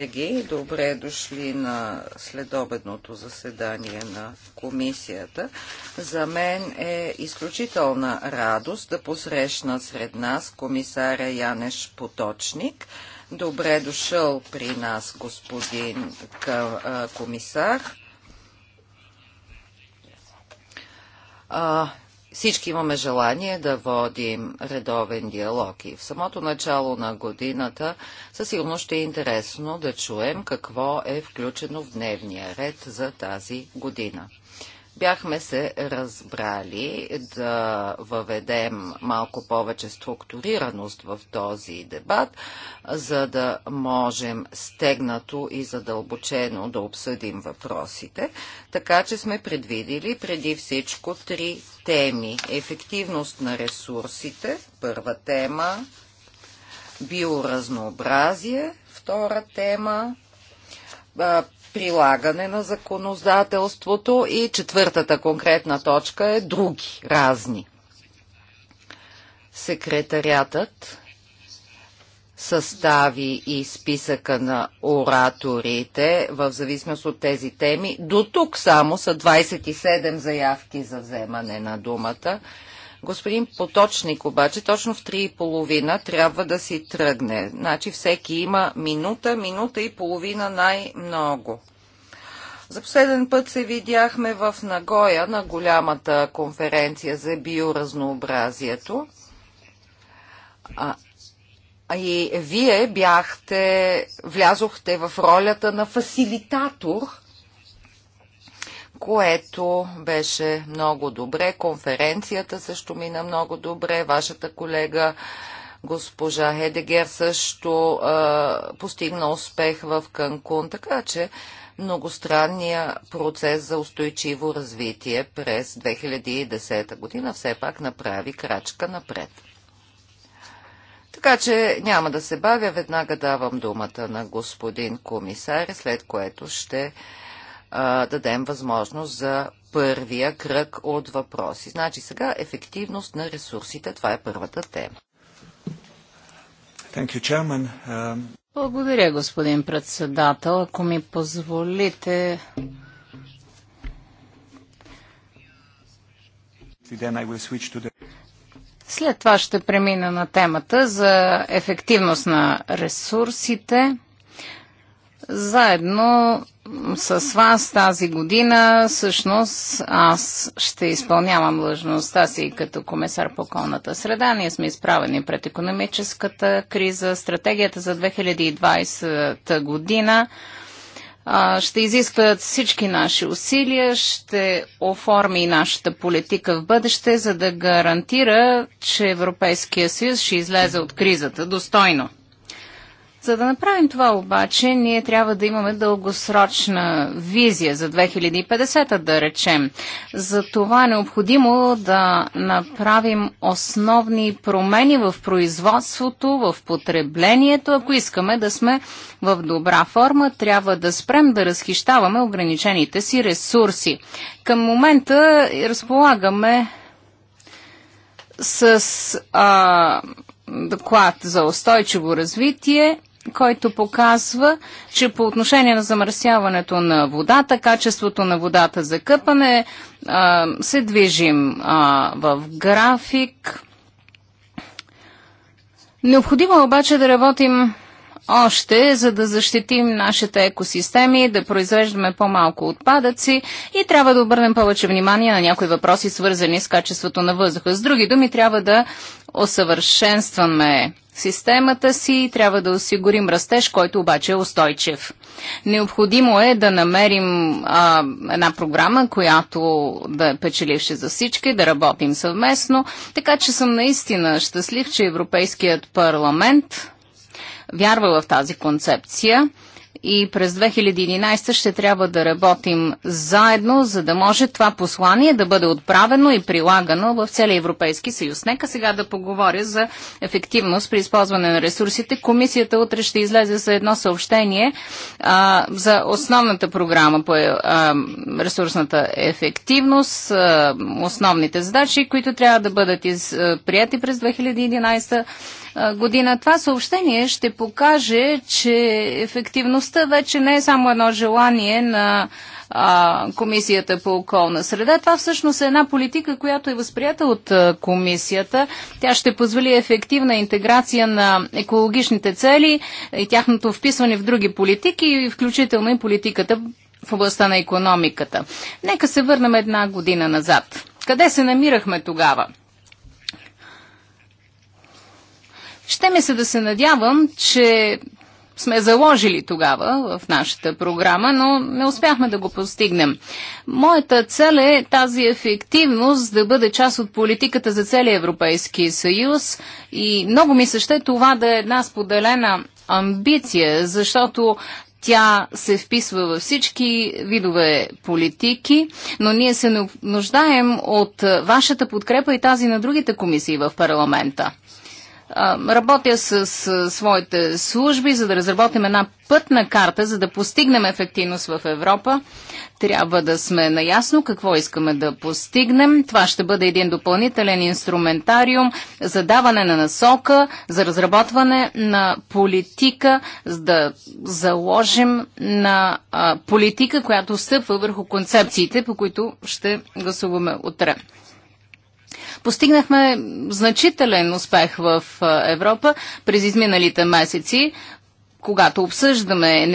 Колеги, добре дошли на следобедното заседание на комисията. За мен е изключителна радост да посрещна сред нас комисаря Янеш Поточник. Добре дошъл при нас, господин комисар. Всички имаме желание да водим редовен диалог и в самото начало на годината със сигурност ще е интересно да чуем какво е включено в дневния ред за тази година бяхме се разбрали да въведем малко повече структурираност в този дебат, за да можем стегнато и задълбочено да обсъдим въпросите. Така че сме предвидили преди всичко три теми. Ефективност на ресурсите, първа тема, биоразнообразие, втора тема, прилагане на законодателството и четвъртата конкретна точка е други, разни. Секретариатът състави и списъка на ораторите в зависимост от тези теми. До тук само са 27 заявки за вземане на думата. Господин Поточник обаче точно в 3.30 трябва да си тръгне. Значи всеки има минута, минута и половина най-много. За последен път се видяхме в Нагоя на голямата конференция за биоразнообразието. А, и вие бяхте, влязохте в ролята на фасилитатор – което беше много добре. Конференцията също мина много добре. Вашата колега госпожа Хедегер също а, постигна успех в Канкун, така че многостранния процес за устойчиво развитие през 2010 година все пак направи крачка напред. Така че няма да се бавя, веднага давам думата на господин комисар, след което ще а, дадем възможност за първия кръг от въпроси. Значи сега ефективност на ресурсите, това е първата тема. Thank you, chairman. Um... Благодаря, господин председател. Ако ми позволите, След това ще премина на темата за ефективност на ресурсите, заедно с вас тази година, всъщност аз ще изпълнявам длъжността си като комисар по околната среда. Ние сме изправени пред економическата криза. Стратегията за 2020 година ще изискват всички наши усилия, ще оформи нашата политика в бъдеще, за да гарантира, че Европейския съюз ще излезе от кризата достойно. За да направим това обаче, ние трябва да имаме дългосрочна визия за 2050, да речем. За това е необходимо да направим основни промени в производството, в потреблението. Ако искаме да сме в добра форма, трябва да спрем да разхищаваме ограничените си ресурси. Към момента разполагаме с а, доклад за устойчиво развитие който показва, че по отношение на замърсяването на водата, качеството на водата за къпане, се движим в график. Необходимо е обаче да работим още, за да защитим нашите екосистеми, да произвеждаме по-малко отпадъци и трябва да обърнем повече внимание на някои въпроси, свързани с качеството на въздуха. С други думи, трябва да усъвършенстваме системата си и трябва да осигурим растеж, който обаче е устойчив. Необходимо е да намерим а, една програма, която да е печеливше за всички, да работим съвместно, така че съм наистина щастлив, че Европейският парламент вярва в тази концепция и през 2011 ще трябва да работим заедно, за да може това послание да бъде отправено и прилагано в целия Европейски съюз. Нека сега да поговоря за ефективност при използване на ресурсите. Комисията утре ще излезе за едно съобщение а, за основната програма по е, а, ресурсната ефективност, а, основните задачи, които трябва да бъдат из, прияти през 2011 година. Това съобщение ще покаже, че ефективността вече не е само едно желание на Комисията по околна среда. Това всъщност е една политика, която е възприята от Комисията. Тя ще позволи ефективна интеграция на екологичните цели и тяхното вписване в други политики, включително и политиката в областта на економиката. Нека се върнем една година назад. Къде се намирахме тогава? Ще ми се да се надявам, че сме заложили тогава в нашата програма, но не успяхме да го постигнем. Моята цел е тази ефективност да бъде част от политиката за целия Европейски съюз и много ми се ще това да е една споделена амбиция, защото тя се вписва във всички видове политики, но ние се нуждаем от вашата подкрепа и тази на другите комисии в парламента. Работя с, с своите служби, за да разработим една пътна карта, за да постигнем ефективност в Европа. Трябва да сме наясно какво искаме да постигнем. Това ще бъде един допълнителен инструментариум за даване на насока, за разработване на политика, за да заложим на а, политика, която стъпва върху концепциите, по които ще гласуваме утре. Постигнахме значителен успех в Европа през изминалите месеци, когато обсъждаме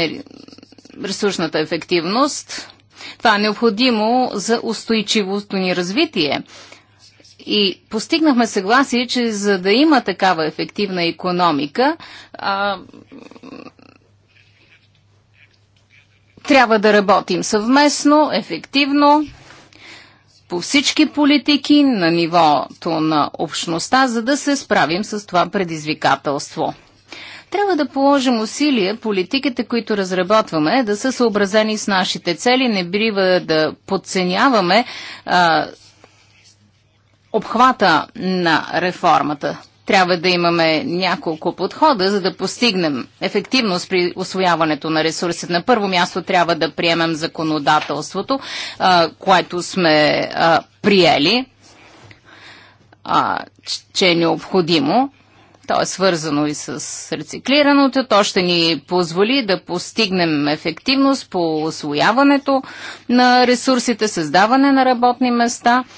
ресурсната ефективност. Това е необходимо за устойчивото ни развитие. И постигнахме съгласие, че за да има такава ефективна економика, а, трябва да работим съвместно, ефективно по всички политики на нивото на общността, за да се справим с това предизвикателство. Трябва да положим усилия политиките, които разработваме, да са съобразени с нашите цели. Не бива да подценяваме а, обхвата на реформата. Трябва да имаме няколко подхода, за да постигнем ефективност при освояването на ресурсите. На първо място трябва да приемем законодателството, а, което сме а, приели, а, че е необходимо. То е свързано и с рециклирането. То ще ни позволи да постигнем ефективност по освояването на ресурсите, създаване на работни места –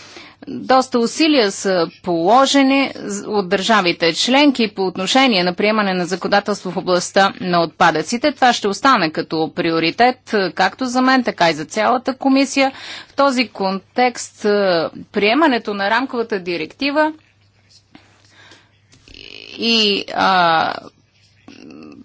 доста усилия са положени от държавите членки по отношение на приемане на законодателство в областта на отпадъците. Това ще остане като приоритет е, както за мен, така и за цялата комисия. В този контекст е, приемането на рамковата директива и а,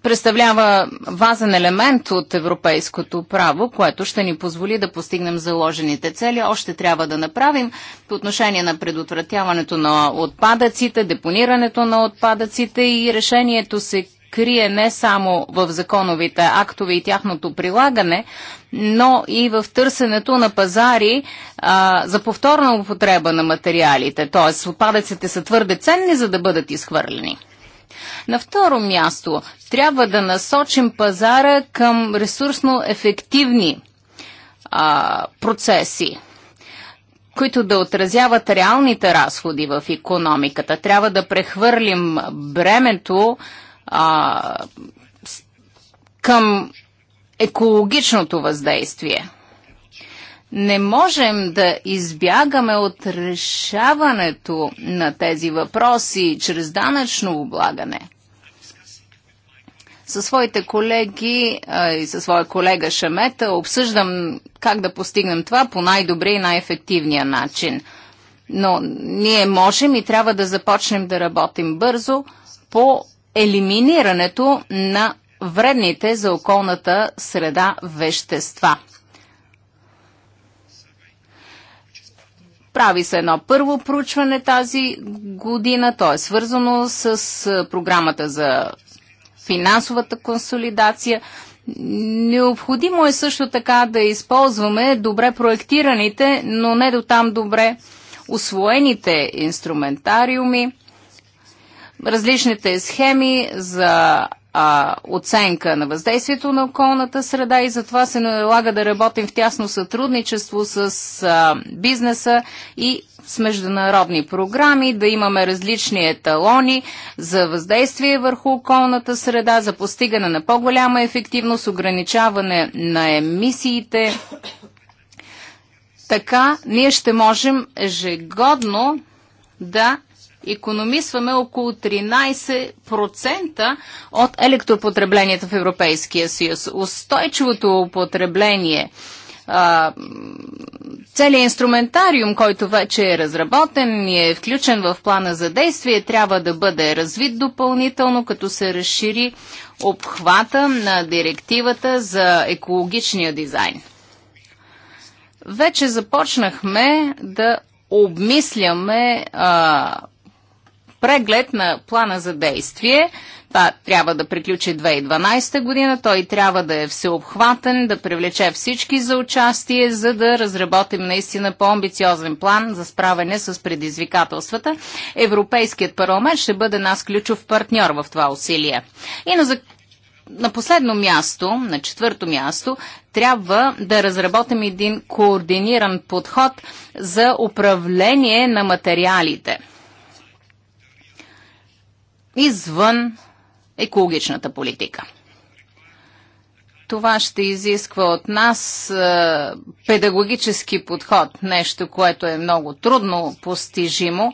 представлява важен елемент от европейското право, което ще ни позволи да постигнем заложените цели. Още трябва да направим по отношение на предотвратяването на отпадъците, депонирането на отпадъците и решението се крие не само в законовите актове и тяхното прилагане, но и в търсенето на пазари а, за повторна употреба на материалите. Т.е. отпадъците са твърде ценни, за да бъдат изхвърлени. На второ място, трябва да насочим пазара към ресурсно ефективни а, процеси които да отразяват реалните разходи в економиката. Трябва да прехвърлим бремето а, към екологичното въздействие не можем да избягаме от решаването на тези въпроси чрез данъчно облагане. Със своите колеги а, и със своя колега Шамета обсъждам как да постигнем това по най-добрия и най-ефективния начин. Но ние можем и трябва да започнем да работим бързо по елиминирането на вредните за околната среда вещества – Прави се едно първо проучване тази година, то е свързано с програмата за финансовата консолидация. Необходимо е също така да използваме добре проектираните, но не до там добре освоените инструментариуми, различните схеми за а, оценка на въздействието на околната среда и затова се налага да работим в тясно сътрудничество с а, бизнеса и с международни програми, да имаме различни еталони за въздействие върху околната среда, за постигане на по-голяма ефективност, ограничаване на емисиите. Така ние ще можем ежегодно да економисваме около 13% от електропотреблението в Европейския съюз. Устойчивото употребление целият инструментариум, който вече е разработен и е включен в плана за действие, трябва да бъде развит допълнително, като се разшири обхвата на директивата за екологичния дизайн. Вече започнахме да обмисляме а, преглед на плана за действие. Това трябва да приключи 2012 година. Той трябва да е всеобхватен, да привлече всички за участие, за да разработим наистина по-амбициозен план за справяне с предизвикателствата. Европейският парламент ще бъде нас ключов партньор в това усилие. И на на последно място, на четвърто място, трябва да разработим един координиран подход за управление на материалите – извън екологичната политика. Това ще изисква от нас е, педагогически подход, нещо, което е много трудно постижимо,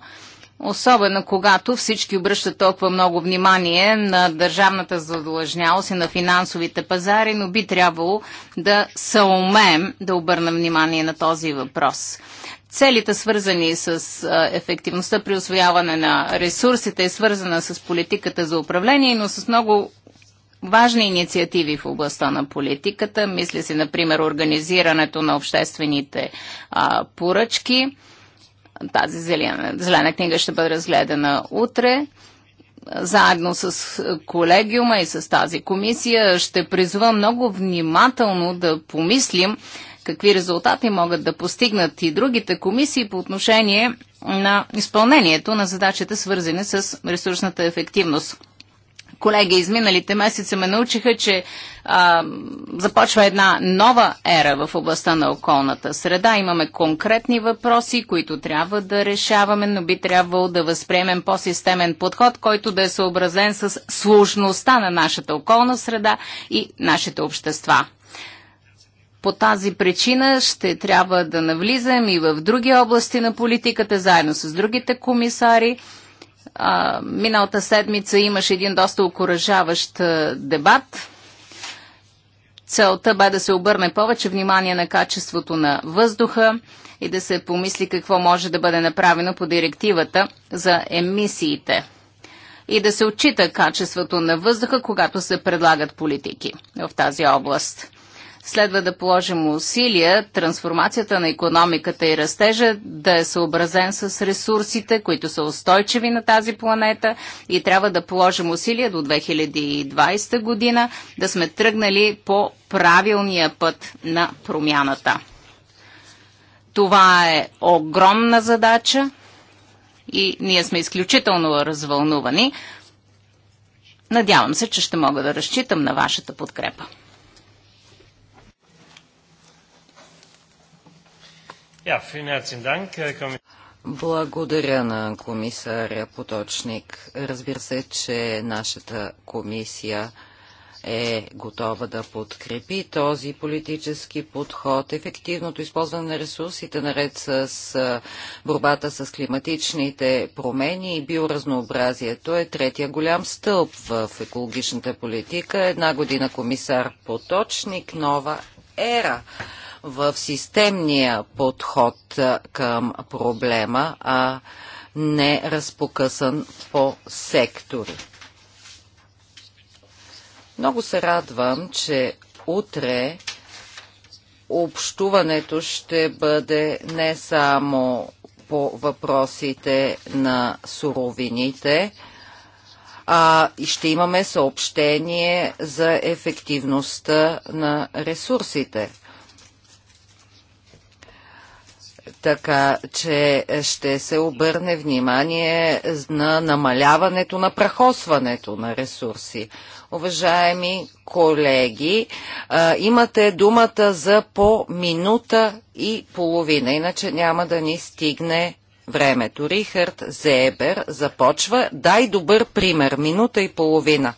особено когато всички обръщат толкова много внимание на държавната задлъжнялост и на финансовите пазари, но би трябвало да съумеем да обърнем внимание на този въпрос целите свързани с ефективността при освояване на ресурсите е свързана с политиката за управление, но с много важни инициативи в областта на политиката. Мисля се, например, организирането на обществените а, поръчки. Тази зелена, зелена книга ще бъде разгледана утре. Заедно с колегиума и с тази комисия ще призова много внимателно да помислим какви резултати могат да постигнат и другите комисии по отношение на изпълнението на задачите, свързани с ресурсната ефективност колеги изминалите месеца ме научиха, че а, започва една нова ера в областта на околната среда. Имаме конкретни въпроси, които трябва да решаваме, но би трябвало да възприемем по-системен подход, който да е съобразен с сложността на нашата околна среда и нашите общества. По тази причина ще трябва да навлизам и в други области на политиката, заедно с другите комисари. А, миналата седмица имаше един доста окоръжаващ дебат. Целта бе да се обърне повече внимание на качеството на въздуха и да се помисли какво може да бъде направено по директивата за емисиите и да се отчита качеството на въздуха, когато се предлагат политики в тази област. Следва да положим усилия трансформацията на економиката и растежа да е съобразен с ресурсите, които са устойчиви на тази планета и трябва да положим усилия до 2020 година да сме тръгнали по правилния път на промяната. Това е огромна задача и ние сме изключително развълнувани. Надявам се, че ще мога да разчитам на вашата подкрепа. Благодаря на комисаря Поточник. Разбира се, че нашата комисия е готова да подкрепи този политически подход, ефективното използване на ресурсите, наред с борбата с климатичните промени и биоразнообразието е третия голям стълб в екологичната политика. Една година комисар Поточник, нова ера в системния подход към проблема, а не разпокъсан по сектори. Много се радвам, че утре общуването ще бъде не само по въпросите на суровините, а ще имаме съобщение за ефективността на ресурсите така че ще се обърне внимание на намаляването на прахосването на ресурси. Уважаеми колеги, имате думата за по минута и половина, иначе няма да ни стигне времето. Рихард Зебер започва. Дай добър пример. Минута и половина.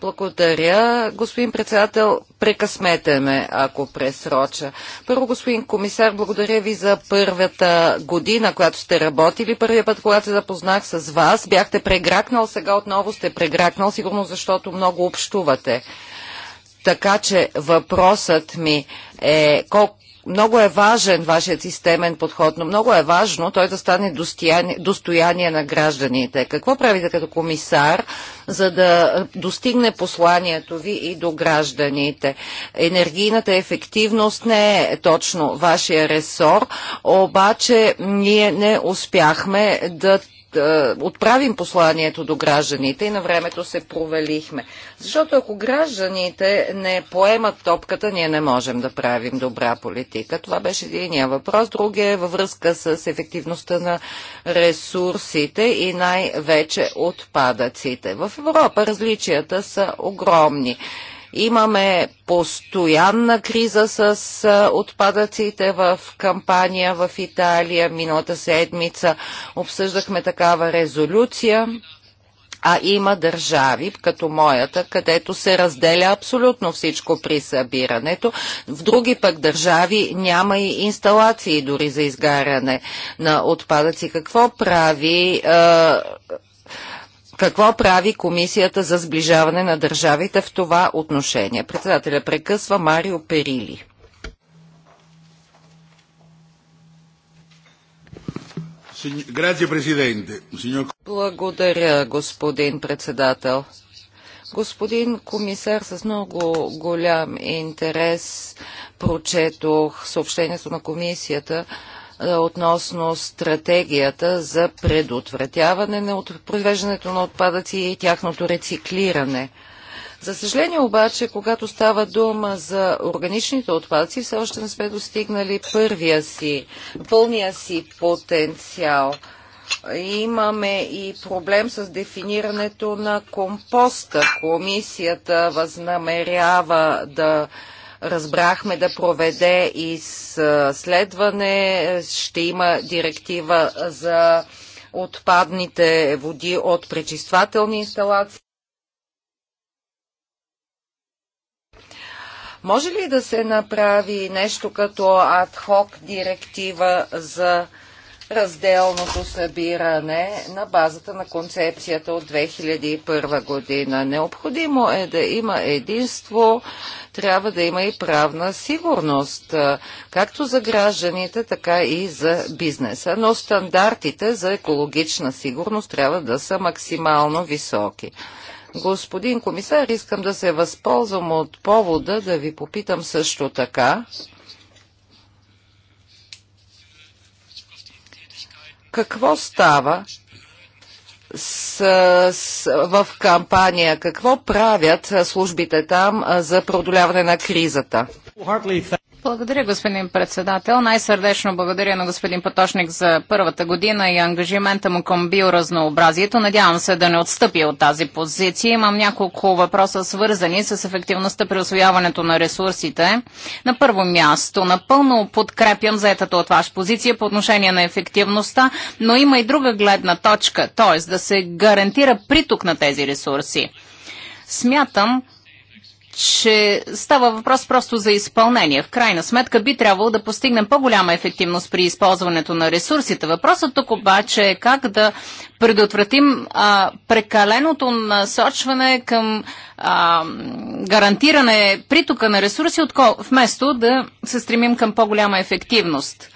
Благодаря. Господин председател, прекъсмете ме, ако пресроча. Първо, господин комисар, благодаря ви за първата година, която сте работили. Първият път, когато се запознах с вас, бяхте прегракнал, сега отново сте прегракнал, сигурно защото много общувате. Така че въпросът ми е колко много е важен вашият системен подход, но много е важно той да стане достояние, достояние на гражданите. Какво правите като комисар, за да достигне посланието ви и до гражданите? Енергийната ефективност не е точно вашия ресор, обаче ние не успяхме да да е, отправим посланието до гражданите и на времето се провалихме. Защото ако гражданите не поемат топката, ние не можем да правим добра политика. Това беше единия въпрос. Другия е във връзка с ефективността на ресурсите и най-вече отпадъците. В Европа различията са огромни. Имаме постоянна криза с отпадъците в кампания в Италия. Миналата седмица обсъждахме такава резолюция. А има държави, като моята, където се разделя абсолютно всичко при събирането. В други пък държави няма и инсталации дори за изгаряне на отпадъци. Какво прави е, какво прави Комисията за сближаване на държавите в това отношение? Председателя прекъсва Марио Перили. Благодаря, господин председател. Господин комисар, с много голям интерес прочетох съобщението на комисията е, относно стратегията за предотвратяване на произвеждането на отпадъци и тяхното рециклиране. За съжаление обаче, когато става дума за органичните отпадъци, все още не сме достигнали първия си, пълния си потенциал. Имаме и проблем с дефинирането на компоста. Комисията възнамерява да Разбрахме да проведе и следване. Ще има директива за отпадните води от пречиствателни инсталации. Може ли да се направи нещо като адхок директива за разделното събиране на базата на концепцията от 2001 година. Необходимо е да има единство, трябва да има и правна сигурност, както за гражданите, така и за бизнеса. Но стандартите за екологична сигурност трябва да са максимално високи. Господин комисар, искам да се възползвам от повода да ви попитам също така. какво става с, с, в кампания? Какво правят службите там за продоляване на кризата? Благодаря, господин председател. Най-сърдечно благодаря на господин Паточник за първата година и ангажимента му към биоразнообразието. Надявам се да не отстъпи от тази позиция. Имам няколко въпроса свързани с ефективността при освояването на ресурсите. На първо място, напълно подкрепям заетата от ваша позиция по отношение на ефективността, но има и друга гледна точка, т.е. да се гарантира приток на тези ресурси. Смятам, че става въпрос просто за изпълнение. В крайна сметка би трябвало да постигнем по-голяма ефективност при използването на ресурсите. Въпросът тук обаче е как да предотвратим а, прекаленото насочване към а, гарантиране притока на ресурси, вместо да се стремим към по-голяма ефективност.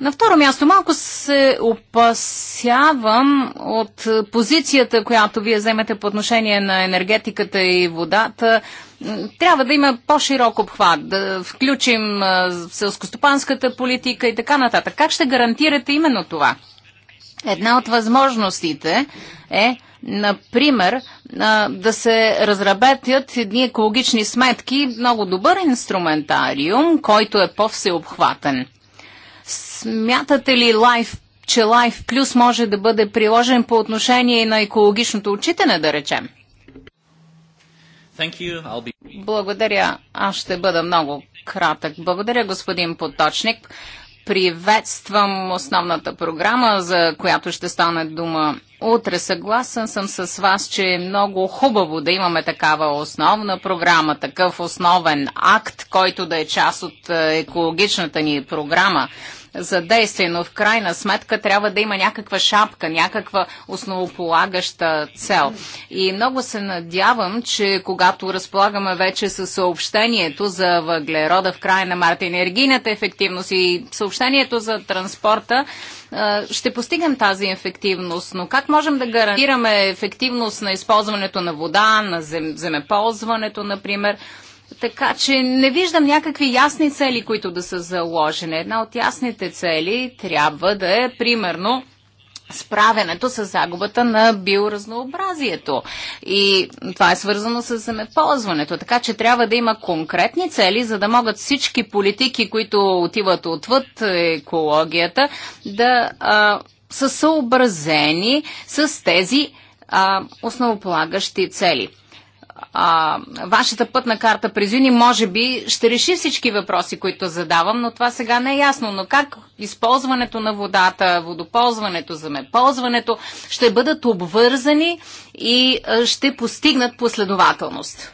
На второ място, малко се опасявам от позицията, която вие вземете по отношение на енергетиката и водата. Трябва да има по-широк обхват, да включим селскостопанската политика и така нататък. Как ще гарантирате именно това? Една от възможностите е, например, да се разработят едни екологични сметки, много добър инструментариум, който е по-всеобхватен. Смятате ли Life, че Life Plus може да бъде приложен по отношение на екологичното отчитане, да речем? Be... Благодаря. Аз ще бъда много кратък. Благодаря, господин Поточник. Приветствам основната програма, за която ще стане дума Утре съгласен съм с вас, че е много хубаво да имаме такава основна програма, такъв основен акт, който да е част от е, екологичната ни програма за действие, но в крайна сметка трябва да има някаква шапка, някаква основополагаща цел. И много се надявам, че когато разполагаме вече с съобщението за въглерода в края на марта, енергийната ефективност и съобщението за транспорта, ще постигнем тази ефективност, но как можем да гарантираме ефективност на използването на вода, на зем, земеползването, например? Така че не виждам някакви ясни цели, които да са заложени. Една от ясните цели трябва да е, примерно, справянето с загубата на биоразнообразието. И това е свързано с земеползването. Така че трябва да има конкретни цели, за да могат всички политики, които отиват отвъд екологията, да а, са съобразени с тези а, основополагащи цели а, вашата пътна карта през юни може би ще реши всички въпроси, които задавам, но това сега не е ясно. Но как използването на водата, водоползването, замеползването ще бъдат обвързани и а, ще постигнат последователност?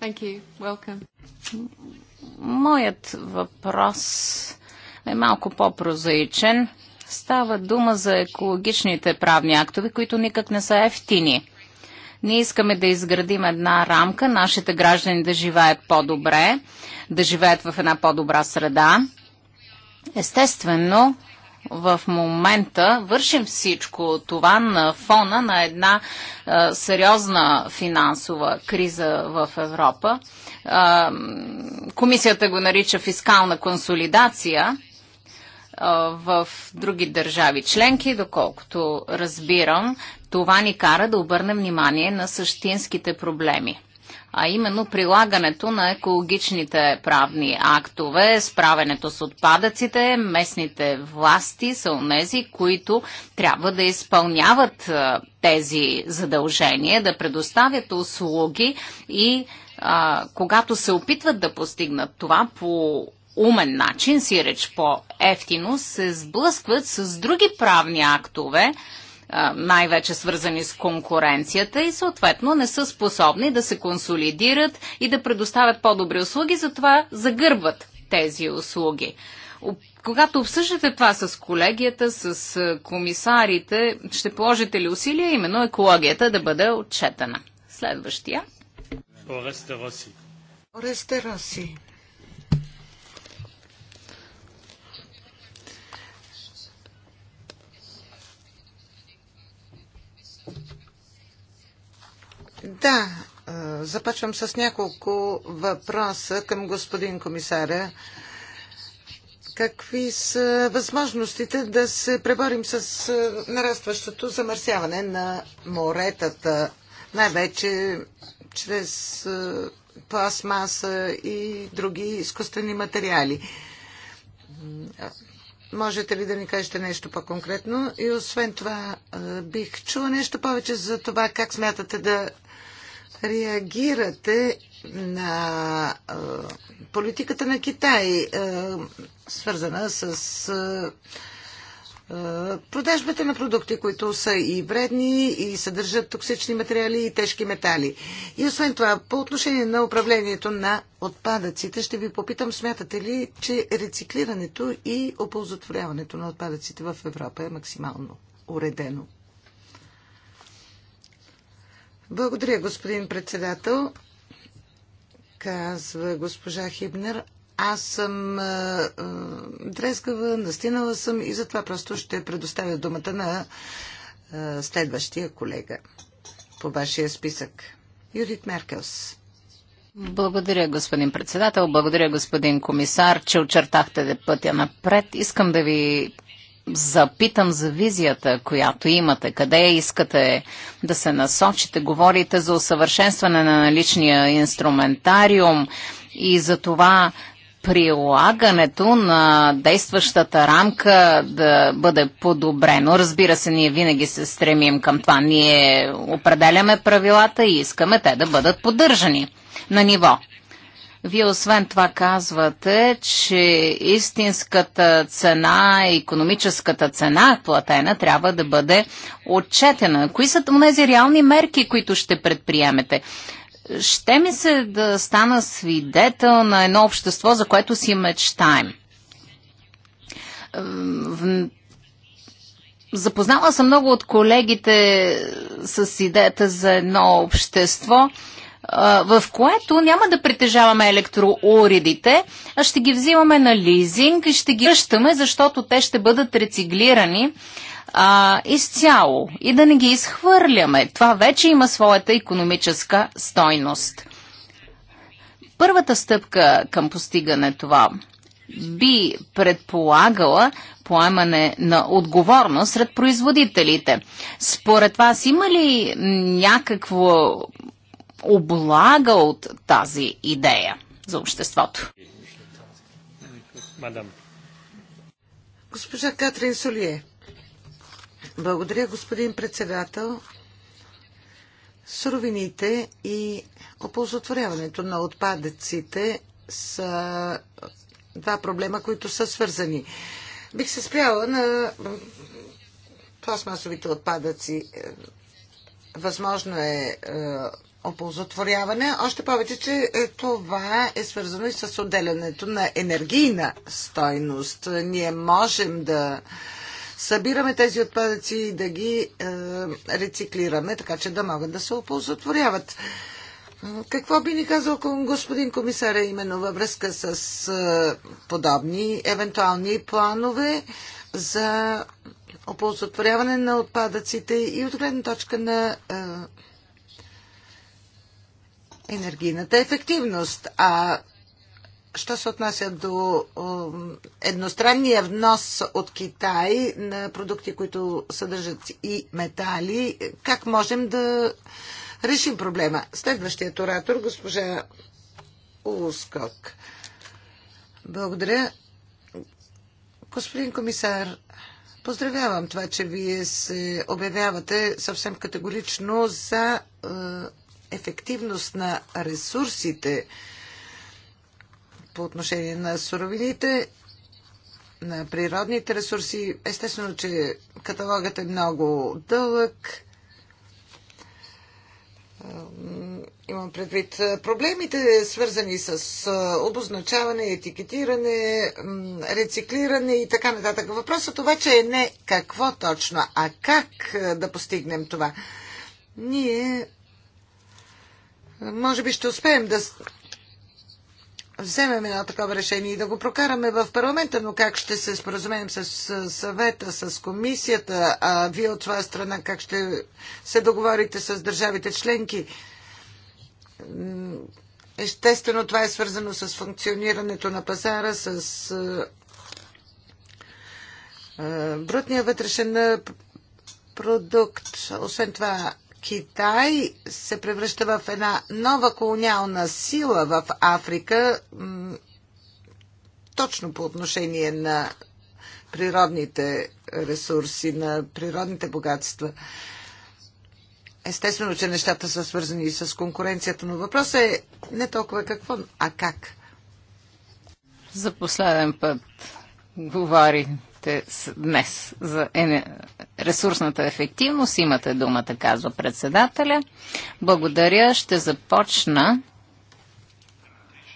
Thank you. Welcome. Моят въпрос е малко по-прозаичен. Става дума за екологичните правни актове, които никак не са ефтини. Ние искаме да изградим една рамка, нашите граждани да живеят по-добре, да живеят в една по-добра среда. Естествено, в момента вършим всичко това на фона на една а, сериозна финансова криза в Европа. А, комисията го нарича фискална консолидация в други държави членки, доколкото разбирам, това ни кара да обърнем внимание на същинските проблеми а именно прилагането на екологичните правни актове, справенето с отпадъците, местните власти са онези, които трябва да изпълняват тези задължения, да предоставят услуги и а, когато се опитват да постигнат това по умен начин, си реч по-ефтино, се сблъскват с други правни актове, най-вече свързани с конкуренцията и съответно не са способни да се консолидират и да предоставят по-добри услуги, затова загърбват тези услуги. Когато обсъждате това с колегията, с комисарите, ще положите ли усилия именно екологията да бъде отчетена? Следващия. Оресте Роси. Оресте Роси. Да, започвам с няколко въпроса към господин комисаря. Какви са възможностите да се преборим с нарастващото замърсяване на моретата, най-вече чрез пластмаса и други изкуствени материали? Можете ли да ни кажете нещо по-конкретно? И освен това, бих чула нещо повече за това как смятате да реагирате на политиката на Китай, свързана с продажбата на продукти, които са и вредни, и съдържат токсични материали и тежки метали. И освен това, по отношение на управлението на отпадъците, ще ви попитам, смятате ли, че рециклирането и оползотворяването на отпадъците в Европа е максимално уредено? Благодаря, господин председател, казва госпожа Хибнер. Аз съм а, дрескава, настинала съм и затова просто ще предоставя думата на а, следващия колега по вашия списък. Юдит Меркелс. Благодаря, господин председател. Благодаря, господин комисар, че очертахте пътя напред. Искам да ви запитам за визията, която имате. Къде искате да се насочите? Говорите за усъвършенстване на наличния инструментариум и за това прилагането на действащата рамка да бъде подобрено. Разбира се, ние винаги се стремим към това. Ние определяме правилата и искаме те да бъдат поддържани на ниво вие освен това казвате, че истинската цена, економическата цена, платена, трябва да бъде отчетена. Кои са тези реални мерки, които ще предприемете? Ще ми се да стана свидетел на едно общество, за което си мечтаем. Запознала съм много от колегите с идеята за едно общество – в което няма да притежаваме електроуредите, а ще ги взимаме на лизинг и ще ги връщаме, защото те ще бъдат рециклирани а, изцяло и да не ги изхвърляме. Това вече има своята економическа стойност. Първата стъпка към постигане това би предполагала поемане на отговорност сред производителите. Според вас има ли някакво облага от тази идея за обществото. Мадам. Госпожа Катрин Солие. Благодаря, господин председател. Суровините и оползотворяването на отпадъците са два проблема, които са свързани. Бих се спряла на пластмасовите отпадъци. Възможно е, е оползотворяване, още повече, че е, това е свързано и с отделянето на енергийна стойност. Ние можем да събираме тези отпадъци и да ги е, рециклираме, така че да могат да се оползотворяват. Какво би ни казал господин комисаря именно във връзка с е, подобни евентуални планове за оползотворяване на отпадъците и от гледна точка на е, енергийната ефективност. А що се отнася до едностранния внос от Китай на продукти, които съдържат и метали, как можем да решим проблема? Следващият оратор, госпожа Ускок. Благодаря. Господин комисар, поздравявам това, че вие се обявявате съвсем категорично за е, ефективност на ресурсите по отношение на суровините, на природните ресурси. Естествено, че каталогът е много дълъг. Имам предвид проблемите, свързани с обозначаване, етикетиране, рециклиране и така нататък. Въпросът обаче е не какво точно, а как да постигнем това. Ние може би ще успеем да вземем едно такова решение и да го прокараме в парламента, но как ще се споразумеем с съвета, с комисията, а вие от своя страна как ще се договорите с държавите членки? Естествено, това е свързано с функционирането на пазара, с брутния вътрешен продукт. Освен това, Китай се превръща в една нова колониална сила в Африка, точно по отношение на природните ресурси, на природните богатства. Естествено, че нещата са свързани и с конкуренцията, но въпросът е не толкова какво, а как. За последен път говори говорите днес за ресурсната ефективност. Имате думата, казва председателя. Благодаря. Ще започна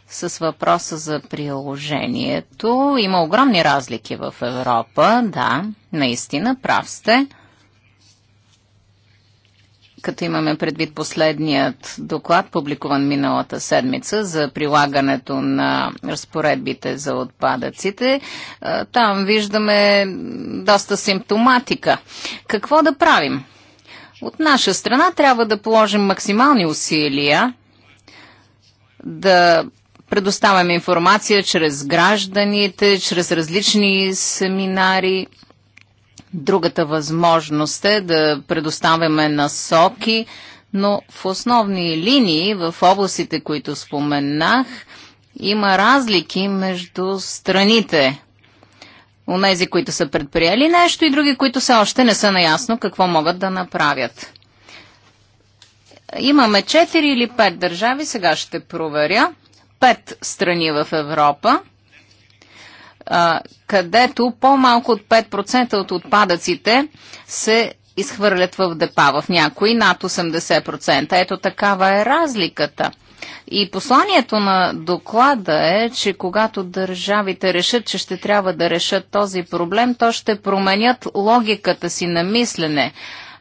с въпроса за приложението. Има огромни разлики в Европа. Да, наистина, прав сте като имаме предвид последният доклад, публикуван миналата седмица за прилагането на разпоредбите за отпадъците, е, там виждаме доста симптоматика. Какво да правим? От наша страна трябва да положим максимални усилия да предоставяме информация чрез гражданите, чрез различни семинари – Другата възможност е да предоставяме насоки, но в основни линии, в областите, които споменах, има разлики между страните. Унези, които са предприели нещо и други, които все още не са наясно какво могат да направят. Имаме 4 или 5 държави, сега ще проверя. 5 страни в Европа, където по-малко от 5% от отпадъците се изхвърлят в депа, в някои над 80%. Ето такава е разликата. И посланието на доклада е, че когато държавите решат, че ще трябва да решат този проблем, то ще променят логиката си на мислене.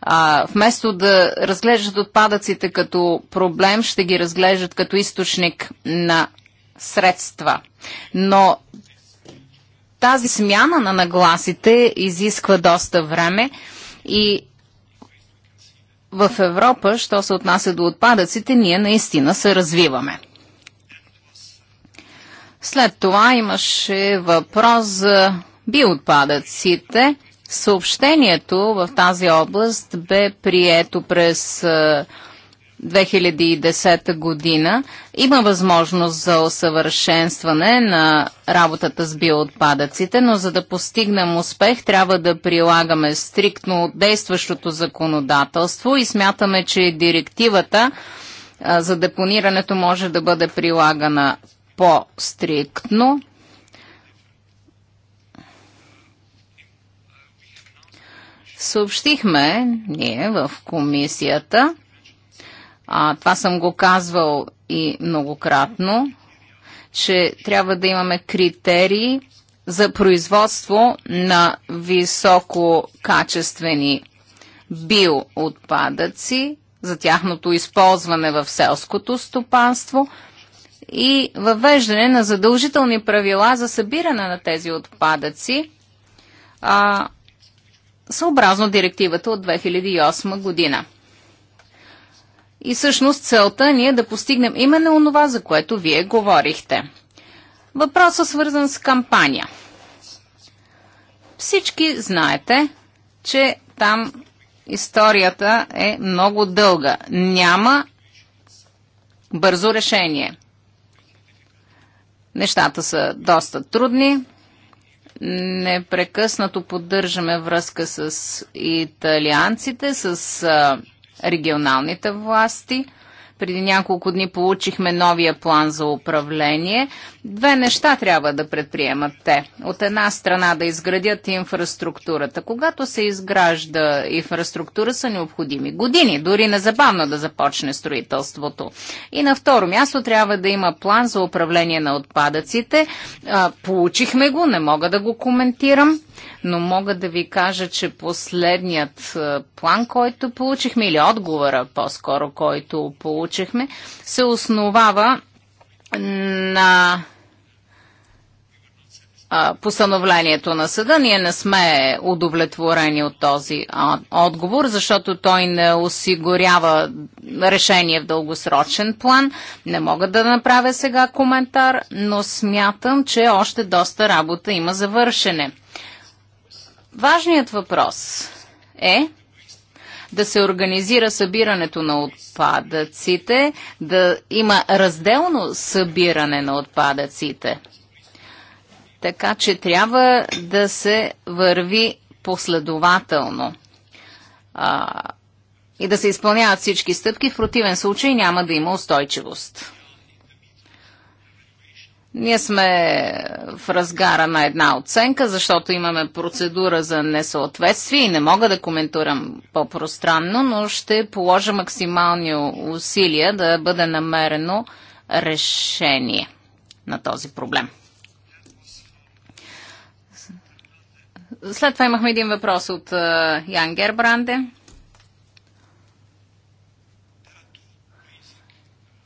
А, вместо да разглеждат отпадъците като проблем, ще ги разглеждат като източник на средства. Но тази смяна на нагласите изисква доста време и в Европа, що се отнася до отпадъците, ние наистина се развиваме. След това имаше въпрос за биоотпадъците. Съобщението в тази област бе прието през 2010 година. Има възможност за усъвършенстване на работата с биоотпадъците, но за да постигнем успех трябва да прилагаме стриктно действащото законодателство и смятаме, че директивата за депонирането може да бъде прилагана по-стриктно. Съобщихме ние в комисията, а, това съм го казвал и многократно, че трябва да имаме критерии за производство на висококачествени биоотпадъци, за тяхното използване в селското стопанство и въвеждане на задължителни правила за събиране на тези отпадъци, а, съобразно директивата от 2008 година. И всъщност целта ни е да постигнем именно онова, за което вие говорихте. Въпросът свързан с кампания. Всички знаете, че там историята е много дълга. Няма бързо решение. Нещата са доста трудни. Непрекъснато поддържаме връзка с италианците, с регионалните власти. Преди няколко дни получихме новия план за управление. Две неща трябва да предприемат те. От една страна да изградят инфраструктурата. Когато се изгражда инфраструктура са необходими години, дори незабавно да започне строителството. И на второ място трябва да има план за управление на отпадъците. Получихме го, не мога да го коментирам, но мога да ви кажа, че последният план, който получихме, или отговора по-скоро, който получихме, се основава на постановлението на съда. Ние не сме удовлетворени от този отговор, защото той не осигурява решение в дългосрочен план. Не мога да направя сега коментар, но смятам, че още доста работа има за вършене. Важният въпрос е да се организира събирането на отпадъците, да има разделно събиране на отпадъците – така че трябва да се върви последователно а, и да се изпълняват всички стъпки, в противен случай няма да има устойчивост. Ние сме в разгара на една оценка, защото имаме процедура за несъответствие и не мога да коментирам по-пространно, но ще положа максимални усилия да бъде намерено решение на този проблем. След това имахме един въпрос от е, Ян Гербранде.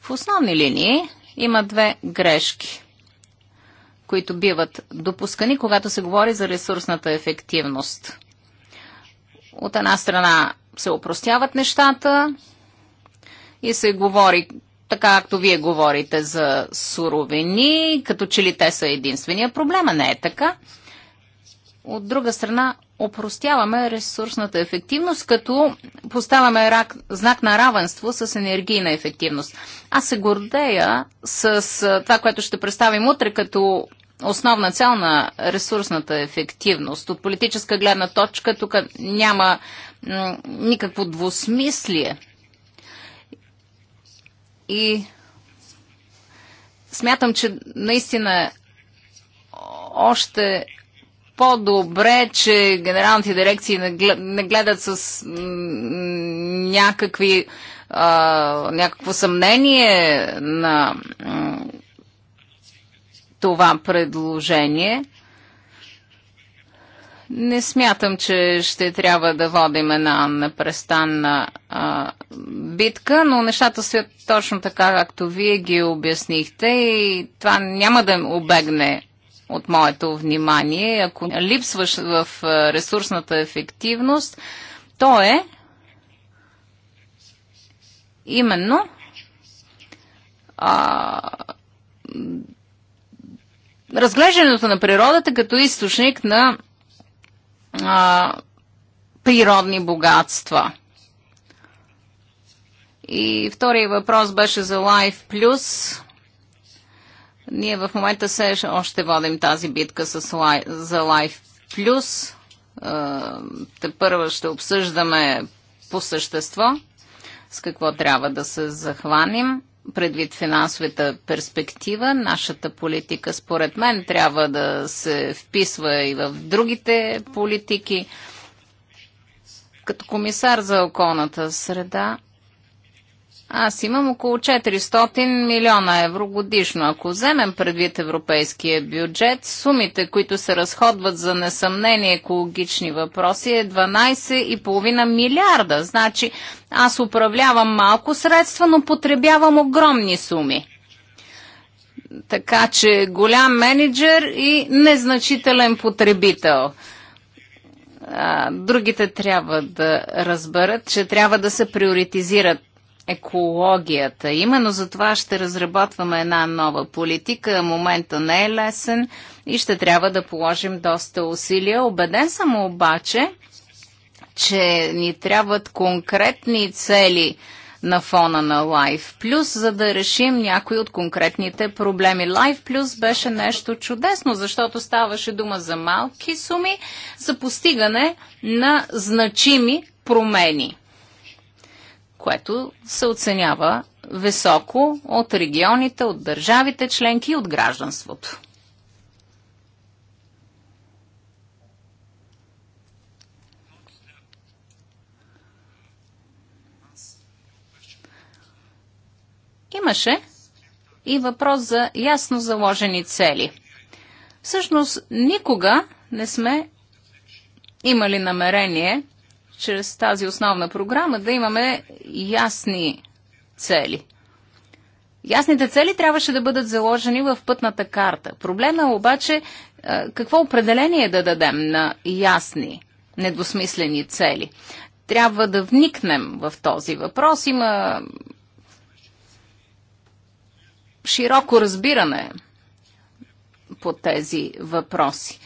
В основни линии има две грешки, които биват допускани, когато се говори за ресурсната ефективност. От една страна се опростяват нещата и се говори така както вие говорите за суровини, като че ли те са единствения проблема. Не е така от друга страна опростяваме ресурсната ефективност, като поставяме рак, знак на равенство с енергийна ефективност. Аз се гордея с това, което ще представим утре като основна цел на ресурсната ефективност. От политическа гледна точка тук няма никакво двусмислие. И смятам, че наистина още по-добре, че генералните дирекции не гледат с някакви, а, някакво съмнение на а, това предложение. Не смятам, че ще трябва да водим една непрестанна а, битка, но нещата стоят точно така, както вие ги обяснихте и това няма да им обегне от моето внимание. Ако липсваш в ресурсната ефективност, то е именно а, разглеждането на природата като източник на а, природни богатства. И втория въпрос беше за Life Plus. Ние в момента се още водим тази битка с, лай, за Life Plus. Е, те първо ще обсъждаме по същество с какво трябва да се захваним предвид финансовата перспектива, нашата политика според мен трябва да се вписва и в другите политики. Като комисар за околната среда, аз имам около 400 милиона евро годишно. Ако вземем предвид европейския бюджет, сумите, които се разходват за несъмнени екологични въпроси е 12,5 милиарда. Значи аз управлявам малко средства, но потребявам огромни суми. Така че голям менеджер и незначителен потребител другите трябва да разберат, че трябва да се приоритизират екологията. Именно за това ще разработваме една нова политика. Момента не е лесен и ще трябва да положим доста усилия. Обеден съм обаче, че ни трябват конкретни цели на фона на Life Plus, за да решим някои от конкретните проблеми. Life Plus беше нещо чудесно, защото ставаше дума за малки суми за постигане на значими промени което се оценява високо от регионите, от държавите членки и от гражданството. Имаше и въпрос за ясно заложени цели. Всъщност, никога не сме имали намерение чрез тази основна програма да имаме ясни цели. Ясните цели трябваше да бъдат заложени в пътната карта. Проблема е обаче е, какво определение да дадем на ясни, недвусмислени цели. Трябва да вникнем в този въпрос. Има широко разбиране по тези въпроси.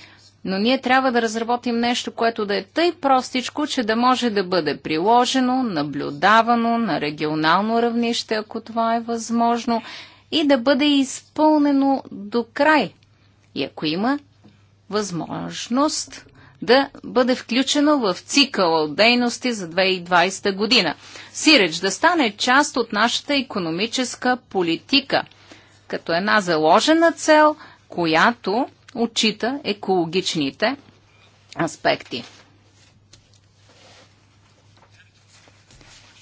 Но ние трябва да разработим нещо, което да е тъй простичко, че да може да бъде приложено, наблюдавано на регионално равнище, ако това е възможно, и да бъде изпълнено до край. И ако има възможност да бъде включено в цикъла от дейности за 2020 година. Сиреч да стане част от нашата економическа политика, като една заложена цел, която отчита екологичните аспекти.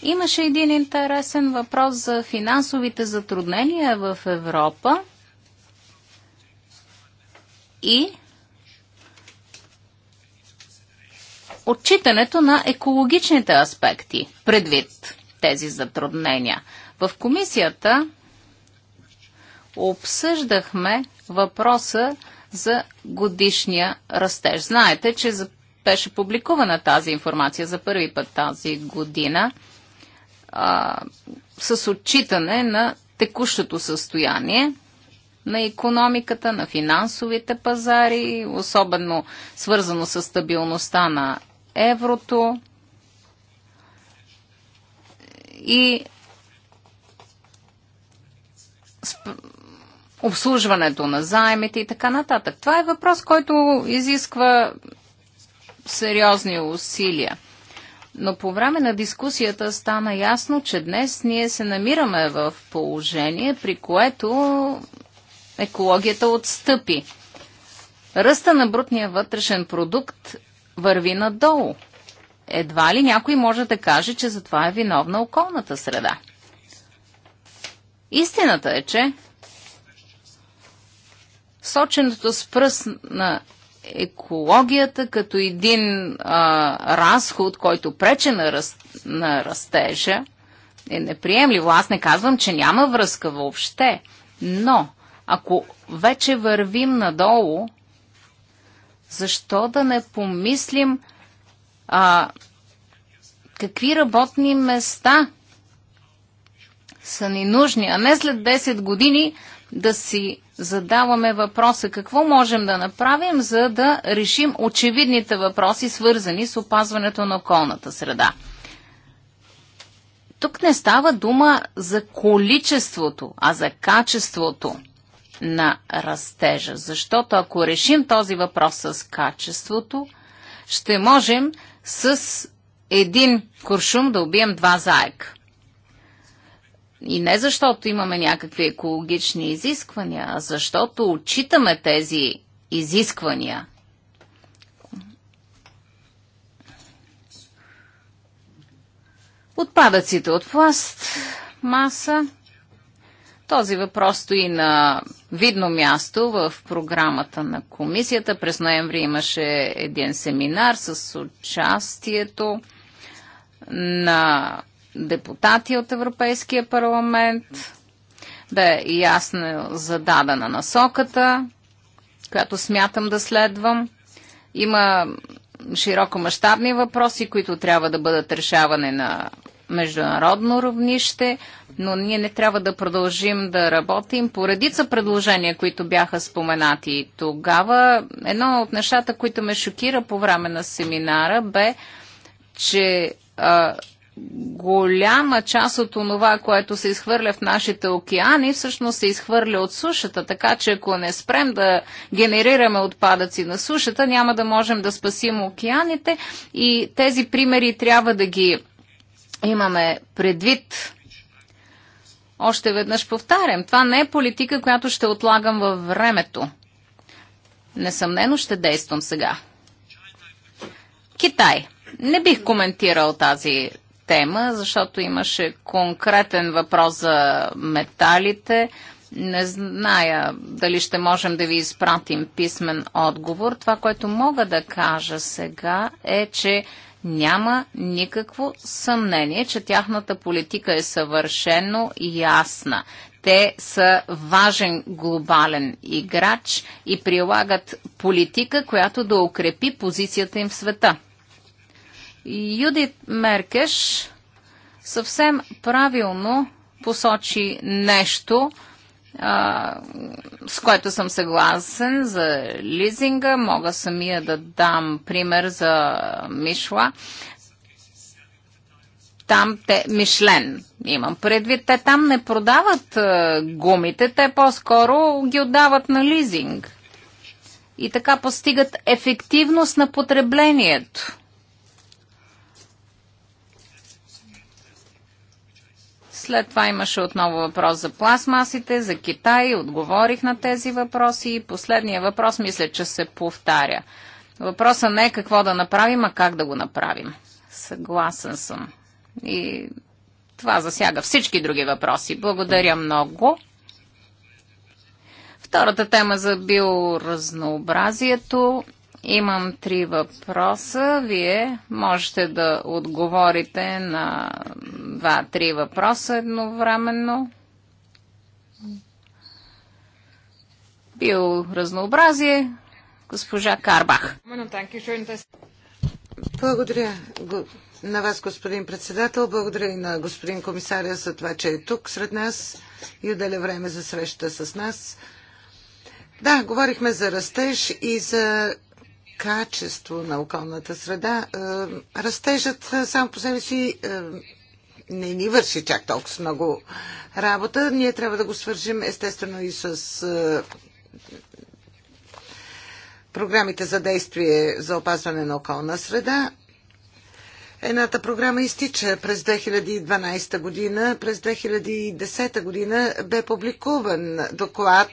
Имаше един интересен въпрос за финансовите затруднения в Европа и отчитането на екологичните аспекти предвид тези затруднения. В комисията обсъждахме въпроса за годишния растеж. Знаете, че беше публикувана тази информация за първи път тази година а, с отчитане на текущото състояние на економиката, на финансовите пазари, особено свързано с стабилността на еврото и обслужването на заемите и така нататък. Това е въпрос, който изисква сериозни усилия. Но по време на дискусията стана ясно, че днес ние се намираме в положение, при което екологията отстъпи. Ръста на брутния вътрешен продукт върви надолу. Едва ли някой може да каже, че за това е виновна околната среда. Истината е, че соченото с пръст на екологията като един а, разход, който прече на, раз, на растежа, е неприемливо. Аз не казвам, че няма връзка въобще, но ако вече вървим надолу, защо да не помислим а, какви работни места са ни нужни, а не след 10 години да си задаваме въпроса какво можем да направим, за да решим очевидните въпроси, свързани с опазването на околната среда. Тук не става дума за количеството, а за качеството на растежа. Защото ако решим този въпрос с качеството, ще можем с един куршум да убием два заека. И не защото имаме някакви екологични изисквания, а защото отчитаме тези изисквания. Отпадъците от пласт, маса. Този въпрос стои на видно място в програмата на комисията. През ноември имаше един семинар с участието на депутати от Европейския парламент, бе да ясно зададена насоката, която смятам да следвам. Има широко мащабни въпроси, които трябва да бъдат решавани на международно равнище, но ние не трябва да продължим да работим по редица предложения, които бяха споменати тогава. Едно от нещата, които ме шокира по време на семинара, бе, че а, голяма част от това, което се изхвърля в нашите океани, всъщност се изхвърля от сушата. Така че ако не спрем да генерираме отпадъци на сушата, няма да можем да спасим океаните и тези примери трябва да ги имаме предвид. Още веднъж повтарям, това не е политика, която ще отлагам във времето. Несъмнено ще действам сега. Китай. Не бих коментирал тази тема, защото имаше конкретен въпрос за металите. Не зная дали ще можем да ви изпратим писмен отговор. Това, което мога да кажа сега е, че няма никакво съмнение, че тяхната политика е съвършено ясна. Те са важен глобален играч и прилагат политика, която да укрепи позицията им в света. Юдит Меркеш съвсем правилно посочи нещо, а, с което съм съгласен за лизинга. Мога самия да дам пример за Мишла. Там те, Мишлен, имам предвид, те там не продават а, гумите, те по-скоро ги отдават на лизинг. И така постигат ефективност на потреблението След това имаше отново въпрос за пластмасите, за Китай. Отговорих на тези въпроси. И последния въпрос мисля, че се повтаря. Въпросът не е какво да направим, а как да го направим. Съгласен съм. И това засяга всички други въпроси. Благодаря много. Втората тема за биоразнообразието Имам три въпроса. Вие можете да отговорите на два-три въпроса едновременно. разнообразие, госпожа Карбах. Благодаря на вас, господин председател. Благодаря и на господин комисаря за това, че е тук сред нас и отделя време за среща с нас. Да, говорихме за растеж и за качество на околната среда, е, растежът е, сам по себе си е, не ни върши чак толкова много работа. Ние трябва да го свържим естествено и с програмите за действие за опазване на околна среда. Едната програма изтича през 2012 година. През 2010 година бе публикуван доклад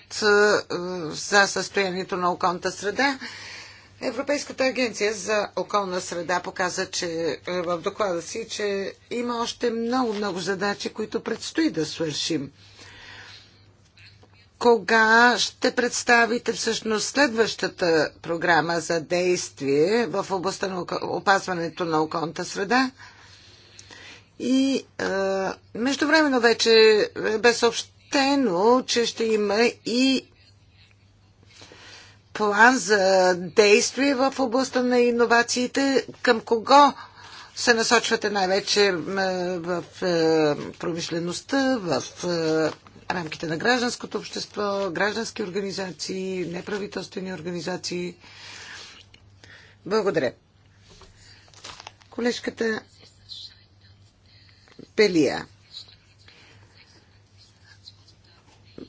за състоянието на околната среда Европейската агенция за околна среда показа, че е, в доклада си, че има още много-много задачи, които предстои да свършим. Кога ще представите всъщност следващата програма за действие в областта на опазването на околната среда? И е, междувременно вече е бе съобщено, че ще има и план за действие в областта на иновациите? Към кого се насочвате най-вече в е, промишлеността, в е, рамките на гражданското общество, граждански организации, неправителствени организации? Благодаря. Колежката Пелия.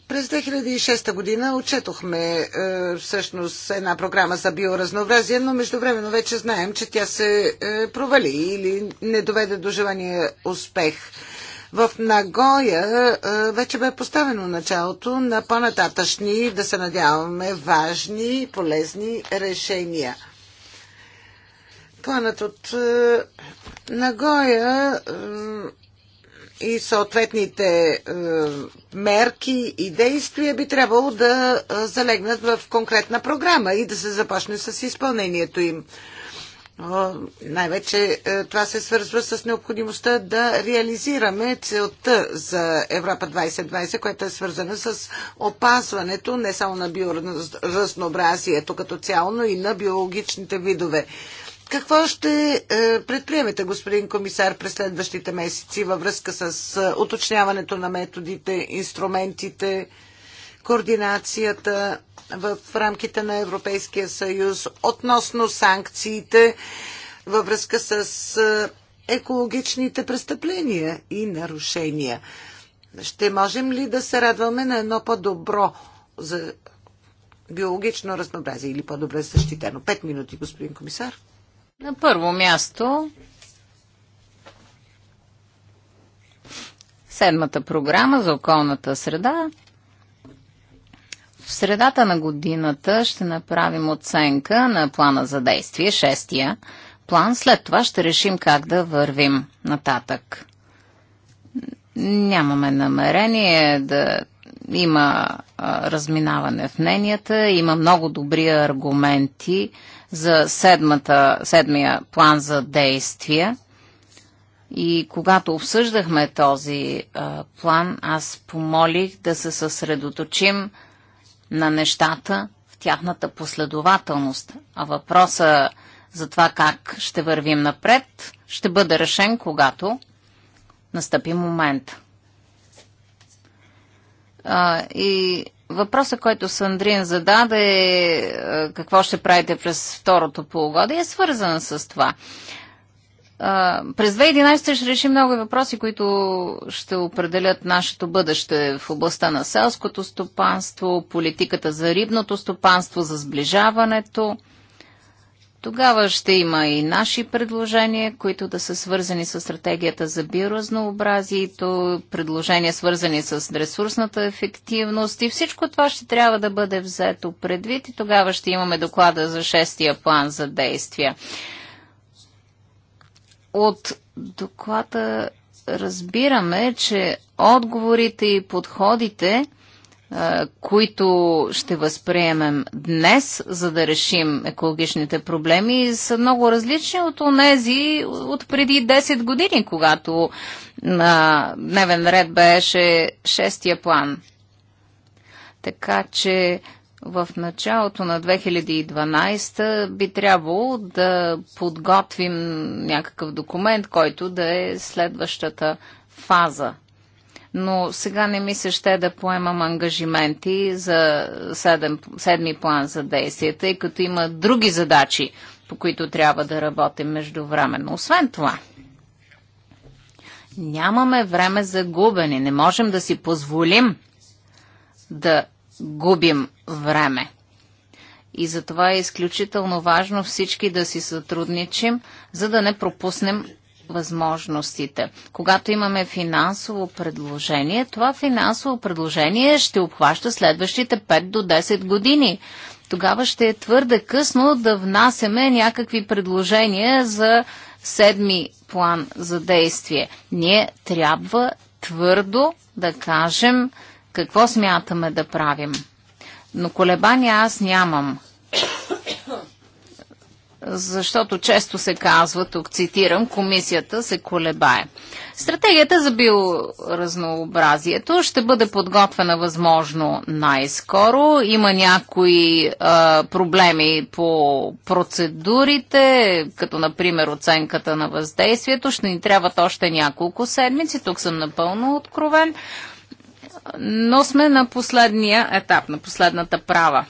През 2006 година отчетохме е, всъщност една програма за биоразнообразие, но междувременно вече знаем, че тя се е, провали или не доведе до желания успех. В Нагоя е, вече бе поставено началото на по-нататъчни, да се надяваме, важни и полезни решения. Планът от е, Нагоя е, и съответните е, мерки и действия би трябвало да е, залегнат в конкретна програма и да се започне с изпълнението им. Най-вече е, това се свързва с необходимостта да реализираме целта за Европа 2020, която е свързана с опазването не само на биоразнообразието като цяло, но и на биологичните видове. Какво ще е, предприемете, господин комисар, през следващите месеци във връзка с е, уточняването на методите, инструментите, координацията в рамките на Европейския съюз относно санкциите във връзка с е, екологичните престъпления и нарушения? Ще можем ли да се радваме на едно по-добро за биологично разнообразие или по-добре защитено? Пет минути, господин комисар. На първо място седмата програма за околната среда. В средата на годината ще направим оценка на плана за действие, шестия план. След това ще решим как да вървим нататък. Нямаме намерение да има а, разминаване в мненията. Има много добри аргументи за седмата, седмия план за действия. И когато обсъждахме този а, план, аз помолих да се съсредоточим на нещата в тяхната последователност. А въпроса за това как ще вървим напред ще бъде решен, когато настъпи момент. А, и Въпросът, който Сандрин зададе е какво ще правите през второто полугодие, е свързан с това. през 2011 ще решим много въпроси, които ще определят нашето бъдеще в областта на селското стопанство, политиката за рибното стопанство, за сближаването. Тогава ще има и наши предложения, които да са свързани с стратегията за биоразнообразието, предложения свързани с ресурсната ефективност и всичко това ще трябва да бъде взето предвид и тогава ще имаме доклада за шестия план за действия. От доклада разбираме, че отговорите и подходите – които ще възприемем днес, за да решим екологичните проблеми, са много различни от онези от преди 10 години, когато на дневен ред беше шестия план. Така че в началото на 2012 би трябвало да подготвим някакъв документ, който да е следващата фаза – но сега не ми се ще да поемам ангажименти за седем, седми план за действие, тъй като има други задачи, по които трябва да работим междувременно. Освен това, нямаме време за губене. Не можем да си позволим да губим време. И затова е изключително важно всички да си сътрудничим, за да не пропуснем възможностите. Когато имаме финансово предложение, това финансово предложение ще обхваща следващите 5 до 10 години. Тогава ще е твърде късно да внасяме някакви предложения за седми план за действие. Ние трябва твърдо да кажем какво смятаме да правим. Но колебания аз нямам защото често се казва, тук цитирам, комисията се колебае. Стратегията за биоразнообразието ще бъде подготвена възможно най-скоро. Има някои а, проблеми по процедурите, като например оценката на въздействието. Ще ни трябват още няколко седмици. Тук съм напълно откровен. Но сме на последния етап, на последната права.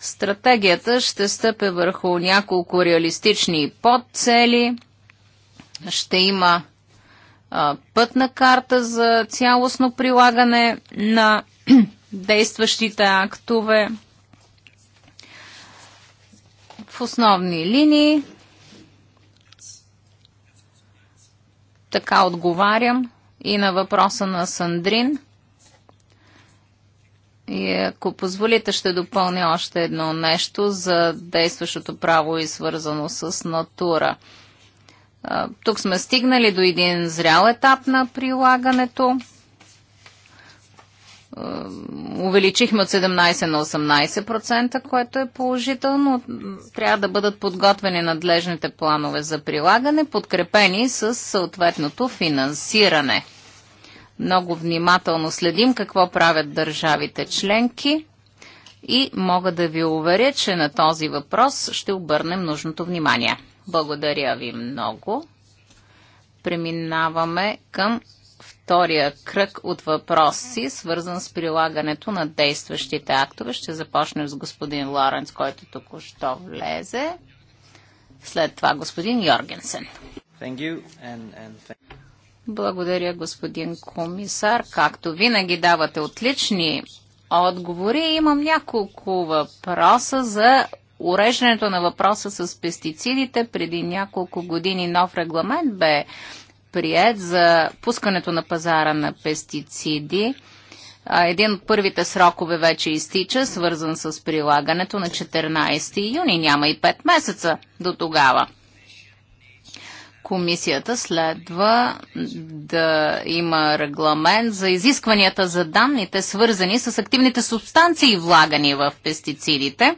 Стратегията ще стъпе върху няколко реалистични подцели. Ще има а, пътна карта за цялостно прилагане на действащите актове. В основни линии така отговарям и на въпроса на Сандрин – и ако позволите, ще допълня още едно нещо за действащото право и свързано с натура. Тук сме стигнали до един зрял етап на прилагането. Увеличихме от 17 на 18%, което е положително. Трябва да бъдат подготвени надлежните планове за прилагане, подкрепени с съответното финансиране. Много внимателно следим какво правят държавите членки и мога да ви уверя, че на този въпрос ще обърнем нужното внимание. Благодаря ви много. Преминаваме към втория кръг от въпроси, свързан с прилагането на действащите актове. Ще започнем с господин Лоренц, който току-що влезе. След това господин Йоргенсен. And, and благодаря, господин комисар. Както винаги давате отлични отговори. Имам няколко въпроса за уреждането на въпроса с пестицидите. Преди няколко години нов регламент бе прият за пускането на пазара на пестициди. Един от първите срокове вече изтича, свързан с прилагането на 14 юни. Няма и 5 месеца до тогава комисията следва да има регламент за изискванията за данните, свързани с активните субстанции, влагани в пестицидите.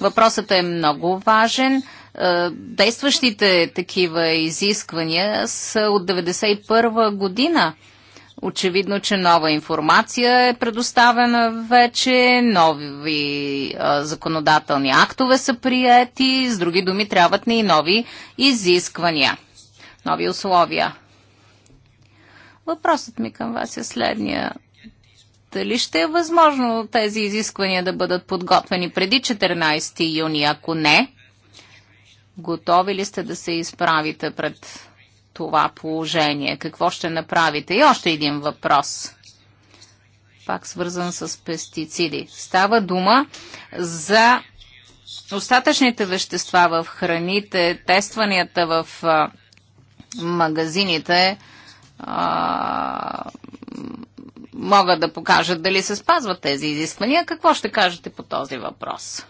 Въпросът е много важен. Е, действащите такива изисквания са от 1991 година. Очевидно, че нова информация е предоставена вече, нови а, е, законодателни актове са приети, с други думи трябват ни и нови изисквания нови условия. Въпросът ми към вас е следния. Дали ще е възможно тези изисквания да бъдат подготвени преди 14 юни? Ако не, готови ли сте да се изправите пред това положение? Какво ще направите? И още един въпрос пак свързан с пестициди. Става дума за остатъчните вещества в храните, тестванията в магазините а, могат да покажат дали се спазват тези изисквания. Какво ще кажете по този въпрос?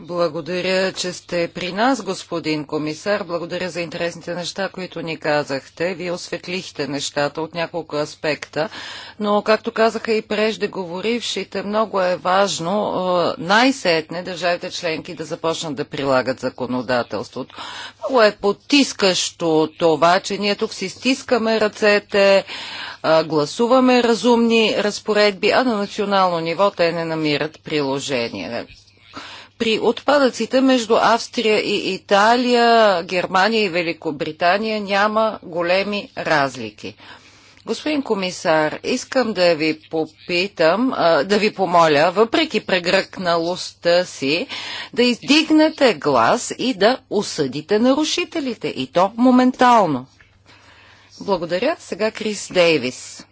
Благодаря, че сте при нас, господин комисар. Благодаря за интересните неща, които ни казахте. Вие осветлихте нещата от няколко аспекта, но, както казаха и преждеговорившите, много е важно най-сетне държавите членки да започнат да прилагат законодателството. Много е потискащо това, че ние тук си стискаме ръцете, гласуваме разумни разпоредби, а на национално ниво те не намират приложение при отпадъците между Австрия и Италия, Германия и Великобритания няма големи разлики. Господин комисар, искам да ви попитам, да ви помоля, въпреки прегръкналостта си, да издигнете глас и да осъдите нарушителите, и то моментално. Благодаря. Сега Крис Дейвис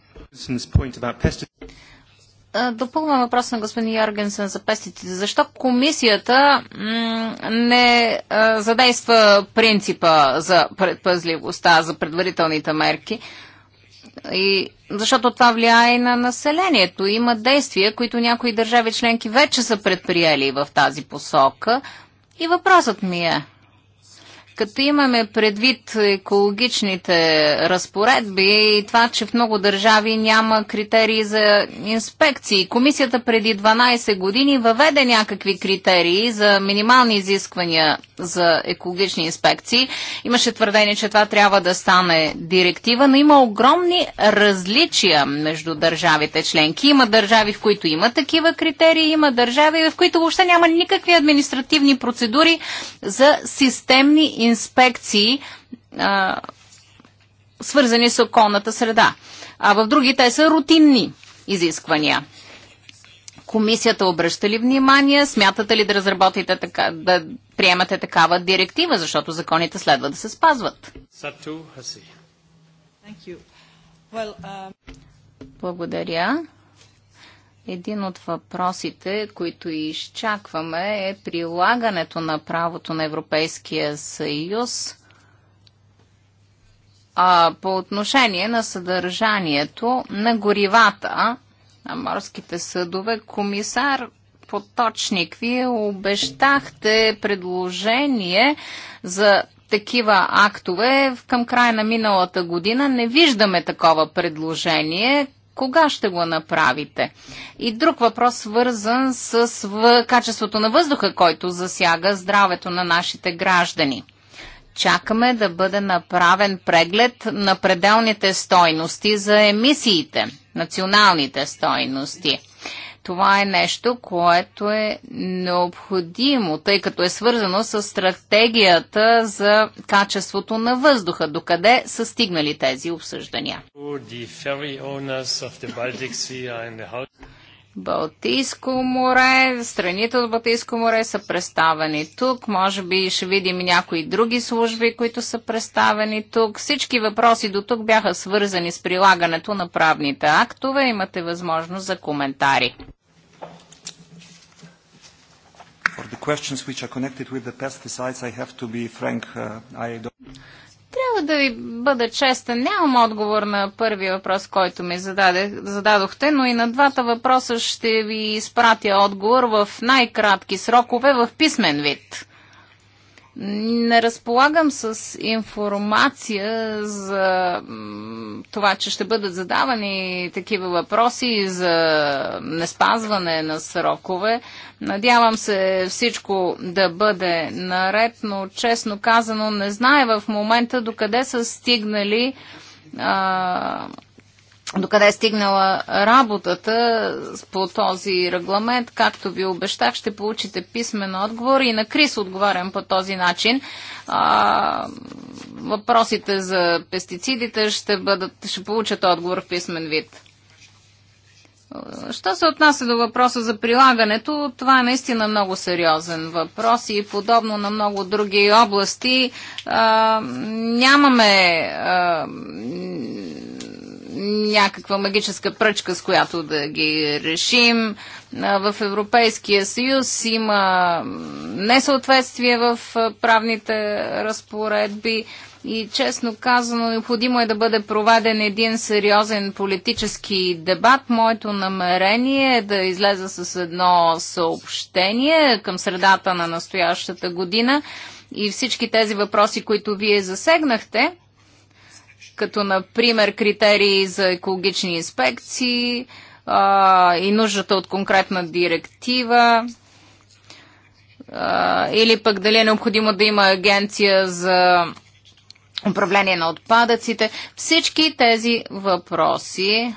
допълвам въпрос на господин Йоргенсен за пестиците. Защо комисията не задейства принципа за предпазливостта, за предварителните мерки? И, защото това влияе и на населението. Има действия, които някои държави членки вече са предприели в тази посока. И въпросът ми е, като имаме предвид екологичните разпоредби и това, че в много държави няма критерии за инспекции, комисията преди 12 години въведе някакви критерии за минимални изисквания за екологични инспекции. Имаше твърдение, че това трябва да стане директива, но има огромни различия между държавите членки. Има държави, в които има такива критерии, има държави, в които въобще няма никакви административни процедури за системни инспекции, а, свързани с околната среда. А в други те са рутинни изисквания. Комисията обръща ли внимание? Смятате ли да разработите така, да приемате такава директива, защото законите следва да се спазват? Uh, Благодаря. Един от въпросите, които изчакваме е прилагането на правото на Европейския съюз а, по отношение на съдържанието на горивата на морските съдове. Комисар Поточник, вие обещахте предложение за такива актове към края на миналата година. Не виждаме такова предложение кога ще го направите? И друг въпрос, свързан с качеството на въздуха, който засяга здравето на нашите граждани. Чакаме да бъде направен преглед на пределните стойности за емисиите, националните стойности. Това е нещо, което е необходимо, тъй като е свързано с стратегията за качеството на въздуха. Докъде са стигнали тези обсъждания? Балтийско море, страните от Балтийско море са представени тук. Може би ще видим някои други служби, които са представени тук. Всички въпроси до тук бяха свързани с прилагането на правните актове. Имате възможност за коментари. For the questions which are connected with the pesticides, I have to be frank. Uh, I don't... Трябва да ви бъда честен. Нямам отговор на първия въпрос, който ми зададе, зададохте, но и на двата въпроса ще ви изпратя отговор в най-кратки срокове в писмен вид. Не разполагам с информация за това, че ще бъдат задавани такива въпроси за неспазване на срокове. Надявам се всичко да бъде наред, но честно казано не знае в момента докъде са стигнали а, докъде е стигнала работата по този регламент. Както ви обещах, ще получите писмен отговор и на Крис отговарям по този начин. А, въпросите за пестицидите ще, бъдат, ще получат отговор в писмен вид. Що се отнася до въпроса за прилагането, това е наистина много сериозен въпрос и подобно на много други области а, нямаме а, някаква магическа пръчка, с която да ги решим. В Европейския съюз има несъответствие в правните разпоредби и честно казано необходимо е да бъде проведен един сериозен политически дебат. Моето намерение е да излеза с едно съобщение към средата на настоящата година и всички тези въпроси, които вие засегнахте – като например критерии за екологични инспекции а, и нуждата от конкретна директива а, или пък дали е необходимо да има агенция за управление на отпадъците. Всички тези въпроси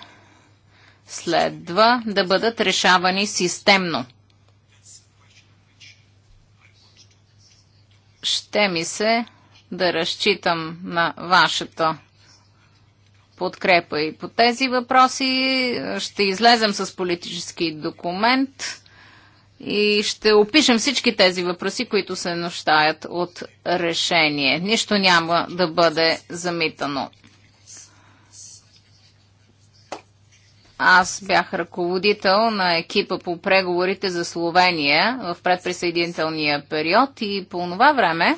следва да бъдат решавани системно. Ще ми се да разчитам на вашето подкрепа и по тези въпроси. Е, ще излезем с политически документ и ще опишем всички тези въпроси, които се нощаят от решение. Нищо няма да бъде замитано. Аз бях ръководител на екипа по преговорите за Словения в предприсъединителния период и по това време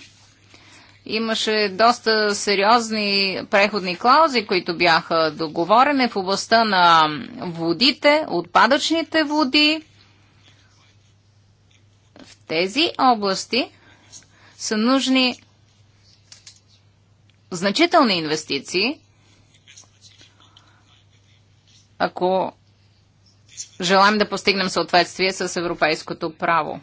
Имаше доста сериозни преходни клаузи, които бяха договорени в областта на водите, отпадъчните води. В тези области са нужни значителни инвестиции, ако желаем да постигнем съответствие с европейското право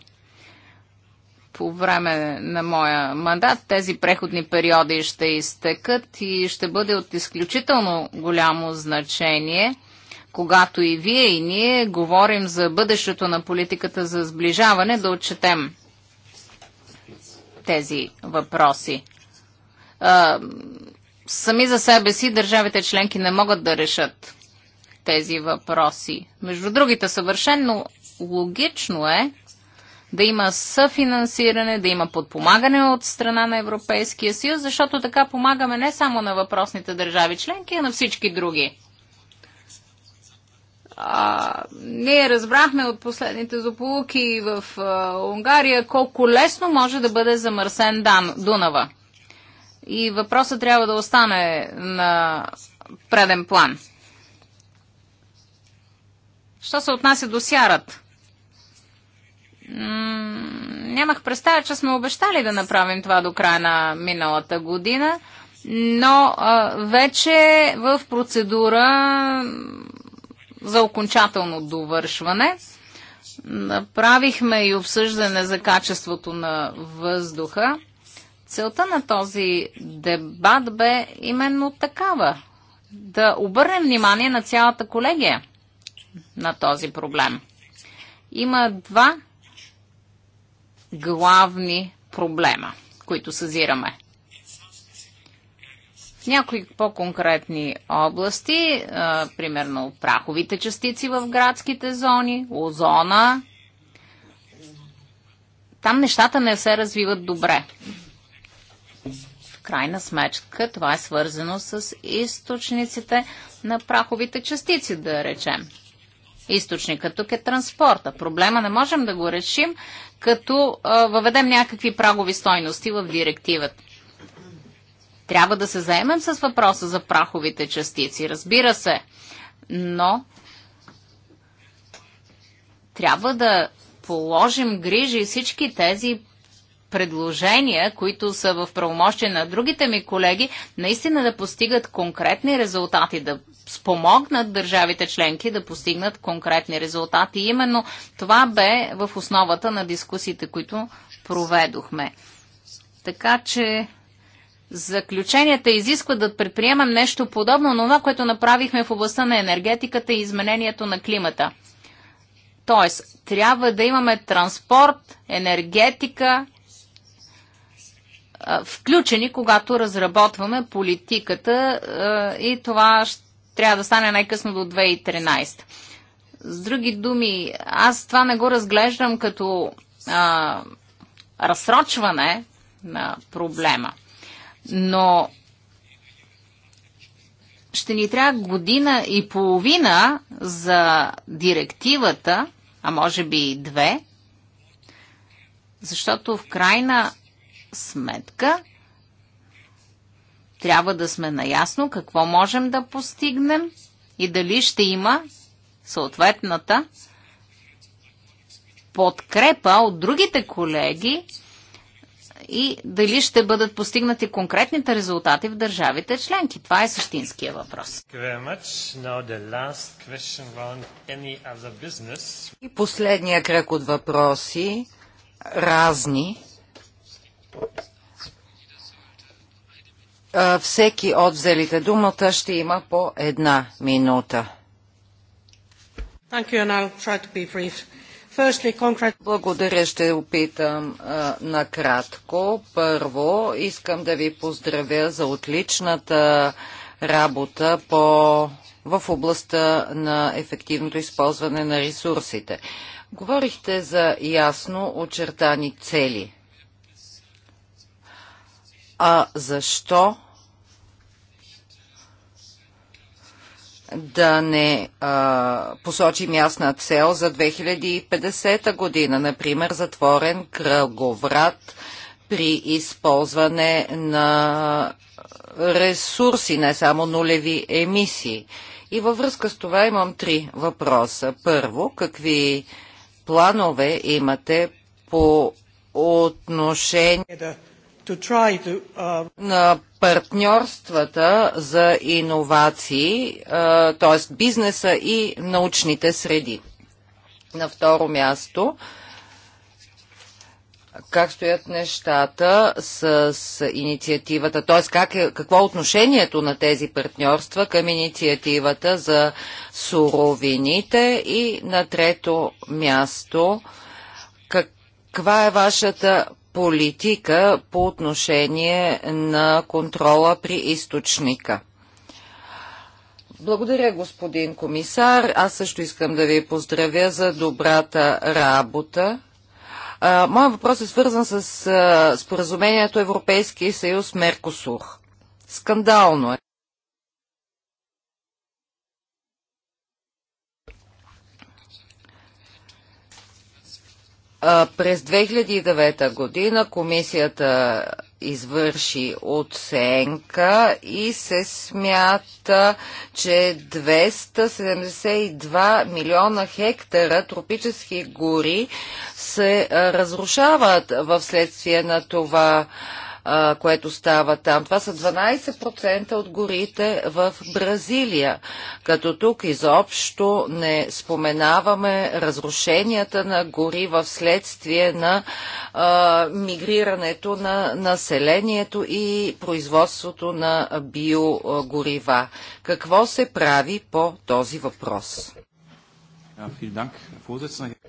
по време на моя мандат тези преходни периоди ще изтекат и ще бъде от изключително голямо значение, когато и вие и ние говорим за бъдещето на политиката за сближаване, да отчетем тези въпроси. А, сами за себе си държавите членки не могат да решат тези въпроси. Между другите, съвършенно логично е, да има съфинансиране, да има подпомагане от страна на Европейския съюз, защото така помагаме не само на въпросните държави членки, а на всички други. А, ние разбрахме от последните заполуки в а, Унгария колко лесно може да бъде замърсен Дан, Дунава. И въпросът трябва да остане на преден план. Що се отнася до сярат? нямах представа, че сме обещали да направим това до края на миналата година, но а, вече в процедура за окончателно довършване. Направихме и обсъждане за качеството на въздуха. Целта на този дебат бе именно такава да обърнем внимание на цялата колегия на този проблем. Има два главни проблема, които съзираме. В някои по-конкретни области, а, примерно праховите частици в градските зони, озона, там нещата не се развиват добре. В крайна сметка това е свързано с източниците на праховите частици, да речем. Източникът Тук е транспорта. Проблема не можем да го решим, като а, въведем някакви прагови стойности в директивата. Трябва да се заемем с въпроса за праховите частици, разбира се, но трябва да положим грижи всички тези предложения, които са в правомощие на другите ми колеги, наистина да постигат конкретни резултати, да спомогнат държавите членки да постигнат конкретни резултати. И именно това бе в основата на дискусиите, които проведохме. Така че заключенията изискват да предприемам нещо подобно на това, което направихме в областта на енергетиката и изменението на климата. Тоест, трябва да имаме транспорт, енергетика включени, когато разработваме политиката и това трябва да стане най-късно до 2013. С други думи, аз това не го разглеждам като а, разсрочване на проблема, но ще ни трябва година и половина за директивата, а може би и две, защото в крайна сметка трябва да сме наясно какво можем да постигнем и дали ще има съответната подкрепа от другите колеги и дали ще бъдат постигнати конкретните резултати в държавите членки. Това е същинския въпрос. И последния кръг от въпроси разни всеки от взелите думата ще има по една минута. Благодаря, ще опитам а, накратко. Първо, искам да ви поздравя за отличната работа по, в областта на ефективното използване на ресурсите. Говорихте за ясно очертани цели. А защо да не а, посочим ясна цел за 2050 година, например затворен кръговрат при използване на ресурси, не само нулеви емисии. И във връзка с това имам три въпроса. Първо, какви планове имате по отношение Uh, на партньорствата за иновации, т.е. бизнеса и научните среди. На второ място, как стоят нещата с, с инициативата, т.е. Как е, какво е отношението на тези партньорства към инициативата за суровините и на трето място, каква е вашата политика по отношение на контрола при източника. Благодаря, господин комисар. Аз също искам да ви поздравя за добрата работа. Моят въпрос е свързан с споразумението Европейски съюз Меркосур. Скандално е, През 2009 година комисията извърши оценка и се смята, че 272 милиона хектара тропически гори се разрушават в следствие на това което става там. Това са 12% от горите в Бразилия, като тук изобщо не споменаваме разрушенията на гори в следствие на а, мигрирането на населението и производството на биогорива. Какво се прави по този въпрос?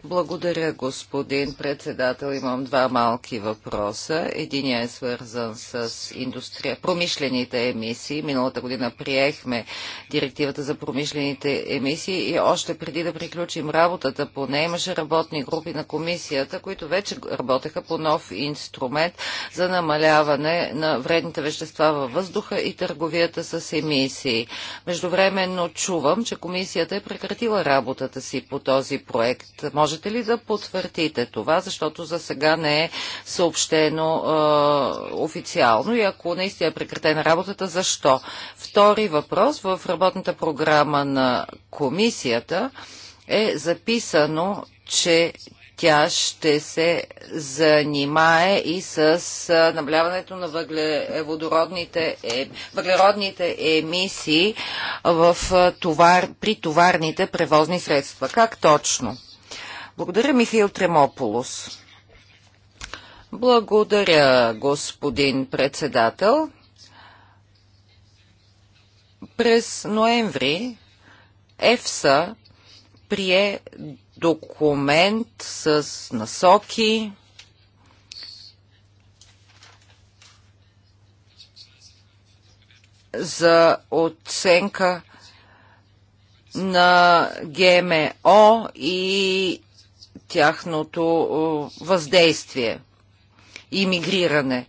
Благодаря, господин председател. Имам два малки въпроса. Единият е свързан с индустрия, промишлените емисии. Миналата година приехме директивата за промишлените емисии и още преди да приключим работата по нея имаше работни групи на комисията, които вече работеха по нов инструмент за намаляване на вредните вещества във въздуха и търговията с емисии. Междувременно чувам, че комисията е прекратила работата си си по този проект. Можете ли да потвърдите това, защото за сега не е съобщено е, официално и ако наистина е прекратена работата, защо? Втори въпрос в работната програма на комисията е записано, че тя ще се занимае и с набляването на въглеродните, е, въглеродните емисии в товар, при товарните превозни средства. Как точно? Благодаря, Михаил Тремополос. Благодаря, господин председател. През ноември ЕФСА прие документ с насоки, за оценка на ГМО и тяхното въздействие и мигриране.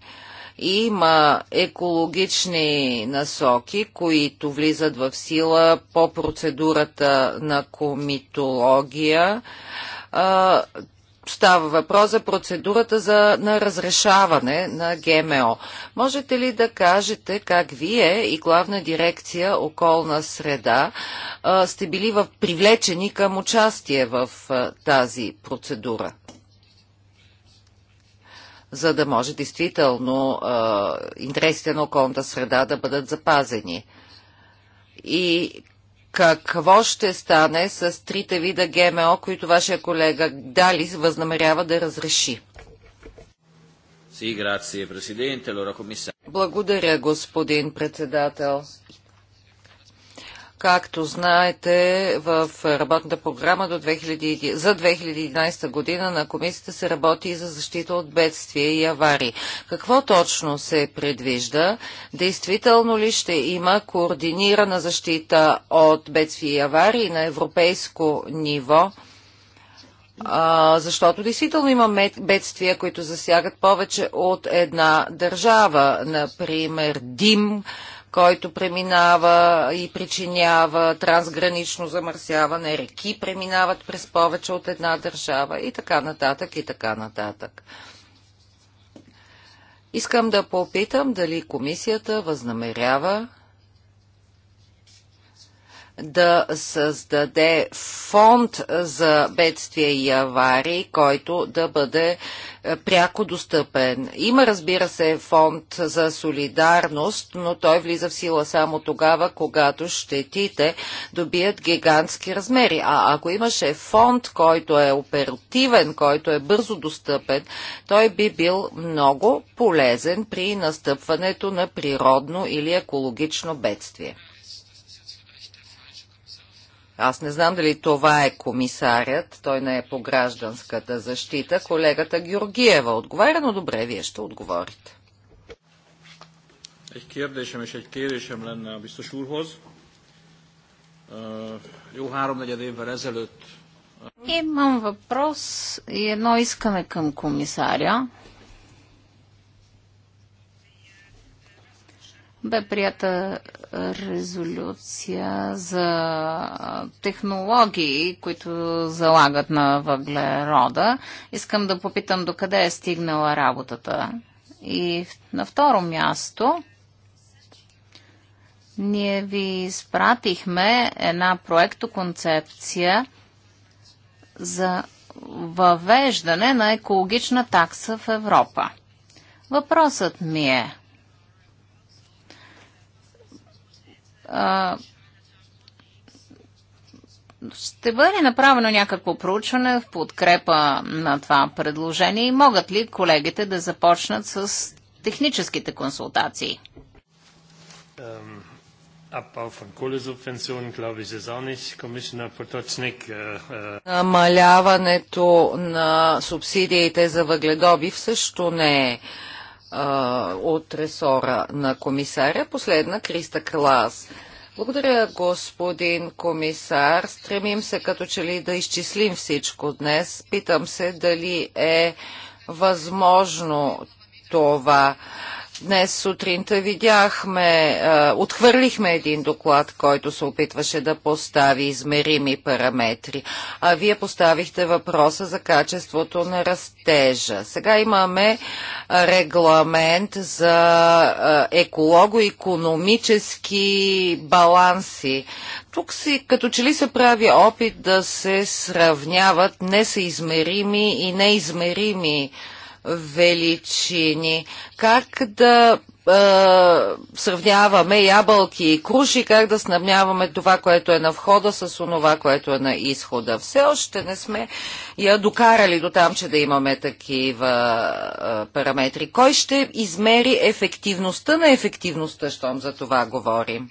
Има екологични насоки, които влизат в сила по процедурата на комитология. Става въпрос за процедурата за, на разрешаване на ГМО. Можете ли да кажете как вие и главна дирекция околна среда сте били в, привлечени към участие в тази процедура? за да може действително а, интересите на околната среда да бъдат запазени. И какво ще стане с трите вида ГМО, които вашия колега Дали възнамерява да разреши? Благодаря, господин председател. Както знаете, в работната програма до 2000, за 2011 година на комисията се работи и за защита от бедствия и аварии. Какво точно се предвижда? Действително ли ще има координирана защита от бедствия и аварии на европейско ниво? А, защото действително има бедствия, които засягат повече от една държава. Например, дим, който преминава и причинява трансгранично замърсяване, реки преминават през повече от една държава и така нататък и така нататък. Искам да попитам дали комисията възнамерява да създаде фонд за бедствия и аварии, който да бъде е, пряко достъпен. Има, разбира се, фонд за солидарност, но той влиза в сила само тогава, когато щетите добият гигантски размери. А ако имаше фонд, който е оперативен, който е бързо достъпен, той би бил много полезен при настъпването на природно или екологично бедствие. Аз не знам дали това е комисарят, той не е по гражданската защита. Колегата Георгиева отговаря, но добре, вие ще отговорите. Имам въпрос и едно искане към комисаря. бе прията резолюция за технологии, които залагат на въглерода. Искам да попитам докъде е стигнала работата. И на второ място, ние ви изпратихме една проектоконцепция за въвеждане на екологична такса в Европа. Въпросът ми е, ще бъде направено някакво проучване в подкрепа на това предложение и могат ли колегите да започнат с техническите консултации? Намаляването на субсидиите за въгледоби също не е от ресора на комисаря. Последна Криста Клас. Благодаря, господин комисар. Стремим се като че ли да изчислим всичко днес. Питам се дали е възможно това. Днес сутринта видяхме, отхвърлихме един доклад, който се опитваше да постави измерими параметри, а вие поставихте въпроса за качеството на растежа. Сега имаме регламент за еколого-економически баланси. Тук си като че ли се прави опит да се сравняват несъизмерими и неизмерими величини. Как да е, сравняваме ябълки и круши, как да сравняваме това, което е на входа с онова, което е на изхода. Все още не сме я докарали до там, че да имаме такива е, параметри. Кой ще измери ефективността на ефективността, щом за това говорим?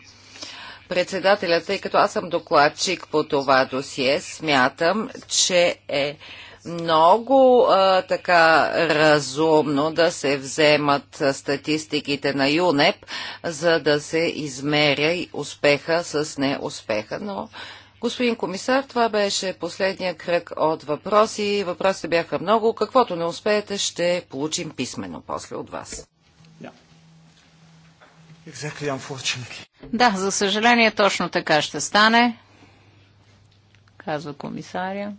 Председателят, тъй като аз съм докладчик по това досие, смятам, че е много а, така разумно да се вземат статистиките на ЮНЕП, за да се измеря и успеха с неуспеха. Но, господин комисар, това беше последния кръг от въпроси. Въпросите бяха много. Каквото не успеете, ще получим писменно после от вас. да, за съжаление точно така ще стане, казва комисаря.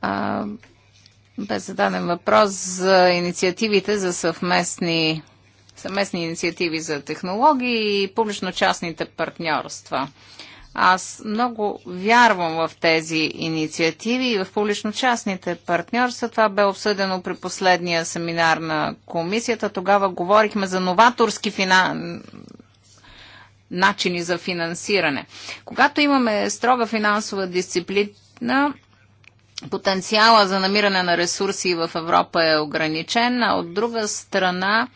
А, бе зададен въпрос за инициативите за съвместни, съвместни инициативи за технологии и публично-частните партньорства. Аз много вярвам в тези инициативи и в публично-частните партньорства. Това бе обсъдено при последния семинар на комисията. Тогава говорихме за новаторски фина... начини за финансиране. Когато имаме строга финансова дисциплина, потенциала за намиране на ресурси в Европа е ограничен, а от друга страна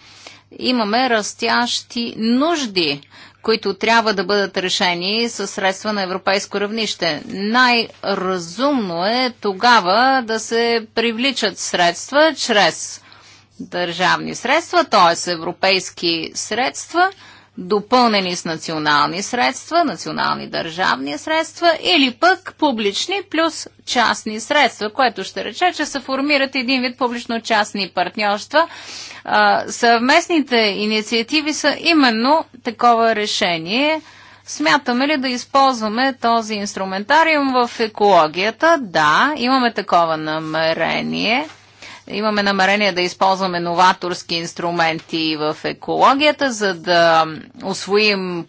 имаме растящи нужди, които трябва да бъдат решени със средства на европейско равнище. Най-разумно е тогава да се привличат средства чрез държавни средства, т.е. европейски средства – допълнени с национални средства, национални държавни средства или пък публични плюс частни средства, което ще рече, че се формират един вид публично-частни партньорства. А, съвместните инициативи са именно такова решение. Смятаме ли да използваме този инструментариум в екологията? Да, имаме такова намерение – имаме намерение да използваме новаторски инструменти в екологията, за да освоим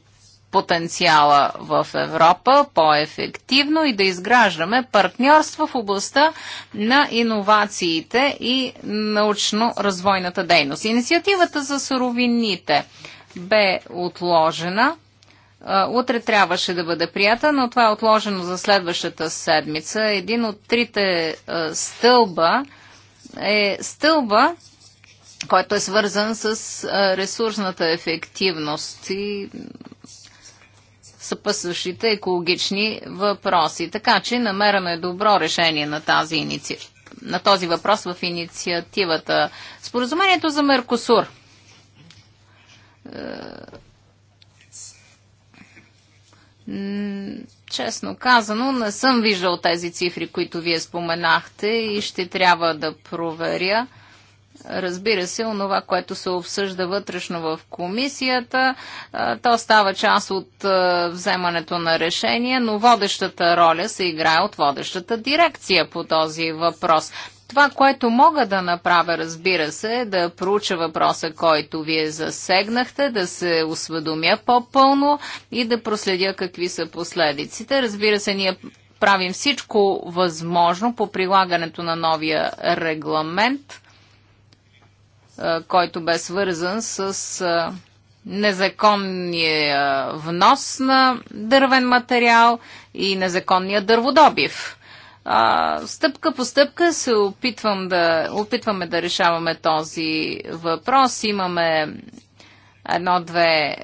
потенциала в Европа по-ефективно и да изграждаме партньорства в областта на иновациите и научно-развойната дейност. Инициативата за суровините бе отложена. Утре трябваше да бъде прията, но това е отложено за следващата седмица. Един от трите стълба е стълба, който е свързан с ресурсната ефективност и съпъсващите екологични въпроси. Така че намераме добро решение на тази инициатива на този въпрос в инициативата. Споразумението за Меркосур. Е, Честно казано, не съм виждал тези цифри, които вие споменахте и ще трябва да проверя. Разбира се, онова, което се обсъжда вътрешно в комисията, то става част от вземането на решение, но водещата роля се играе от водещата дирекция по този въпрос. Това, което мога да направя, разбира се, е да проуча въпроса, който вие засегнахте, да се осведомя по-пълно и да проследя какви са последиците. Разбира се, ние правим всичко възможно по прилагането на новия регламент, е, който бе свързан с е, незаконния е, внос на дървен материал и незаконния дърводобив а, стъпка по стъпка се опитвам да, опитваме да решаваме този въпрос. Имаме едно-две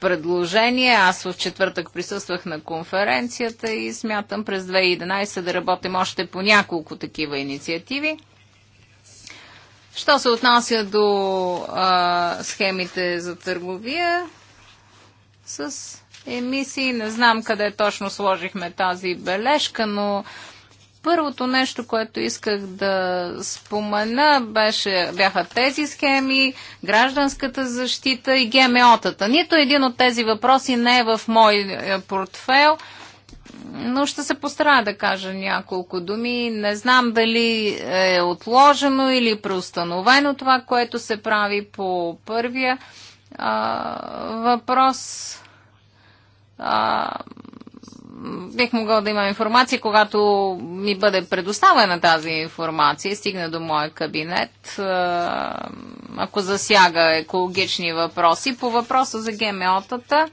предложения. Аз в четвъртък присъствах на конференцията и смятам през 2011 да работим още по няколко такива инициативи. Що се отнася до а, схемите за търговия с емисии, не знам къде точно сложихме тази бележка, но Първото нещо, което исках да спомена, беше, бяха тези схеми, гражданската защита и ГМО-тата. Нито един от тези въпроси не е в мой портфел, но ще се постарая да кажа няколко думи. Не знам дали е отложено или преустановено това, което се прави по първия а, въпрос. А, бих могъл да имам информация, когато ми бъде предоставена тази информация, стигне до моя кабинет, ако засяга екологични въпроси. По въпроса за ГМО-тата,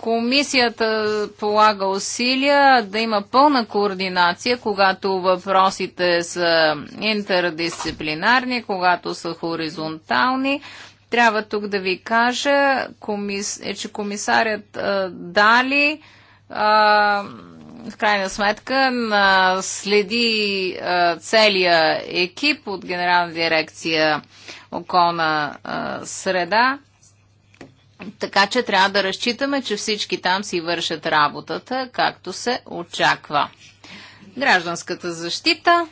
комисията полага усилия да има пълна координация, когато въпросите са интердисциплинарни, когато са хоризонтални, трябва тук да ви кажа, е, че комисарят Дали а, в крайна сметка следи целия екип от Генерална дирекция околна а, среда. Така че трябва да разчитаме, че всички там си вършат работата, както се очаква. Гражданската защита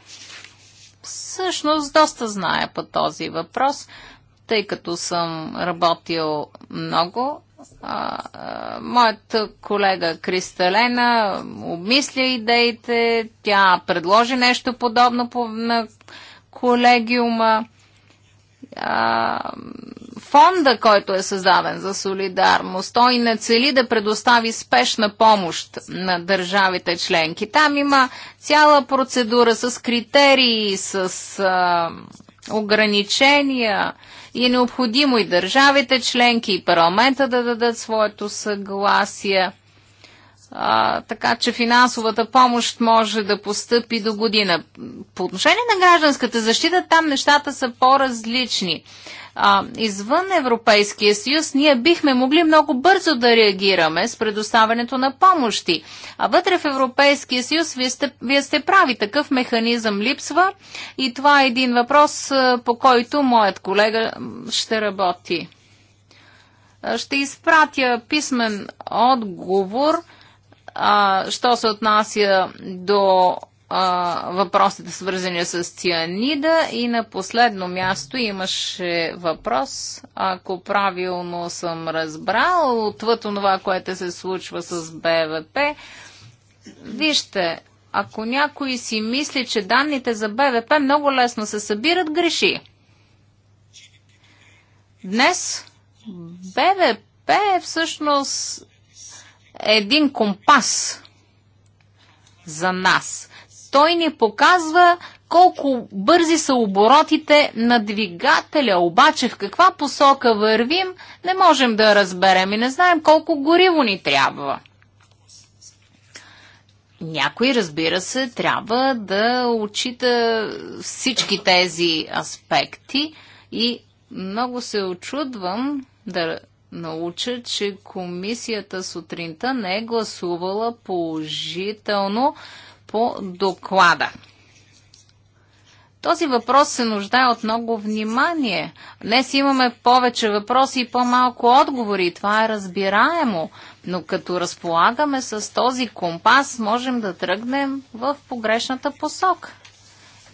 всъщност доста знае по този въпрос, тъй като съм работил много Моята колега Кристалена обмисля идеите, тя предложи нещо подобно на колегиума. фонда, който е създаден за солидарност, той не цели да предостави спешна помощ на държавите членки. Там има цяла процедура с критерии, с ограничения. И е необходимо и държавите членки, и парламента да дадат своето съгласие. А, така че финансовата помощ може да постъпи до година. По отношение на гражданската защита, там нещата са по-различни а, извън Европейския съюз, ние бихме могли много бързо да реагираме с предоставянето на помощи. А вътре в Европейския съюз вие сте, вие сте прави, такъв механизъм липсва и това е един въпрос, по който моят колега ще работи. Ще изпратя писмен отговор, а, що се отнася до а, въпросите свързани с цианида и на последно място имаше въпрос, ако правилно съм разбрал, отвъд това, което се случва с БВП. Вижте, ако някой си мисли, че данните за БВП много лесно се събират, греши. Днес БВП е всъщност един компас за нас – той ни показва колко бързи са оборотите на двигателя, обаче в каква посока вървим, не можем да разберем и не знаем колко гориво ни трябва. Някой, разбира се, трябва да очита всички тези аспекти и много се очудвам да науча, че комисията сутринта не е гласувала положително по доклада. Този въпрос се нуждае от много внимание. Днес имаме повече въпроси и по-малко отговори. Това е разбираемо. Но като разполагаме с този компас, можем да тръгнем в погрешната посока.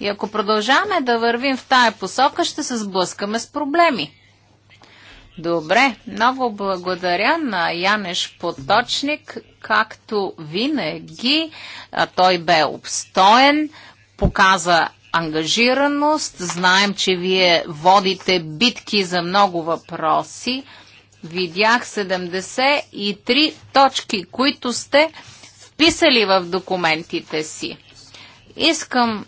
И ако продължаваме да вървим в тая посока, ще се сблъскаме с проблеми. Добре, много благодаря на Янеш Поточник, както винаги. Той бе обстоен, показа ангажираност. Знаем, че вие водите битки за много въпроси. Видях 73 точки, които сте вписали в документите си. Искам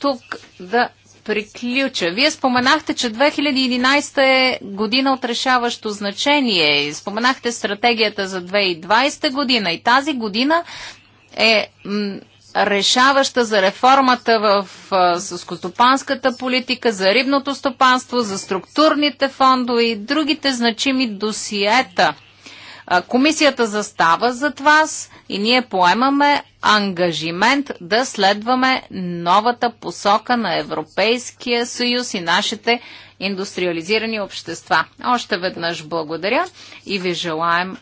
тук да приключа. Вие споменахте, че 2011 е година от решаващо значение споменахте стратегията за 2020 година и тази година е решаваща за реформата в скотопанската политика, за рибното стопанство, за структурните фондове и другите значими досиета – Комисията застава зад вас и ние поемаме ангажимент да следваме новата посока на Европейския съюз и нашите индустриализирани общества. Още веднъж благодаря и ви желаем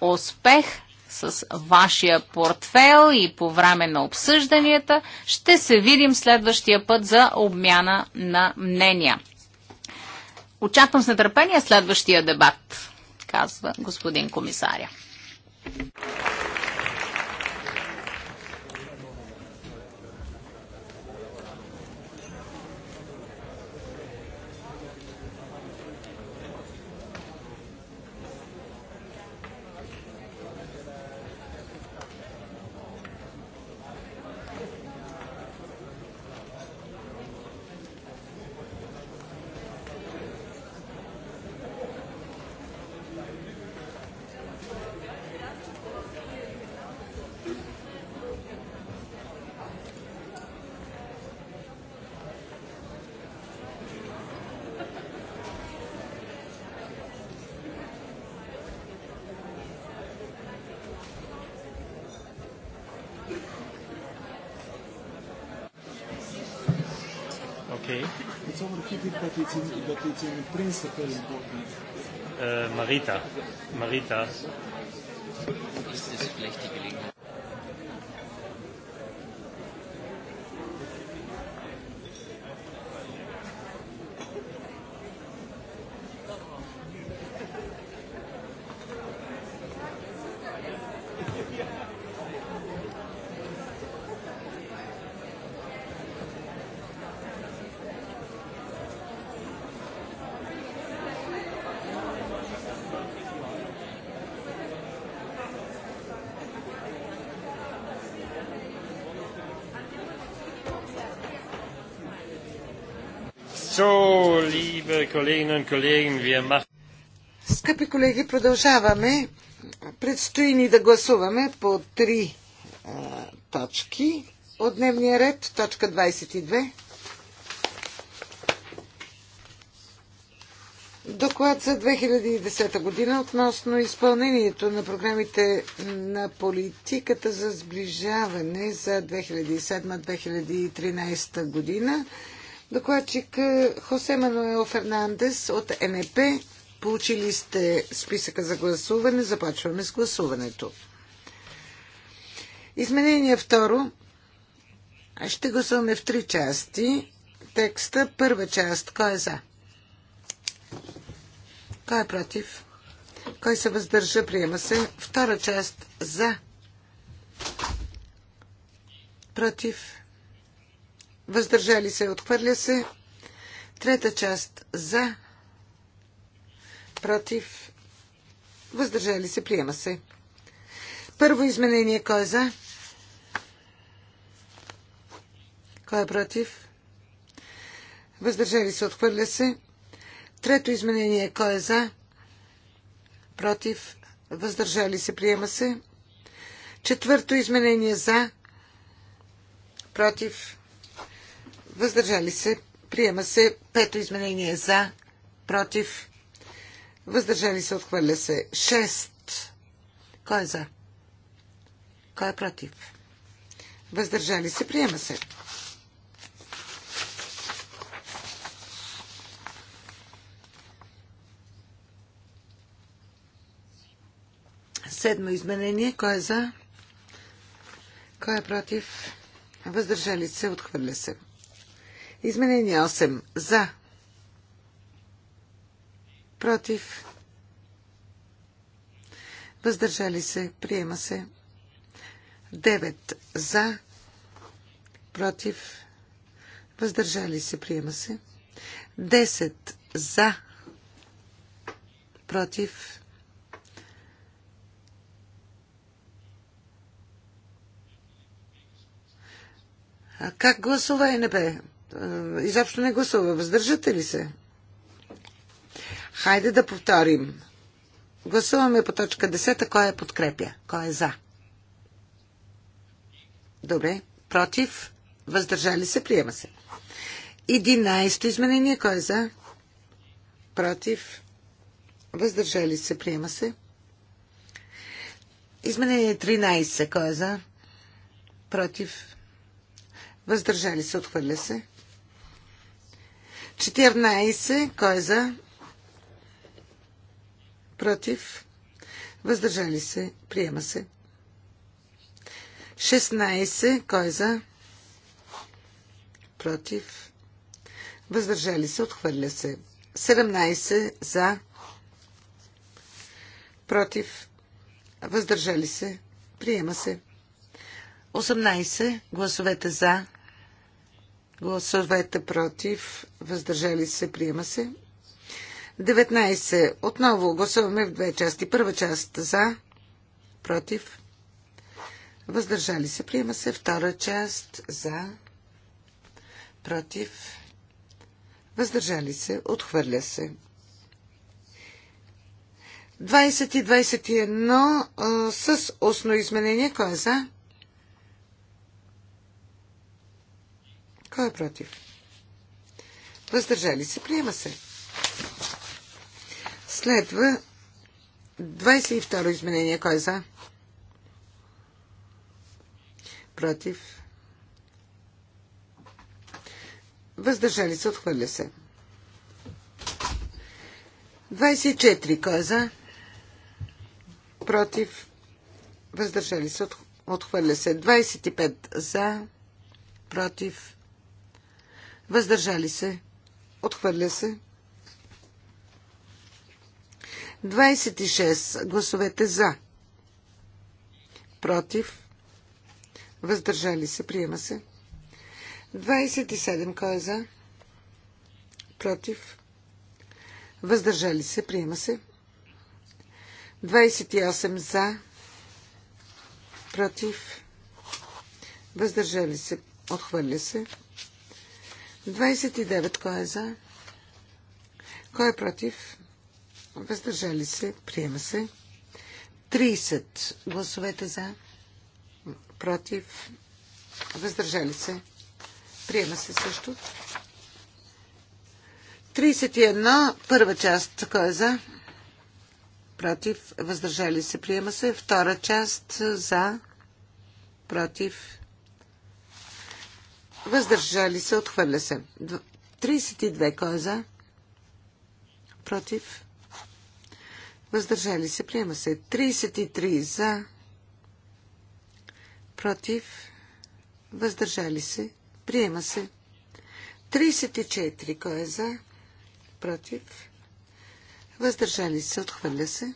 успех с вашия портфел и по време на обсъжданията. Ще се видим следващия път за обмяна на мнения. Очаквам с нетърпение следващия дебат казва господин комисаря. принцип е important. Marita. Marita. So, liebe Kolleginnen und Kollegen, wir machen... Скъпи колеги, продължаваме. Предстои ни да гласуваме по три а, е, точки от дневния ред. Точка 22. Доклад за 2010 година относно изпълнението на програмите на политиката за сближаване за 2007-2013 година. Докладчик е, Хосе Мануел Фернандес от НП. Получили сте списъка за гласуване. Започваме с гласуването. Изменение второ. Ще гласуваме в три части. Текста, първа част. Кой е за? Кой е против? Кой се въздържа? Приема се. Втора част. За. Против въздържали се, отхвърля се. Трета част за, против, въздържали се, приема се. Първо изменение, кой е за? Кой е против? Въздържали се, отхвърля се. Трето изменение, кой е за? Против, въздържали се, приема се. Четвърто изменение за, против, въздържали се, приема се. Пето изменение за, против, въздържали се, отхвърля се. Шест. Кой е за? Кой е против? Въздържали се, приема се. Седмо изменение. Кой е за? Кой е против? Въздържали се, отхвърля се. Изменение 8. За. Против. Въздържали се. Приема се. 9. За. Против. Въздържали се. Приема се. 10. За. Против. А как гласува НБ? Е, изобщо не гласува. Въздържате ли се? Хайде да повторим. Гласуваме по точка 10. Кой е подкрепя? Кой е за? Добре. Против? Въздържали се? Приема се. 11 изменение. Кой е за? Против? Въздържали се? Приема се. Изменение 13. Кой е за? Против? Въздържали се? Отхвърля се. 14. Кой е за? Против. Въздържали се. Приема се. 16. Кой е за? Против. Въздържали се. Отхвърля се. 17. За. Против. Въздържали се. Приема се. 18. Гласовете за. Гласовете против. Въздържали се. Приема се. 19. Отново гласуваме в две части. Първа част за. Против. Въздържали се. Приема се. Втора част за. Против. Въздържали се. Отхвърля се. 20 и 21 с устно изменение. Кой е за? Кой е против? Въздържали се. Приема се. Следва 22 изменение. Кой е за? Против. Въздържали се. Отхвърля се. 24. Кой е за? Против. Въздържали се. Отхвърля се. 25 за. Против въздържали се, отхвърля се. 26 гласовете за, против, въздържали се, приема се. 27 кой е за, против, въздържали се, приема се. 28 за, против, въздържали се, отхвърля се. 29. Кой е за? Кой е против? Въздържали се. Приема се. 30. Гласовете за. Против. Въздържали се. Приема се също. 31. Първа част. Кой е за? Против. Въздържали се. Приема се. Втора част. За. Против. Въздържали се, отхвърля се. 32. Кой е за? Против. Въздържали се, приема се. 33 за. Против. Въздържали се, приема се. 34. Кой е за? Против. Въздържали се, отхвърля се.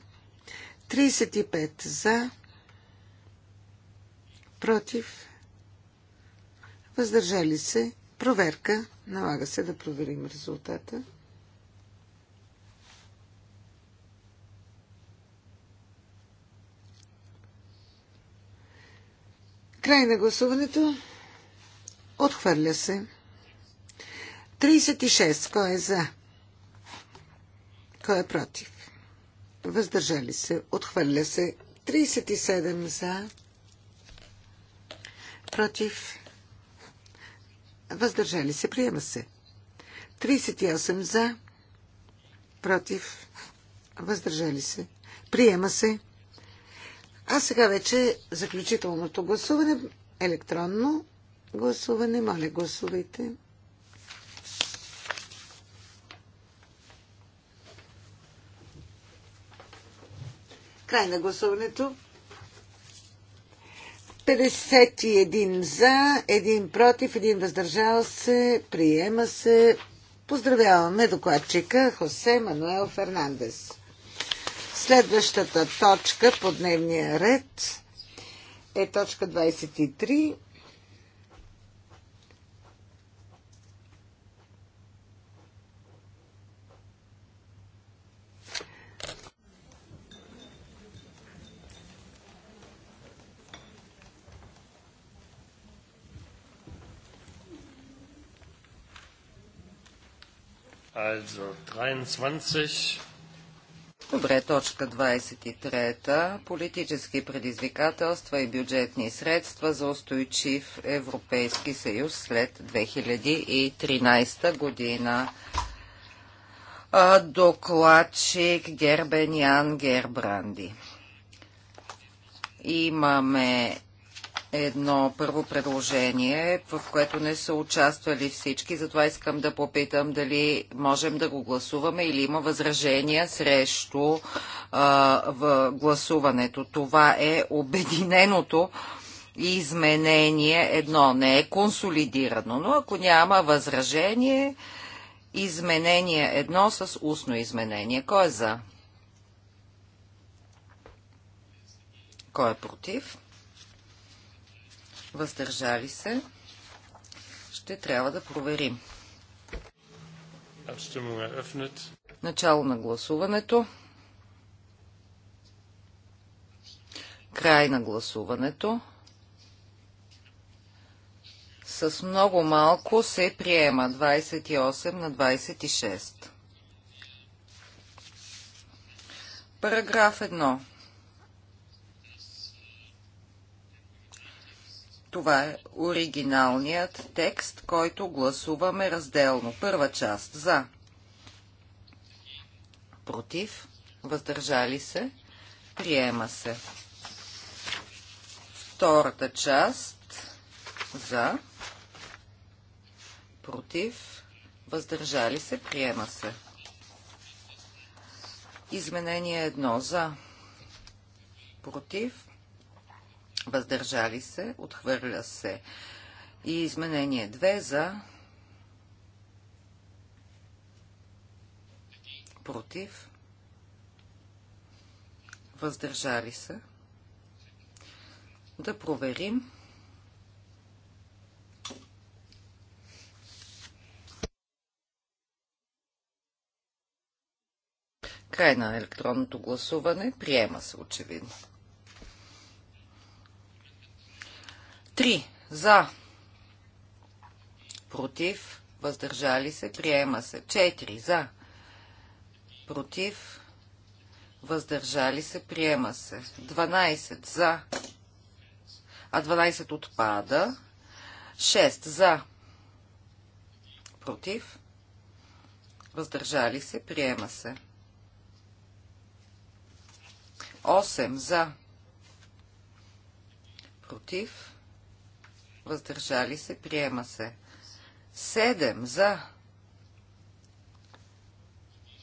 35 за. Против. Въздържали се. Проверка. Налага се да проверим резултата. Край на гласуването. Отхвърля се. 36. Кой е за? Кой е против? Въздържали се. Отхвърля се. 37 за. Против въздържали се, приема се. 38 за, против, въздържали се, приема се. А сега вече заключителното гласуване, електронно гласуване, моля гласувайте. Край на гласуването. 51 за, 1 против, 1 въздържал се. Приема се. Поздравяваме докладчика Хосе Мануел Фернандес. Следващата точка по дневния ред е точка 23. Also 23. Добре, точка 23. Политически предизвикателства и бюджетни средства за устойчив Европейски съюз след 2013 година. Докладчик Гербен Ян Гербранди. Имаме едно първо предложение, в което не са участвали всички, затова искам да попитам дали можем да го гласуваме или има възражения срещу а, в гласуването. Това е обединеното изменение едно. Не е консолидирано, но ако няма възражение, изменение едно с устно изменение. Кой е за? Кой е против? въздържали се, ще трябва да проверим. Начало на гласуването. Край на гласуването. С много малко се приема 28 на 26. Параграф 1. Това е оригиналният текст, който гласуваме разделно. Първа част за, против, въздържали се, приема се. Втората част за, против, въздържали се, приема се. Изменение едно за, против, въздържали се, отхвърля се. И изменение 2 за, против, въздържали се. Да проверим. Край на електронното гласуване приема се очевидно. 3 за, против, въздържали се, приема се. 4 за, против, въздържали се, приема се. 12 за, а 12 отпада. 6 за, против, въздържали се, приема се. 8 за, против, въздържали се, приема се. 7 за,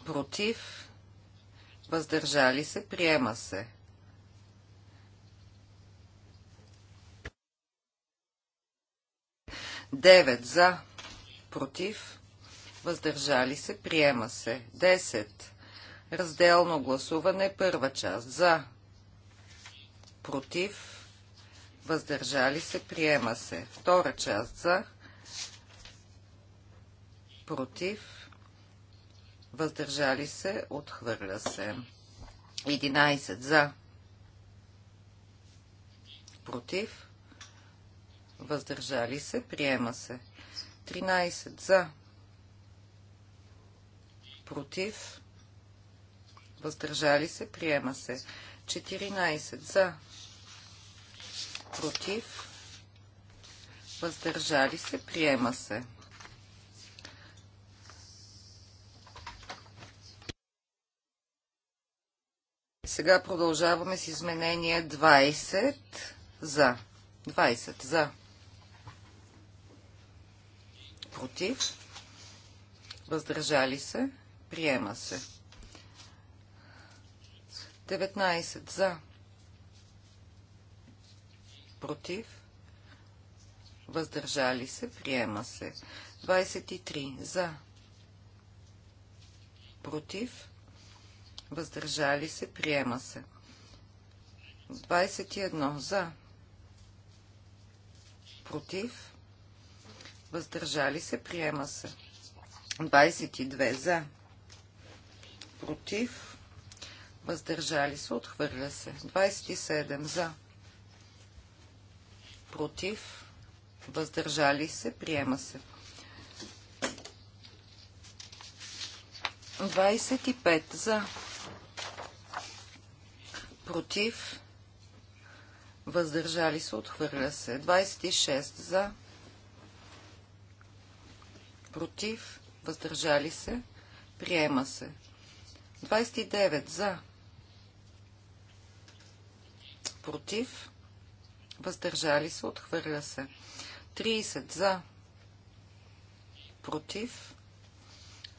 против, въздържали се, приема се. Девет за, против, въздържали се, приема се. Десет. Разделно гласуване, първа част за, против, въздържали се, приема се. Втора част за, против, въздържали се, отхвърля се. 11 за, против, въздържали се, приема се. 13 за, против, въздържали се, приема се. 14 за, против, против, въздържали се, приема се. Сега продължаваме с изменение 20 за. 20 за. Против. Въздържали се. Приема се. 19 за против, въздържали се, приема се. 23 за, против, въздържали се, приема се. 21 за, против, въздържали се, приема се. 22 за, против, въздържали се, отхвърля се. 27 за, против, въздържали се, приема се. 25 за, против, въздържали се, отхвърля се. 26 за, против, въздържали се, приема се. 29 за, против, въздържали се, отхвърля се. 30 за, против,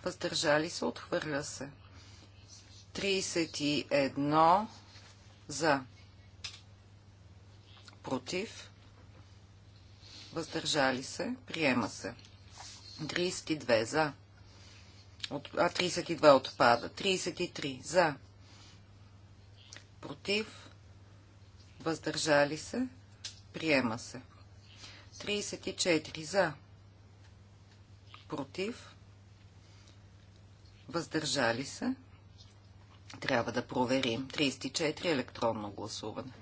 въздържали се, отхвърля се. 31 за, против, въздържали се, приема се. 32 за, от, а 32 отпада, 33 за, против, въздържали се, Приема се. 34 за. Против. Въздържали се. Трябва да проверим. 34 електронно гласуване.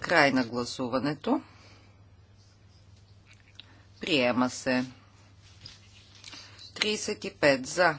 Край на гласуването. Приема се. 35 за.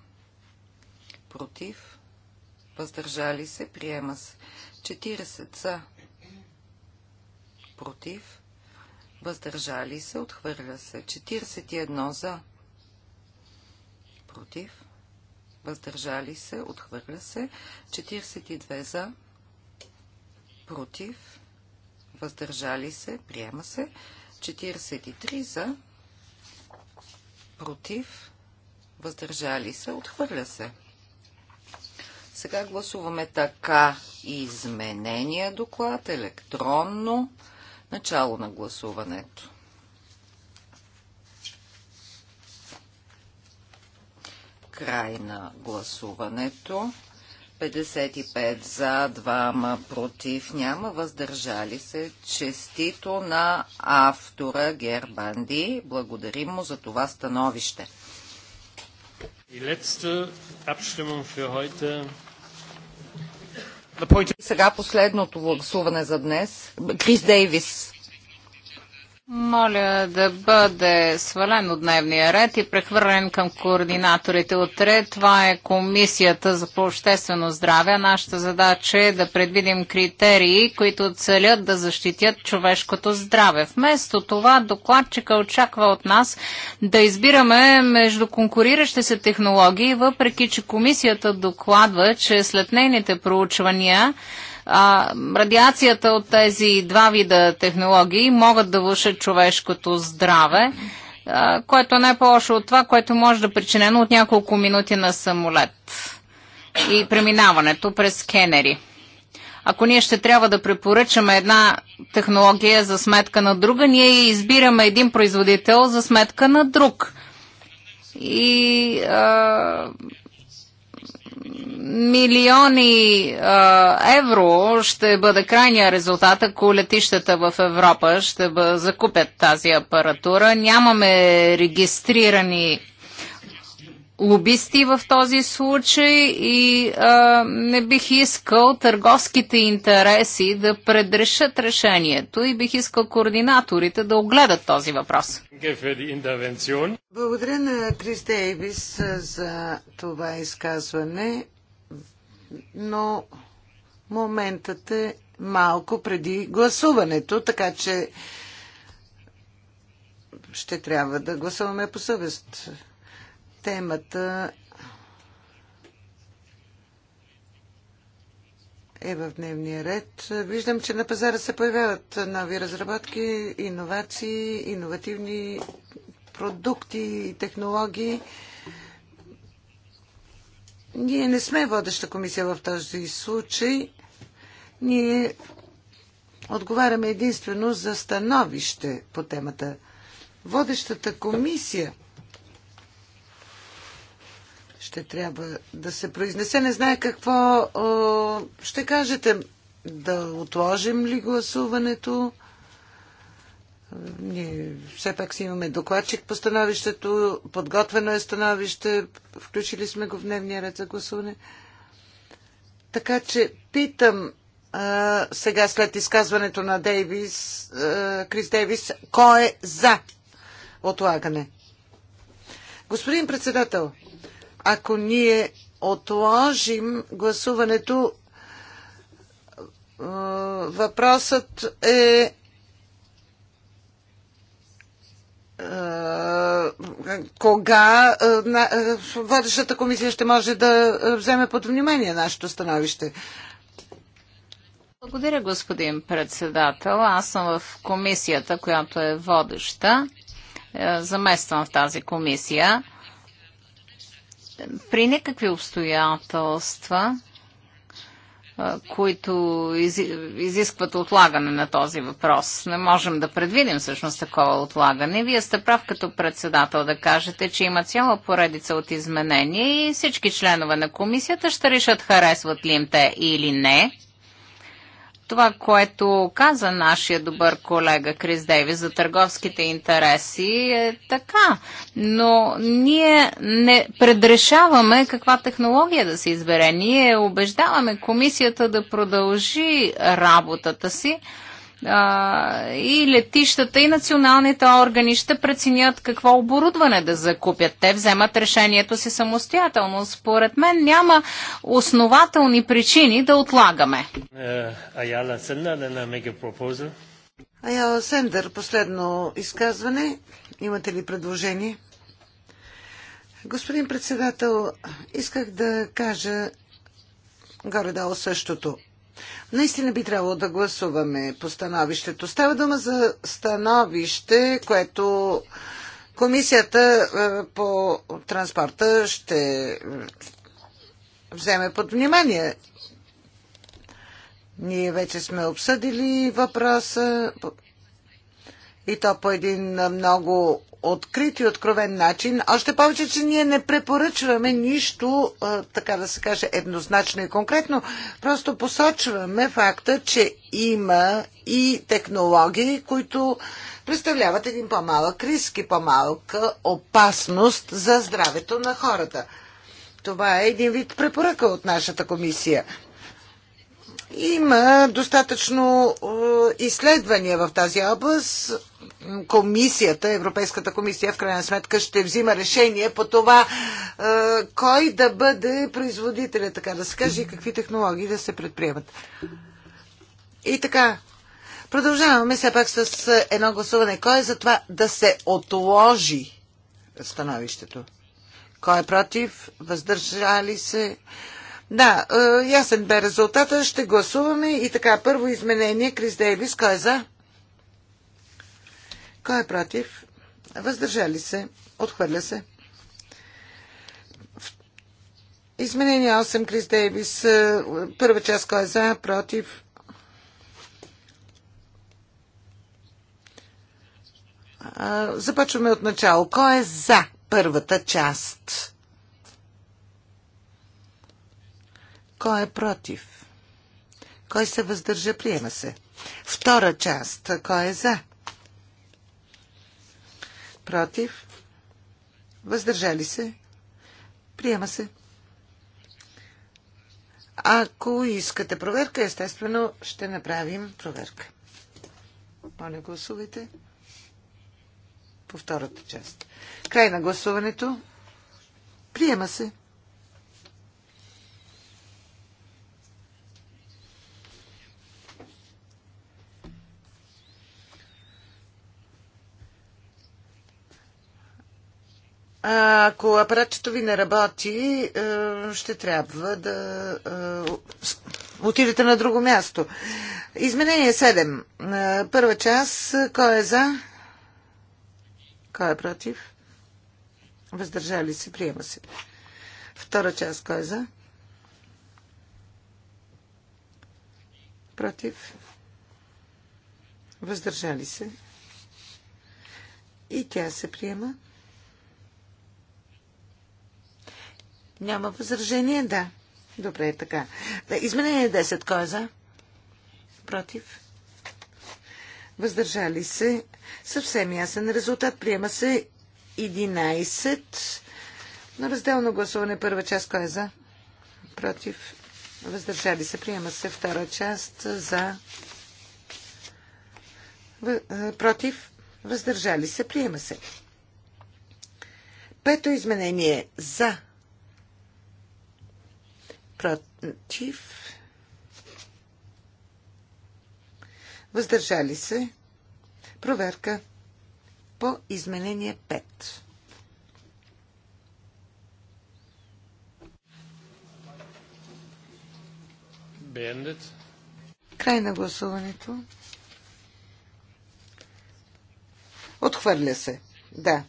против, въздържали се, приема се. 40 са против, въздържали се, отхвърля се. 41 за, против, въздържали се, отхвърля се. 42 за, против, въздържали се, приема се. 43 за, против, въздържали се, отхвърля се. Сега гласуваме така изменения доклад, електронно, начало на гласуването. Край на гласуването. 55 за, 2 против, няма въздържали се. Честито на автора Гербанди. Благодарим му за това становище. Die letzte Abstimmung für heute сега последното гласуване за днес. Крис Дейвис. Моля да бъде свален от дневния ред и прехвърлен към координаторите утре. Това е комисията за обществено здраве. Нашата задача е да предвидим критерии, които целят да защитят човешкото здраве. Вместо това докладчика очаква от нас да избираме между конкуриращи се технологии, въпреки че комисията докладва, че след нейните проучвания а, радиацията от тези два вида технологии могат да влушат човешкото здраве, а, което не е по-лошо от това, което може да е причинено от няколко минути на самолет и преминаването през скенери. Ако ние ще трябва да препоръчаме една технология за сметка на друга, ние избираме един производител за сметка на друг. И а, милиони а, евро ще бъде крайния резултат, ако летищата в Европа ще бъ, закупят тази апаратура. Нямаме регистрирани лобисти в този случай и а, не бих искал търговските интереси да предрешат решението и бих искал координаторите да огледат този въпрос. Благодаря на Крис Дейвис за това изказване, но моментът е малко преди гласуването, така че ще трябва да гласуваме по съвест темата е в дневния ред. Виждам, че на пазара се появяват нови разработки, иновации, иновативни продукти и технологии. Ние не сме водеща комисия в този случай. Ние отговаряме единствено за становище по темата. Водещата комисия ще трябва да се произнесе. Не знае какво ще кажете. Да отложим ли гласуването? Ние все пак си имаме докладчик по становището, подготвено е становище, включили сме го в дневния ред за гласуване. Така че питам а, сега след изказването на Дейвис, а, Крис Дейвис, кой е за отлагане? Господин председател, ако ние отложим гласуването, е, въпросът е, е кога е, водещата комисия ще може да вземе под внимание нашето становище. Благодаря, господин председател. Аз съм в комисията, която е водеща. Замествам в тази комисия при никакви обстоятелства, които изискват отлагане на този въпрос. Не можем да предвидим всъщност такова отлагане. Вие сте прав като председател да кажете, че има цяла поредица от изменения и всички членове на комисията ще решат харесват ли им те или не това, което каза нашия добър колега Крис Дейвис за търговските интереси, е така. Но ние не предрешаваме каква технология да се избере. Ние убеждаваме комисията да продължи работата си а, и летищата и националните органи ще преценят какво оборудване да закупят. Те вземат решението си самостоятелно. Според мен няма основателни причини да отлагаме. Е, Аяла Сендър, последно изказване. Имате ли предложение? Господин председател, исках да кажа горе-долу същото. Наистина би трябвало да гласуваме по становището. Става дума за становище, което комисията е, по транспорта ще е, вземе под внимание. Ние вече сме обсъдили въпроса и то по един много открит и откровен начин. Още повече, че ние не препоръчваме нищо, така да се каже, еднозначно и конкретно. Просто посочваме факта, че има и технологии, които представляват един по-малък риск и по-малка опасност за здравето на хората. Това е един вид препоръка от нашата комисия. Има достатъчно е, изследвания в тази област. Комисията, Европейската комисия в крайна сметка ще взима решение по това е, кой да бъде производителя, така да се каже, и какви технологии да се предприемат. И така, продължаваме все пак с едно гласуване. Кой е за това да се отложи становището? Кой е против? Въздържали се? Да, е, ясен бе резултата. Ще гласуваме и така. Първо изменение. Крис Дейвис. Кой е за? Кой е против? Въздържали се. Отхвърля се. Изменение 8. Крис Дейвис. Е, първа част. Кой е за? Против? Е, започваме от начало. Кой е за първата част? Кой е против? Кой се въздържа? Приема се. Втора част. Кой е за? Против? Въздържали се? Приема се. Ако искате проверка, естествено ще направим проверка. Моля, гласувайте по втората част. Край на гласуването. Приема се. Ако апаратчето ви не работи, е, ще трябва да е, отидете на друго място. Изменение 7. Е, първа част. Кой е за? Кой е против? Въздържали се. Приема се. Втора част. Кой е за? Против? Въздържали се. И тя се приема. Няма възражение? Да. Добре, е така. Да, изменение 10. Кой е за? Против? Въздържали се. Съвсем ясен резултат. Приема се 11. На разделно гласуване първа част. Кой е за? Против? Въздържали се. Приема се втора част. За? Е, против? Въздържали се. Приема се. Пето изменение. За? против, въздържали се, проверка по изменение 5. Бендет. Край на гласуването. Отхвърля се. Да.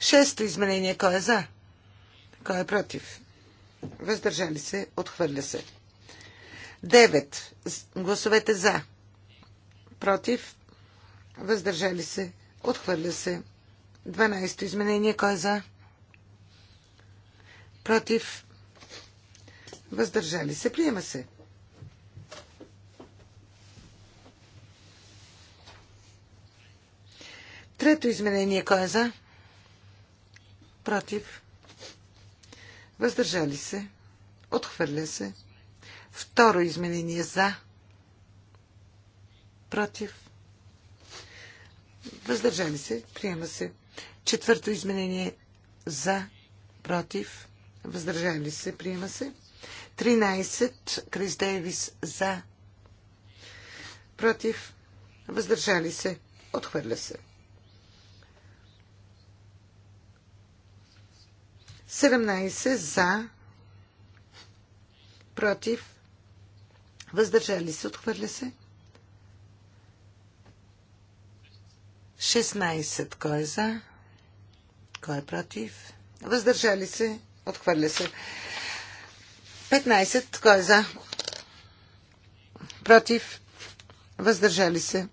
Шесто изменение. Кой е за? Кой е против? въздържали се, отхвърля се. 9. Гласовете за, против, въздържали се, отхвърля се. 12. Изменение, кой е за? Против, въздържали се, приема се. Трето изменение, кой е за? Против. Въздържали се. Отхвърля се. Второ изменение за. Против. Въздържали се. Приема се. Четвърто изменение за. Против. Въздържали се. Приема се. 13. Крис Дейвис за. Против. Въздържали се. Отхвърля се. 17 за, против, въздържали се, отхвърля се. 16. Кой е за? Кой е против? Въздържали се, отхвърля се. 15. Кой е за? Против, въздържали се.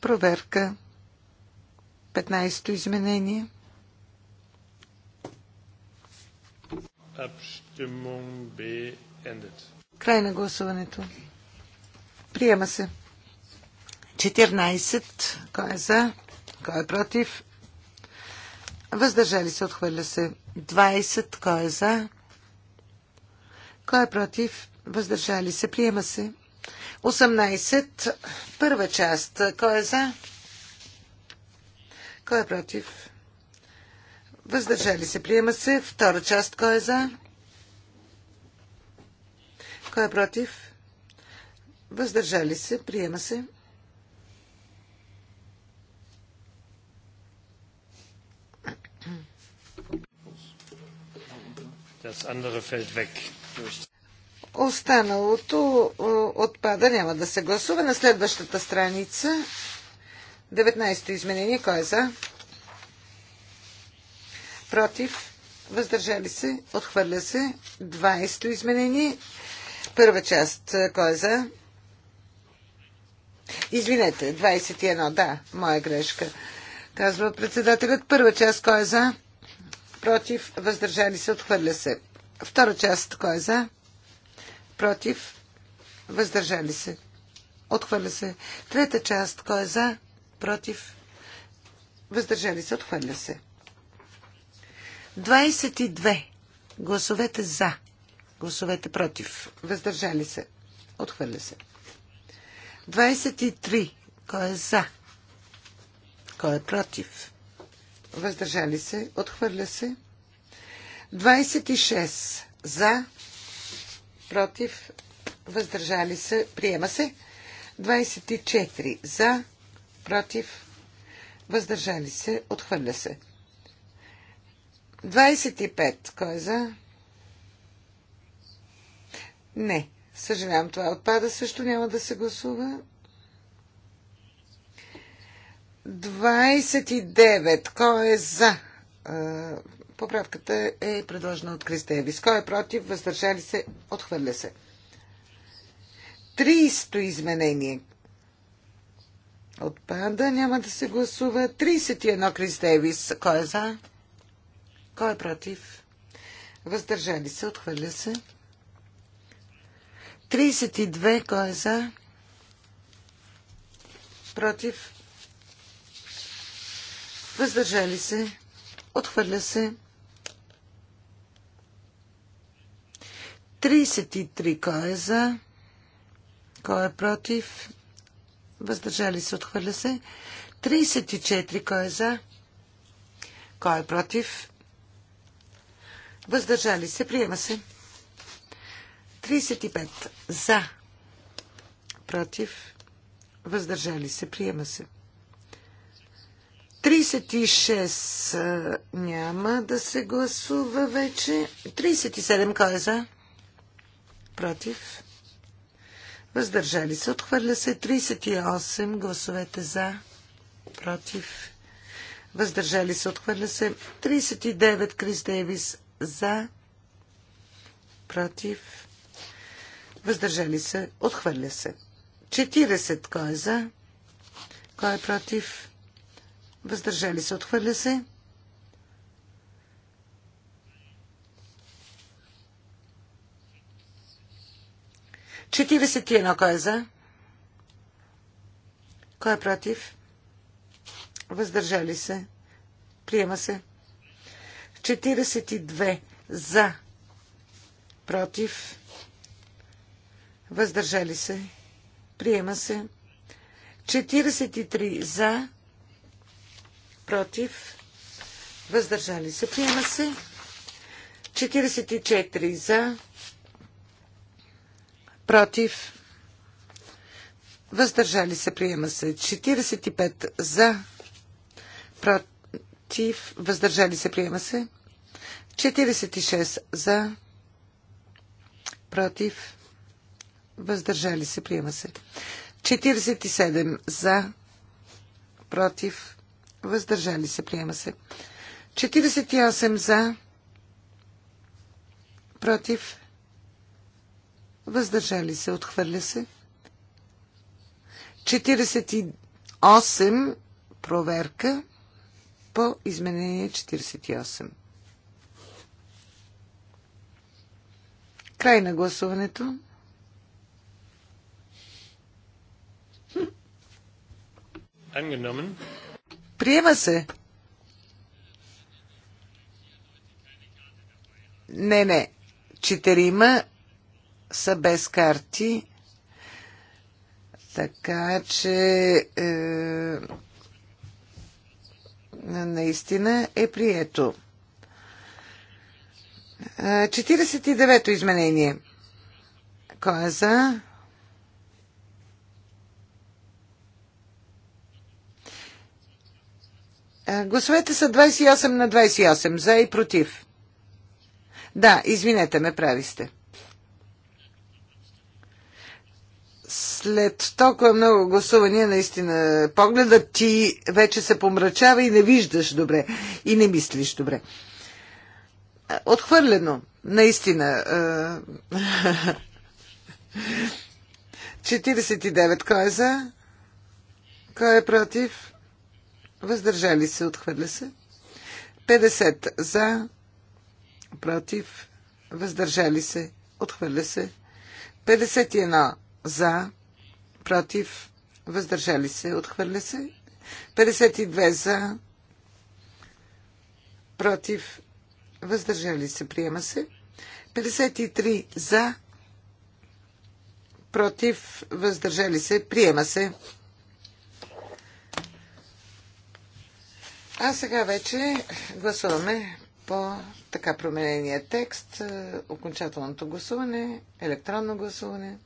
Проверка. 15-то изменение. Край на гласуването. Приема се. 14. Кой е за? Кой е против? Въздържали се, отхвърля се. 20. Кой е за? Кой е против? Въздържали се, приема се. 18. Първа част. Кой е за? Кой е против? Въздържали се. Приема се. Втора част. Кой е за? Кой е против? Въздържали се. Приема се. Останалото отпада, няма да се гласува. На следващата страница 19-то изменение. Кой е за? против, въздържали се, отхвърля се. 20-то изменение. Първа част, е, кой е за? Извинете, 21, да, моя грешка. Казва председателят. Първа част, кой е за? Против, въздържали се, отхвърля се. Втора част, кой е за? Против, въздържали се. Отхвърля се. Трета част, кой е за? Против, въздържали се, отхвърля се. 22. Гласовете за. Гласовете против. Въздържали се. Отхвърля се. 23. Кой е за? Кой е против? Въздържали се. Отхвърля се. 26. За. Против. Въздържали се. Приема се. 24. За. Против. Въздържали се. Отхвърля се. 25. Кой е за? Не. Съжалявам, това отпада. Също няма да се гласува. 29. Кой е за? Поправката е предложена от Крис Девис. Кой е против? Въздържали се? Отхвърля се. 30 изменение. Отпада, няма да се гласува. 31 Крис Девис. Кой е за? Кой е против? Въздържали се, отхвърля се. 32, кой е за? Против? Въздържали се, отхвърля се. 33, кой е за? Кой е против? Въздържали се, отхвърля се. 34, кой е за? Кой е против? Въздържали се. Приема се. 35. За. Против. Въздържали се. Приема се. 36 няма да се гласува вече. 37 кой е за? Против. Въздържали се. Отхвърля се 38 гласовете за. Против. Въздържали се. Отхвърля се 39 Крис Дейвис за, против, въздържали се, отхвърля се. 40 кой е за, кой е против, въздържали се, отхвърля се. Четиридесет и едно кой е за? Кой е против? Въздържали се. Приема се. 42 за, против, въздържали се, приема се. 43 за, против, въздържали се, приема се. 44 за, против, въздържали се, приема се. 45 за, против, въздържали се, приема се. 46 за, против, въздържали се, приема се. 47 за, против, въздържали се, приема се. 48 за, против, въздържали се, отхвърля се. 48 проверка по изменение 48. Край на гласуването. Приема се. Не, не. Четирима са без карти. Така че е, наистина е прието. 49-то изменение. Кой е за? Е, гласовете са 28 на 28, за и против. Да, извинете ме, прави сте. След толкова много гласувания, наистина, погледът ти вече се помрачава и не виждаш добре и не мислиш добре отхвърлено, наистина. 49. Кой е за? Кой е против? Въздържали се, отхвърля се. 50 за, против, въздържали се, отхвърля се. 51 за, против, въздържали се, отхвърля се. 52 за, против, въздържали се, приема се. 53 за, против, въздържали се, приема се. А сега вече гласуваме по така променения текст, е, окончателното гласуване, електронно гласуване.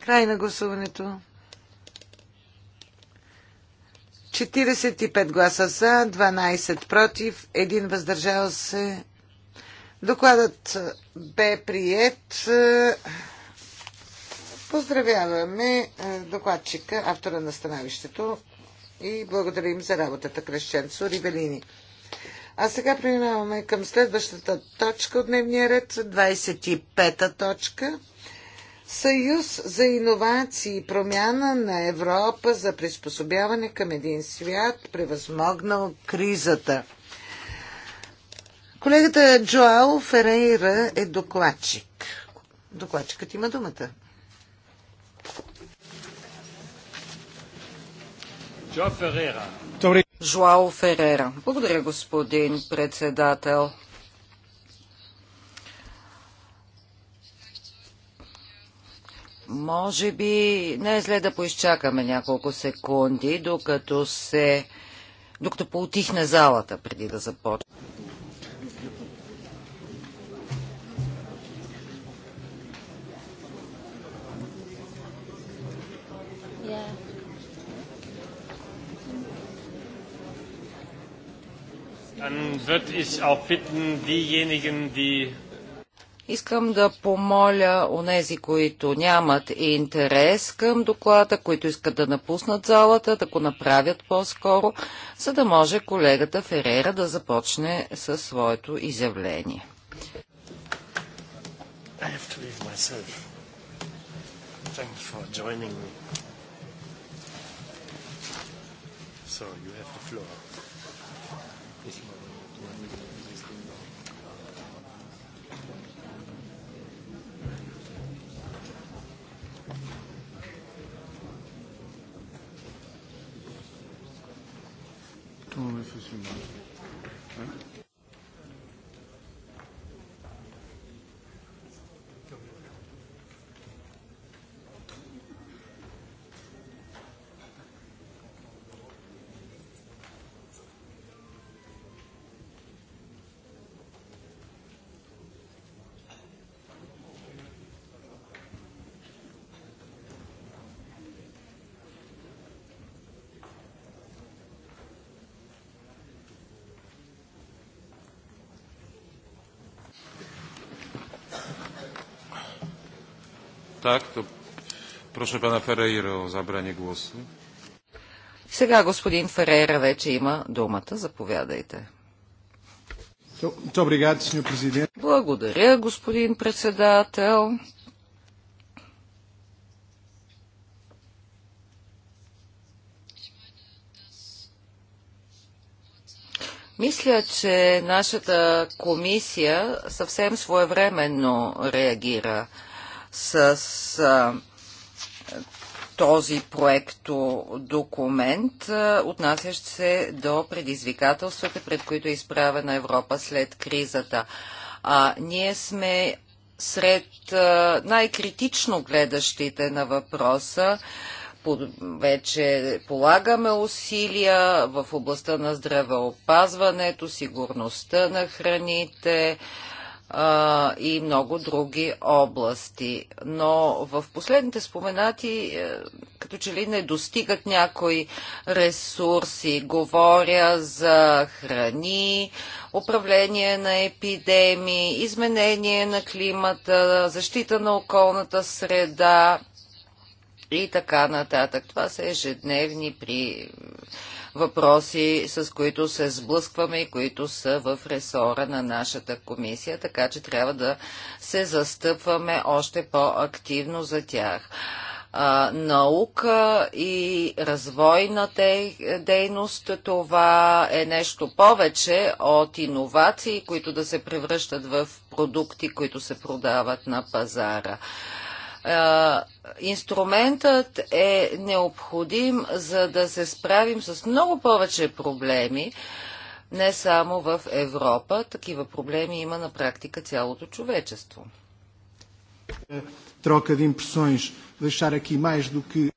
Край на гласуването. 45 гласа за, 12 против, 1 въздържал се. Докладът е, бе прият. Е, поздравяваме е, докладчика, автора на становището и благодарим за работата Крещенцо Ривелини. А сега преминаваме към следващата точка от дневния ред, 25-та точка – Съюз за иновации, и промяна на Европа за приспособяване към един свят, превъзмогнал кризата. Колегата Джоао Ферейра е докладчик. Докладчикът има думата. Джоао Ферейра. Благодаря, господин председател. Може би не е зле да поизчакаме няколко секунди, докато се докато поутихне залата преди да започне. Dann würde ich auch bitten, diejenigen, die Искам да помоля онези, които нямат интерес към доклада, които искат да напуснат залата, да го направят по-скоро, за да може колегата Ферера да започне със своето изявление. for joining me. So you have the floor. Non, mais c'est Сега господин Ферейра вече има думата. Заповядайте. Благодаря, господин председател. Мисля, че нашата комисия съвсем своевременно реагира с а, този проекто документ, отнасящ се до предизвикателствата, пред които е изправена Европа след кризата. А, ние сме сред най-критично гледащите на въпроса. вече полагаме усилия в областта на здравеопазването, сигурността на храните, и много други области. Но в последните споменати, е, като че ли не достигат някои ресурси, говоря за храни, управление на епидемии, изменение на климата, защита на околната среда и така нататък. Това са ежедневни при въпроси, с които се сблъскваме и които са в ресора на нашата комисия, така че трябва да се застъпваме още по-активно за тях наука и развойна дейност. Това е нещо повече от иновации, които да се превръщат в продукти, които се продават на пазара. Е, инструментът е необходим, за да се справим с много повече проблеми, не само в Европа. Такива проблеми има на практика цялото човечество. Трока е, de impressões, deixar aqui mais do que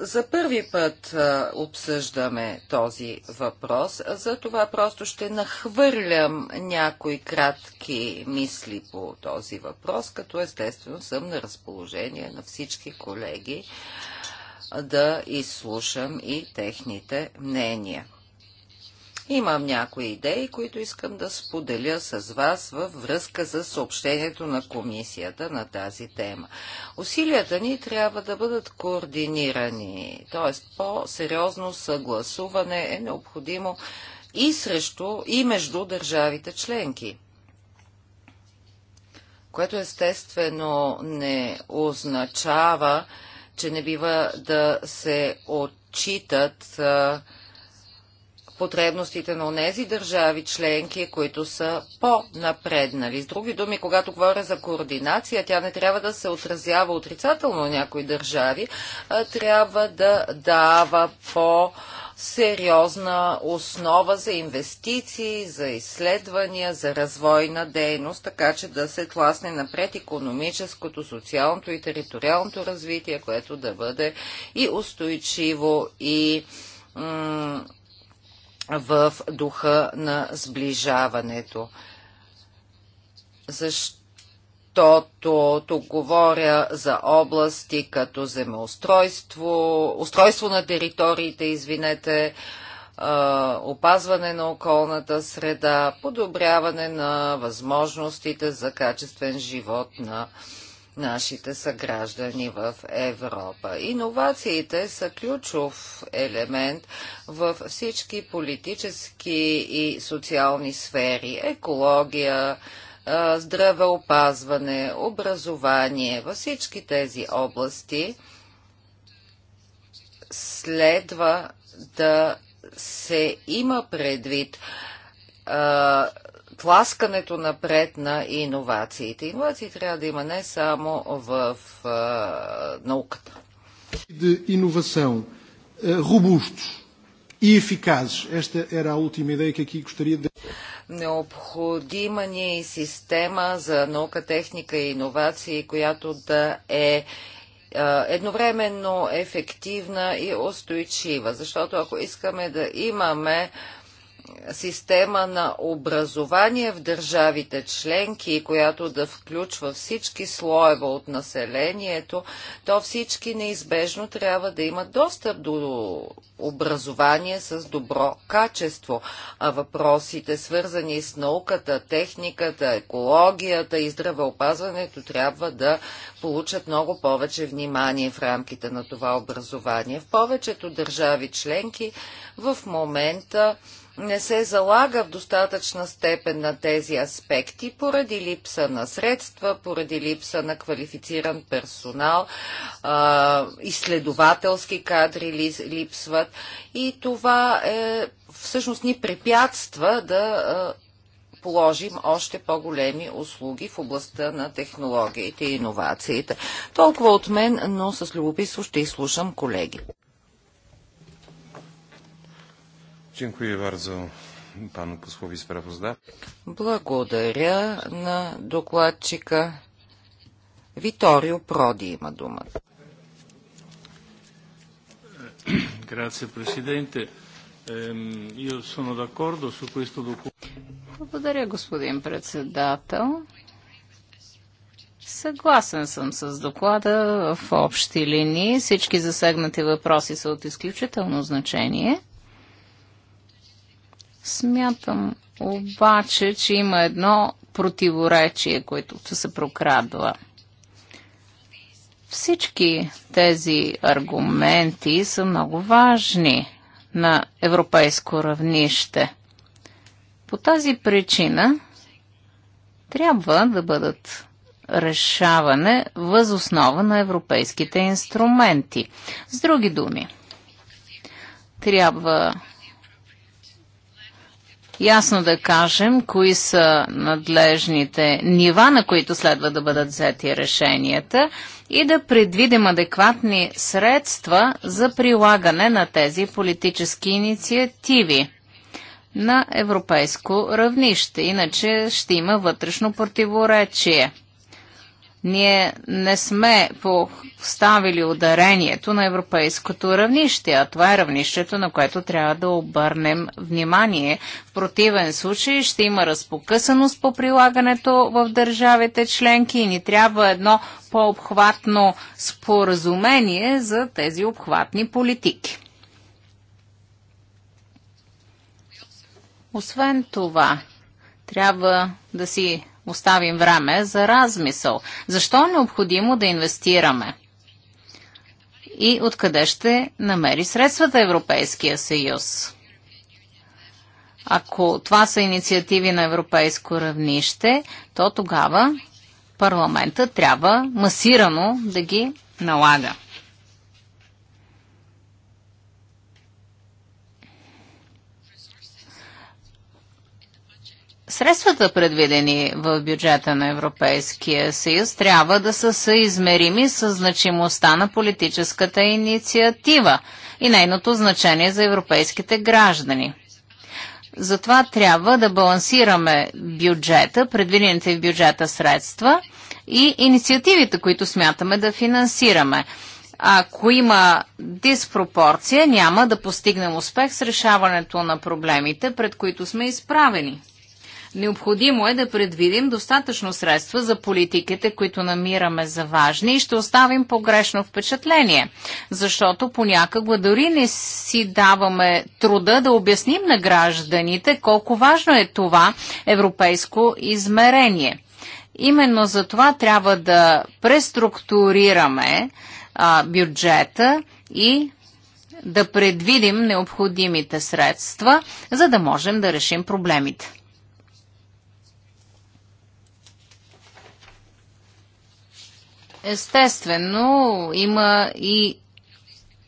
за първи път обсъждаме този въпрос, за това просто ще нахвърлям някои кратки мисли по този въпрос, като естествено съм на разположение на всички колеги да изслушам и техните мнения. Имам някои идеи, които искам да споделя с вас във връзка с съобщението на комисията на тази тема. Усилията ни трябва да бъдат координирани, т.е. по-сериозно съгласуване е необходимо и срещу, и между държавите членки което естествено не означава, че не бива да се отчитат а, потребностите на онези държави членки, които са по-напреднали. С други думи, когато говоря за координация, тя не трябва да се отразява отрицателно някои държави, а трябва да дава по- сериозна основа за инвестиции, за изследвания, за развойна дейност, така че да се тласне напред економическото, социалното и териториалното развитие, което да бъде и устойчиво, и в духа на сближаването. Защото тук говоря за области като земеустройство, устройство на териториите, извинете, опазване на околната среда, подобряване на възможностите за качествен живот на нашите съграждани в Европа. Иновациите са ключов елемент в всички политически и социални сфери – екология, здравеопазване, образование, във всички тези области следва да се има предвид а, тласкането напред на иновациите. Иновации трябва да има не само в а, науката. De inovação eh, robustos и e eficazes. Esta era a última ideia que aqui gostaria de... Необходима ни е система за наука, техника и иновации, която да е едновременно ефективна и устойчива, защото ако искаме да имаме система на образование в държавите членки, която да включва всички слоева от населението, то всички неизбежно трябва да имат достъп до образование с добро качество. А въпросите, свързани с науката, техниката, екологията и здравеопазването, трябва да получат много повече внимание в рамките на това образование. В повечето държави членки в момента не се залага в достатъчна степен на тези аспекти, поради липса на средства, поради липса на квалифициран персонал, а, изследователски кадри липсват и това е, всъщност ни препятства да положим още по-големи услуги в областта на технологиите и иновациите. Толкова от мен, но с любопитство ще изслушам колеги. Dziękuję bardzo panu posłowi sprawozdawcy. Благодаря на докладчика. Виторио Проди има думата. Grazie Presidente. Io sono d'accordo su questo Благодаря, господин председател. Съгласен съм с доклада в общи линии. Всички засегнати въпроси са от изключително значение – Смятам обаче, че има едно противоречие, което се прокрадва. Всички тези аргументи са много важни на европейско равнище. По тази причина трябва да бъдат решаване възоснова на европейските инструменти. С други думи, трябва ясно да кажем кои са надлежните нива, на които следва да бъдат взети решенията и да предвидим адекватни средства за прилагане на тези политически инициативи на европейско равнище. Иначе ще има вътрешно противоречие – ние не сме поставили ударението на европейското равнище, а това е равнището, на което трябва да обърнем внимание. В противен случай ще има разпокъсаност по прилагането в държавите членки и ни трябва едно по-обхватно споразумение за тези обхватни политики. Освен това, трябва да си оставим време за размисъл. Защо е необходимо да инвестираме? И откъде ще намери средствата Европейския съюз? Ако това са инициативи на европейско равнище, то тогава парламента трябва масирано да ги налага. Средствата, предвидени в бюджета на Европейския съюз, трябва да са съизмерими с значимостта на политическата инициатива и нейното значение за европейските граждани. Затова трябва да балансираме бюджета, предвидените в бюджета средства и инициативите, които смятаме да финансираме. Ако има диспропорция, няма да постигнем успех с решаването на проблемите, пред които сме изправени. Необходимо е да предвидим достатъчно средства за политиките, които намираме за важни и ще оставим погрешно впечатление, защото понякога дори не си даваме труда да обясним на гражданите колко важно е това европейско измерение. Именно за това трябва да преструктурираме а, бюджета и да предвидим необходимите средства, за да можем да решим проблемите. Естествено, има и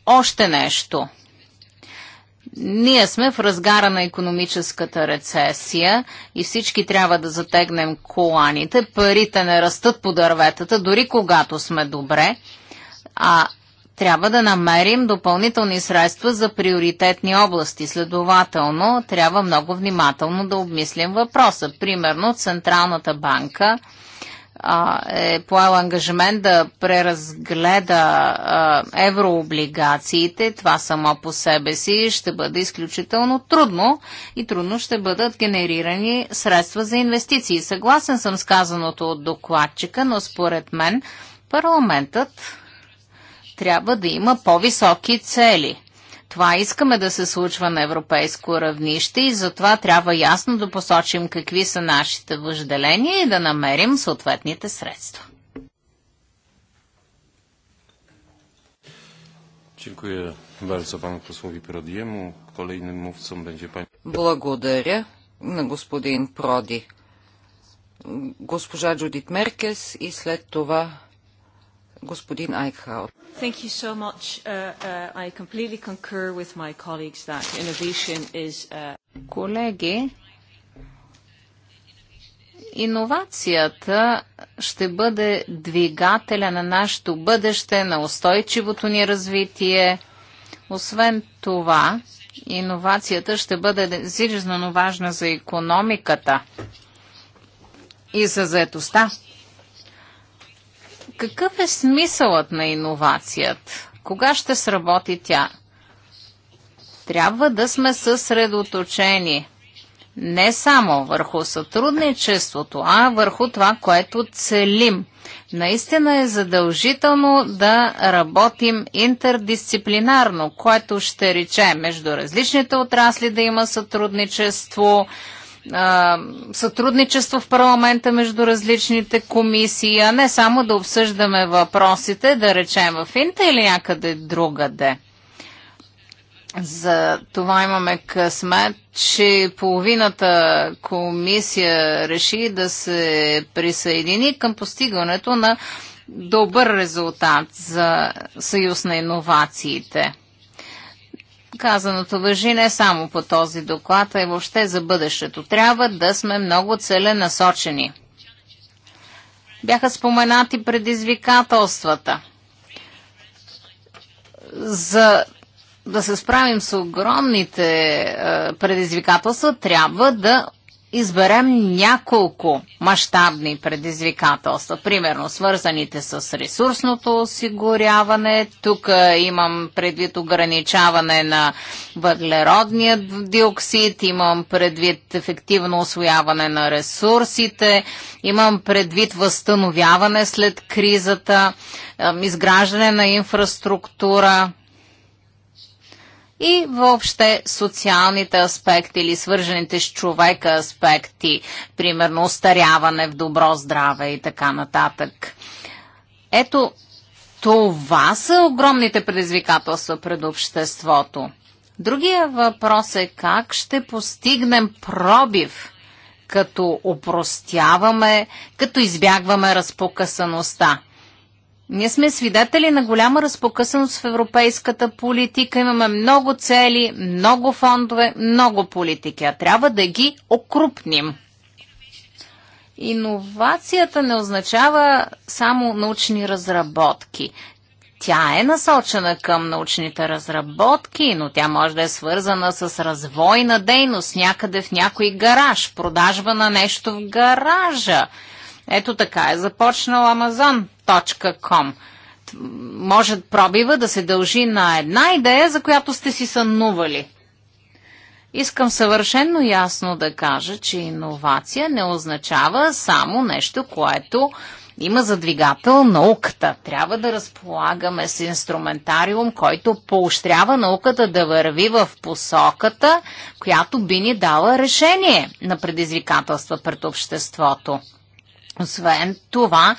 още нещо. Ние сме в разгара на економическата рецесия и всички трябва да затегнем коланите. Парите не растат по дърветата, дори когато сме добре. А трябва да намерим допълнителни средства за приоритетни области. Следователно, трябва много внимателно да обмислим въпроса. Примерно, Централната банка – е поел ангажимент да преразгледа еврооблигациите, това само по себе си ще бъде изключително трудно и трудно ще бъдат генерирани средства за инвестиции. Съгласен съм с казаното от докладчика, но според мен парламентът трябва да има по-високи цели – това искаме да се случва на европейско равнище и затова трябва ясно да посочим какви са нашите въжделения и да намерим съответните средства. Благодаря на господин Проди. Госпожа Джудит Меркес и след това господин Айкхаут. Thank you so much. Uh, uh, I completely concur with my colleagues that innovation is... Uh... Колеги, иновацията ще бъде двигателя на нашето бъдеще, на устойчивото ни развитие. Освен това, иновацията ще бъде жизненно важна за економиката и за заедостта. Какъв е смисълът на иновацията? Кога ще сработи тя? Трябва да сме съсредоточени не само върху сътрудничеството, а върху това, което целим. Наистина е задължително да работим интердисциплинарно, което ще рече между различните отрасли да има сътрудничество, сътрудничество в парламента между различните комисии, а не само да обсъждаме въпросите, да речем в Инта или някъде другаде. За това имаме късмет, че половината комисия реши да се присъедини към постигането на добър резултат за Съюз на иновациите. Казаното въжи не само по този доклад, а и въобще за бъдещето. Трябва да сме много целенасочени. Бяха споменати предизвикателствата. За да се справим с огромните е, предизвикателства, трябва да изберем няколко мащабни предизвикателства, примерно свързаните с ресурсното осигуряване, тук е, имам предвид ограничаване на въглеродния диоксид, имам предвид ефективно освояване на ресурсите, имам предвид възстановяване след кризата, изграждане на инфраструктура, и въобще социалните аспекти или свържените с човека аспекти, примерно устаряване в добро здраве и така нататък. Ето, това са огромните предизвикателства пред обществото. Другия въпрос е как ще постигнем пробив, като опростяваме, като избягваме разпокъсаността. Ние сме свидетели на голяма разпокъсаност в европейската политика. Имаме много цели, много фондове, много политики, а трябва да ги окрупним. Иновацията не означава само научни разработки. Тя е насочена към научните разработки, но тя може да е свързана с развойна дейност някъде в някой гараж, продажба на нещо в гаража ето така е започнал Amazon.com. Може пробива да се дължи на една идея, за която сте си сънували. Искам съвършенно ясно да кажа, че иновация не означава само нещо, което има за двигател науката. Трябва да разполагаме с инструментариум, който поощрява науката да върви в посоката, която би ни дала решение на предизвикателства пред обществото. Освен това,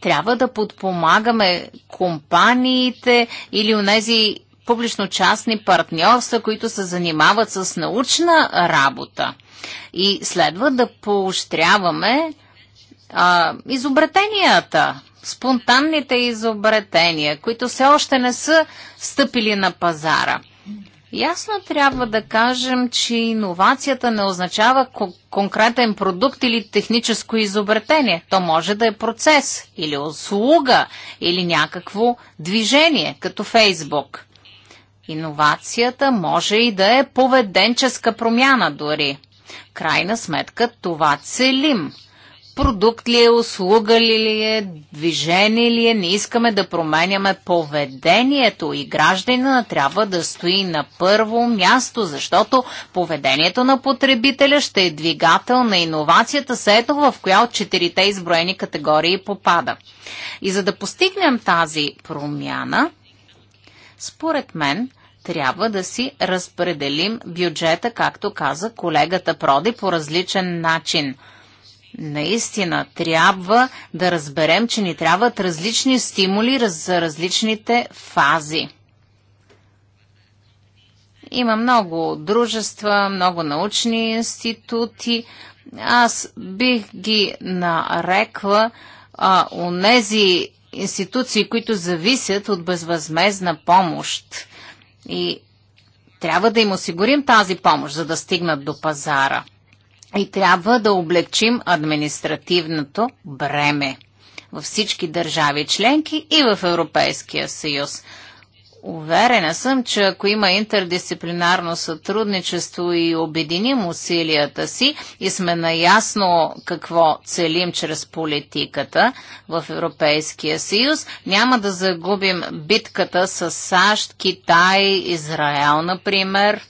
трябва да подпомагаме компаниите или нези публично-частни партньорства, които се занимават с научна работа. И следва да поощряваме а, изобретенията, спонтанните изобретения, които все още не са стъпили на пазара. Ясно трябва да кажем, че иновацията не означава конкретен продукт или техническо изобретение. То може да е процес или услуга или някакво движение, като Фейсбук. Иновацията може и да е поведенческа промяна дори. Крайна сметка това целим – продукт ли е, услуга ли е, движение ли е. Не искаме да променяме поведението и гражданина трябва да стои на първо място, защото поведението на потребителя ще е двигател на иновацията, се ето в коя от четирите изброени категории попада. И за да постигнем тази промяна, според мен, трябва да си разпределим бюджета, както каза колегата Проди, по различен начин – Наистина, трябва да разберем, че ни трябват различни стимули за различните фази. Има много дружества, много научни институти. Аз бих ги нарекла а, нези институции, които зависят от безвъзмезна помощ. И трябва да им осигурим тази помощ, за да стигнат до пазара – и трябва да облегчим административното бреме във всички държави членки и в Европейския съюз. Уверена съм, че ако има интердисциплинарно сътрудничество и обединим усилията си и сме наясно какво целим чрез политиката в Европейския съюз, няма да загубим битката с САЩ, Китай, Израел, например –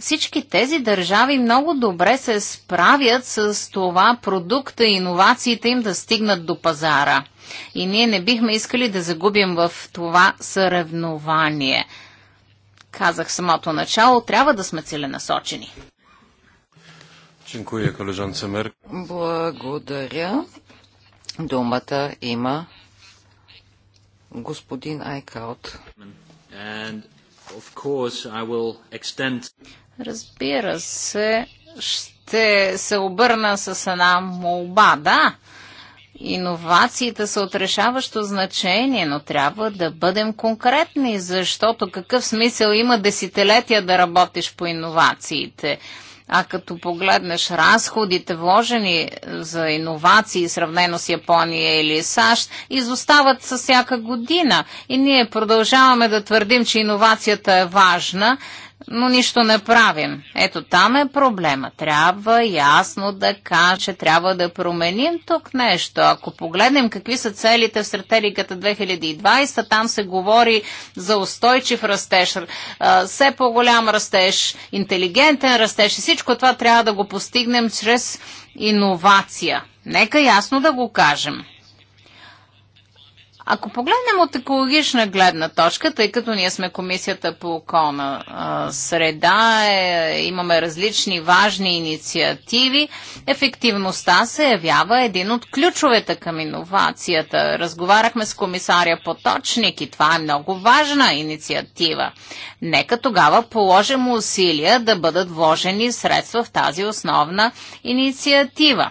всички тези държави много добре се справят с това продукта и иновациите им да стигнат до пазара. И ние не бихме искали да загубим в това съревнование. Казах самото начало, трябва да сме целенасочени. Благодаря. Думата има господин Айкаут. Extend... Разбира се, ще се обърна с една молба, да. Иновациите са отрешаващо значение, но трябва да бъдем конкретни, защото какъв смисъл има десетилетия да работиш по иновациите? А като погледнеш разходите, вложени за иновации, сравнено с Япония или САЩ, изостават с всяка година. И ние продължаваме да твърдим, че иновацията е важна, но нищо не правим. Ето там е проблема. Трябва ясно да кажа, че трябва да променим тук нещо. Ако погледнем какви са целите в стратегията 2020, там се говори за устойчив растеж, все по-голям растеж, интелигентен растеж и всичко това трябва да го постигнем чрез иновация. Нека ясно да го кажем. Ако погледнем от екологична гледна точка, тъй като ние сме комисията по околна среда, е, имаме различни важни инициативи, ефективността се явява един от ключовете към иновацията. Разговаряхме с комисаря Поточник и това е много важна инициатива. Нека тогава положим усилия да бъдат вложени средства в тази основна инициатива.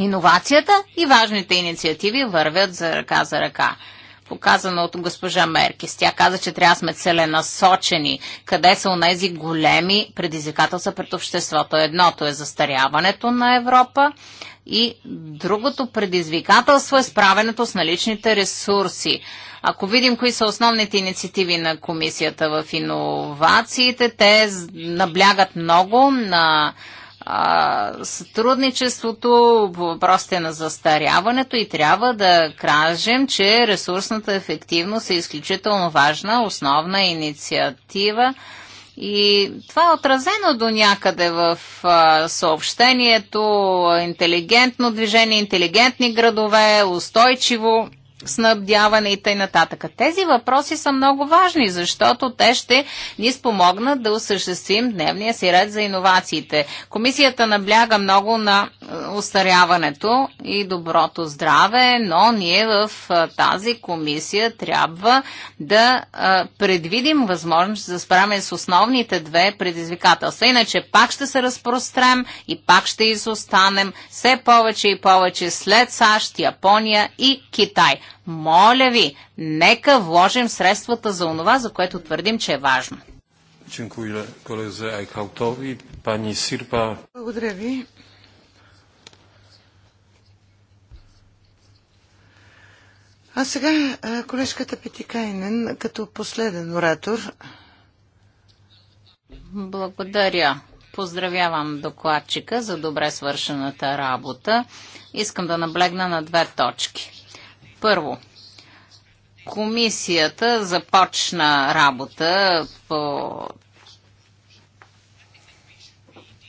Иновацията и важните инициативи вървят за ръка за ръка. Показано от госпожа Меркис. Тя каза, че трябва да сме целенасочени. Къде са онези големи предизвикателства пред обществото? Едното е застаряването на Европа и другото предизвикателство е справенето с наличните ресурси. Ако видим кои са основните инициативи на комисията в иновациите, те наблягат много на а, сътрудничеството, въпросите на застаряването и трябва да кажем, че ресурсната ефективност е изключително важна, основна инициатива. И това е отразено до някъде в а, съобщението интелигентно движение, интелигентни градове, устойчиво снабдяване и т.н. Тези въпроси са много важни, защото те ще ни спомогнат да осъществим дневния си ред за иновациите. Комисията набляга много на е, устаряването и доброто здраве, но ние в е, тази комисия трябва да е, предвидим възможност да справим с основните две предизвикателства. Иначе пак ще се разпрострем и пак ще изостанем все повече и повече след САЩ, Япония и Китай. Моля ви, нека вложим средствата за онова, за което твърдим, че е важно. Благодаря ви. А сега е, колежката Петикайнен като последен оратор. Благодаря. Поздравявам докладчика за добре свършената работа. Искам да наблегна на две точки. Първо, комисията започна работа по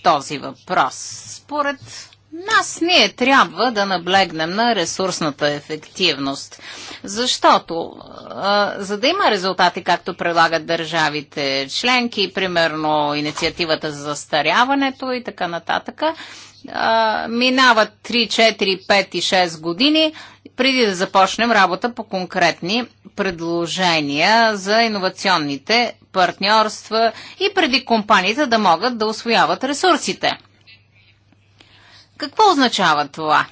този въпрос. Според нас ние трябва да наблегнем на ресурсната ефективност, защото а, за да има резултати, както предлагат държавите членки, примерно инициативата за застаряването и така нататък, а, минават 3, 4, 5 и 6 години, преди да започнем работа по конкретни предложения за иновационните партньорства и преди компаниите да могат да освояват ресурсите. Какво означава това?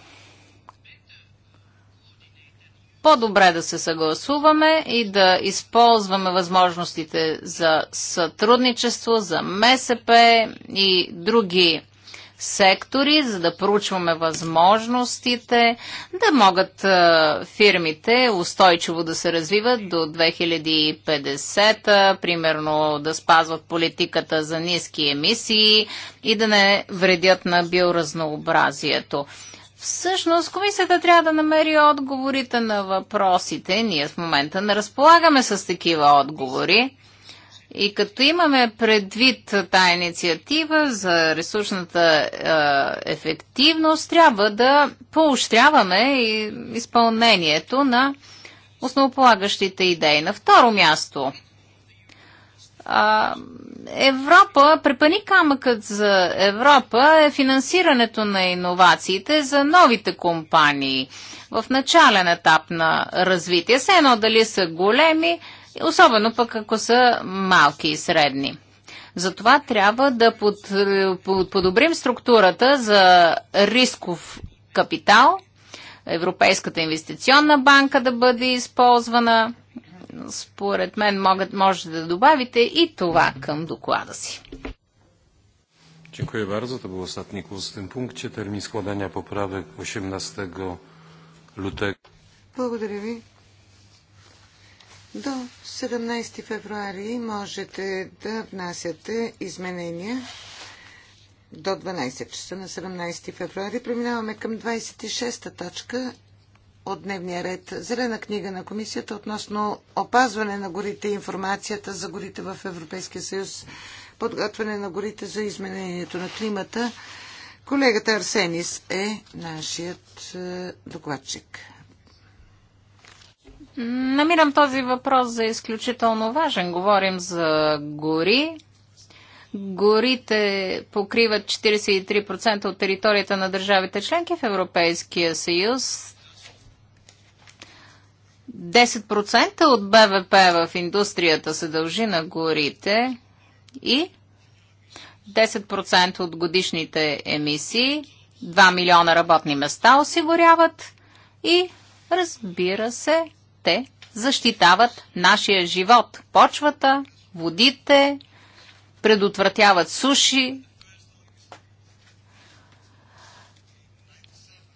По-добре да се съгласуваме и да използваме възможностите за сътрудничество, за МСП и други сектори, за да проучваме възможностите, да могат фирмите устойчиво да се развиват до 2050, примерно да спазват политиката за ниски емисии и да не вредят на биоразнообразието. Всъщност, комисията трябва да намери отговорите на въпросите. Ние в момента не разполагаме с такива отговори. И като имаме предвид тази инициатива за ресурсната е, ефективност, трябва да поощряваме и изпълнението на основополагащите идеи. На второ място, а, Европа, препани камъкът за Европа е финансирането на иновациите за новите компании в начален етап на развитие. Все едно дали са големи, особено пък ако са малки и средни. Затова трябва да под, под, подобрим структурата за рисков капитал, Европейската инвестиционна банка да бъде използвана. Според мен могат, може да добавите и това към доклада си. Dziękuję bardzo. To był ostatni głos w tym punkcie. Termin składania poprawek 18 lutego. Благодаря ви. До 17 февруари можете да внасяте изменения до 12 часа на 17 февруари. Преминаваме към 26-та точка от дневния ред. Зелена книга на комисията относно опазване на горите и информацията за горите в Европейския съюз, подготвяне на горите за изменението на климата. Колегата Арсенис е нашият е, докладчик. Намирам този въпрос за изключително важен. Говорим за гори. Горите покриват 43% от територията на държавите членки в Европейския съюз. 10% от БВП в индустрията се дължи на горите и 10% от годишните емисии, 2 милиона работни места осигуряват и, разбира се, те защитават нашия живот. Почвата, водите, предотвратяват суши.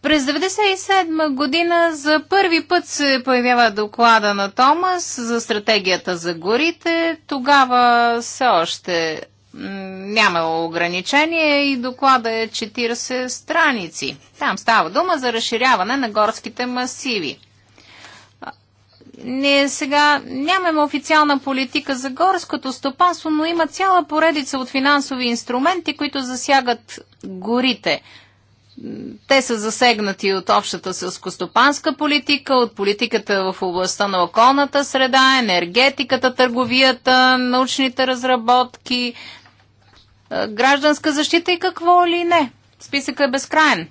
През 1997 година за първи път се появява доклада на Томас за стратегията за горите. Тогава все още няма ограничение и доклада е 40 страници. Там става дума за разширяване на горските масиви ние сега нямаме официална политика за горското стопанство, но има цяла поредица от финансови инструменти, които засягат горите. Те са засегнати от общата сълскостопанска политика, от политиката в областта на околната среда, енергетиката, търговията, научните разработки, гражданска защита и какво ли не. Списъкът е безкраен.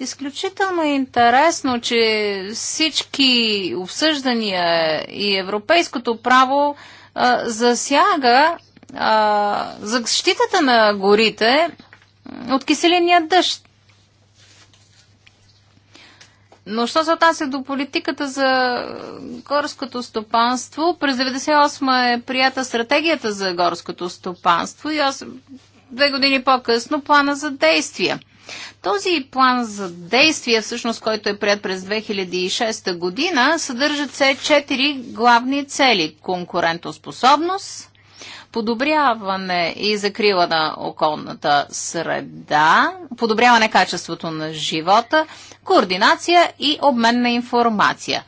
Изключително е интересно, че всички обсъждания и европейското право а, засяга а, защитата на горите от киселения дъжд. Но що се отнася до политиката за горското стопанство, през 1998 е прията стратегията за горското стопанство и аз две години по-късно плана за действия. Този план за действие, всъщност, който е прият през 2006 година, съдържат се четири главни цели. Конкурентоспособност, подобряване и закрила на околната среда, подобряване качеството на живота, координация и обмен на информация.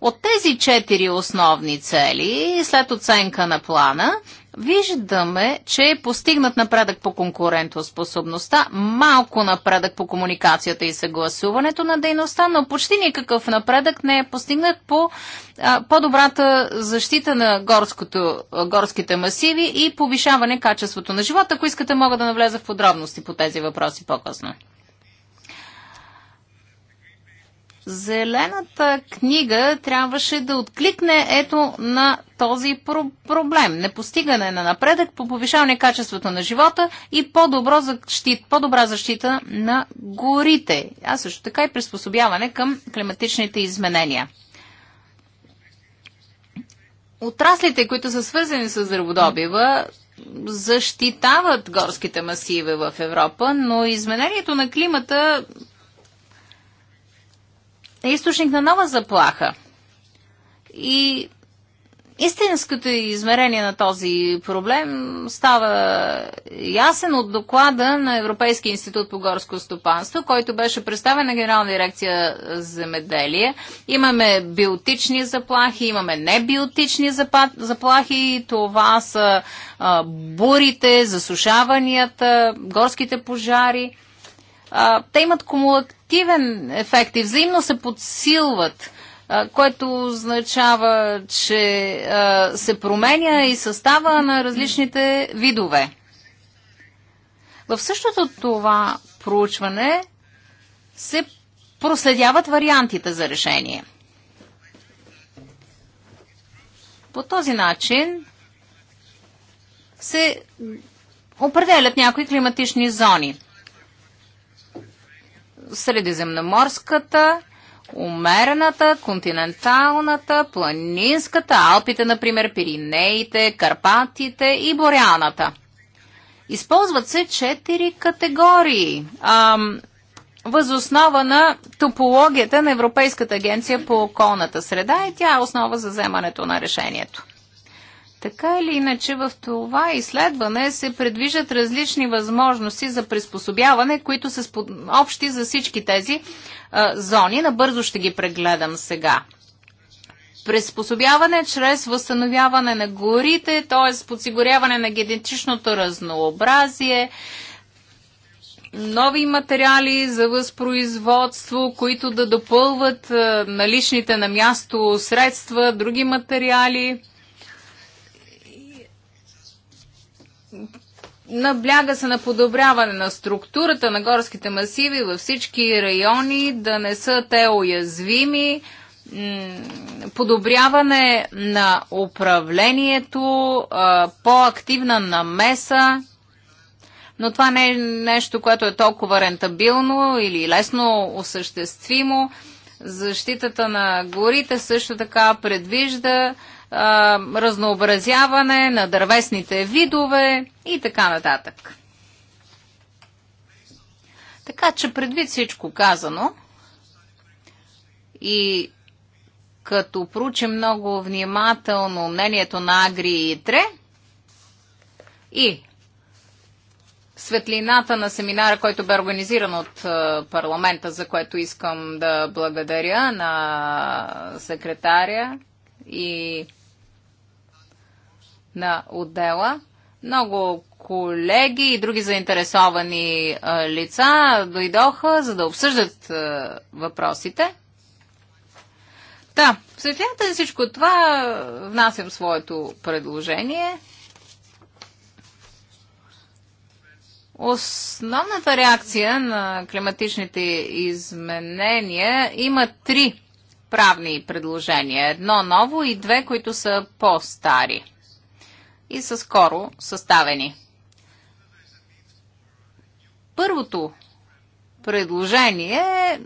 От тези четири основни цели, след оценка на плана, Виждаме, че е постигнат напредък по конкурентоспособността, малко напредък по комуникацията и съгласуването на дейността, но почти никакъв напредък не е постигнат по по-добрата защита на горското, горските масиви и повишаване качеството на живота. Ако искате, мога да навлеза в подробности по тези въпроси по-късно. Зелената книга трябваше да откликне ето на този про- проблем. Непостигане на напредък по повишаване качеството на живота и по-добро защит, по-добра защита на горите, а също така и приспособяване към климатичните изменения. Отраслите, които са свързани с дърводобива, защитават горските масиви в Европа, но изменението на климата е източник на нова заплаха. И истинското измерение на този проблем става ясен от доклада на Европейския институт по горско стопанство, който беше представен на Генерална дирекция земеделие. Имаме биотични заплахи, имаме небиотични заплахи. Това са бурите, засушаванията, горските пожари. те имат кумулативни негативен ефект и взаимно се подсилват което означава, че се променя и състава на различните видове. В същото това проучване се проследяват вариантите за решение. По този начин се определят някои климатични зони средиземноморската, умерената, континенталната, планинската, Алпите, например, Пиринеите, Карпатите и Боряната. Използват се четири категории. Ам, възоснова на топологията на Европейската агенция по околната среда и тя е основа за вземането на решението. Така или иначе в това изследване се предвижат различни възможности за приспособяване, които са общи за всички тези а, зони. Набързо ще ги прегледам сега. Приспособяване чрез възстановяване на горите, т.е. подсигуряване на генетичното разнообразие, нови материали за възпроизводство, които да допълват наличните на място средства, други материали – Набляга се на подобряване на структурата на горските масиви във всички райони, да не са те уязвими, подобряване на управлението, по-активна намеса, но това не е нещо, което е толкова рентабилно или лесно осъществимо. Защитата на горите също така предвижда а, разнообразяване на дървесните видове и така нататък. Така че предвид всичко казано и като проучим много внимателно мнението на Агри и Итре и светлината на семинара, който бе организиран от парламента, за което искам да благодаря на секретаря и на отдела. Много колеги и други заинтересовани лица дойдоха, за да обсъждат въпросите. Да, в светлината на всичко това внасям своето предложение. Основната реакция на климатичните изменения има три правни предложения. Едно ново и две, които са по-стари и са скоро съставени. Първото предложение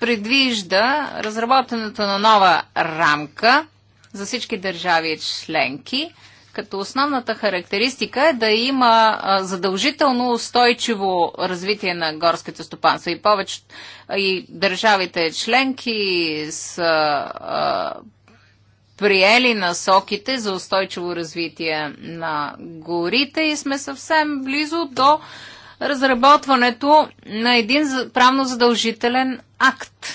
предвижда разработването на нова рамка за всички държави членки, като основната характеристика е да има задължително устойчиво развитие на горските стопанства и повече и държавите членки са приели насоките за устойчиво развитие на горите и сме съвсем близо до разработването на един правно задължителен акт,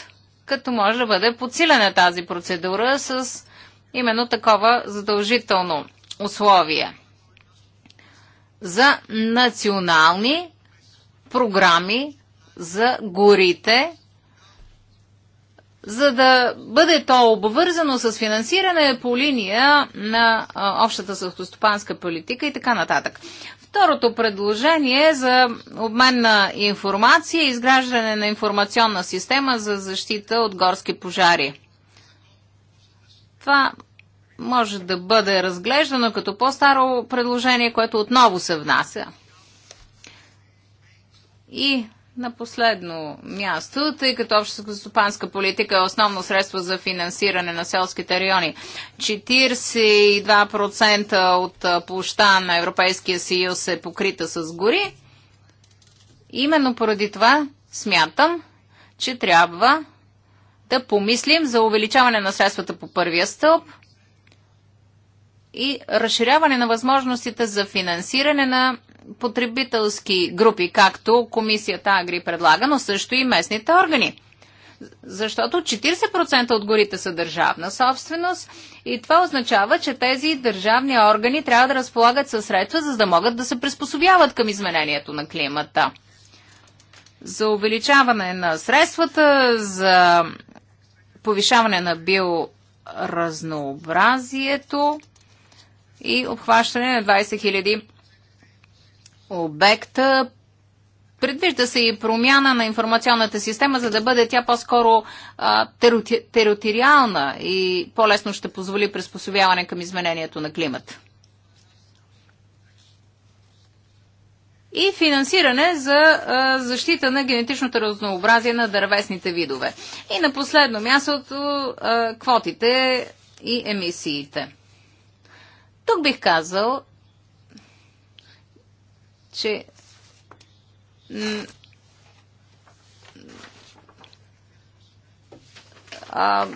като може да бъде подсилена тази процедура с именно такова задължително условие за национални програми за горите за да бъде то обвързано с финансиране по линия на общата селскостопанска политика и така нататък. Второто предложение е за обмен на информация и изграждане на информационна система за защита от горски пожари. Това може да бъде разглеждано като по-старо предложение, което отново се внася. И на последно място, тъй като общата стопанска политика е основно средство за финансиране на селските райони. 42% от площа на Европейския съюз е покрита с гори. Именно поради това смятам, че трябва да помислим за увеличаване на средствата по първия стълб и разширяване на възможностите за финансиране на потребителски групи, както комисията Агри предлага, но също и местните органи. Защото 40% от горите са държавна собственост и това означава, че тези държавни органи трябва да разполагат със средства, за да могат да се приспособяват към изменението на климата. За увеличаване на средствата, за повишаване на биоразнообразието и обхващане на 20 000 обекта. Предвижда се и промяна на информационната система, за да бъде тя по-скоро териториална и по-лесно ще позволи приспособяване към изменението на климата. и финансиране за а, защита на генетичното разнообразие на дървесните видове. И на последно място а, квотите и емисиите. Тук бих казал, че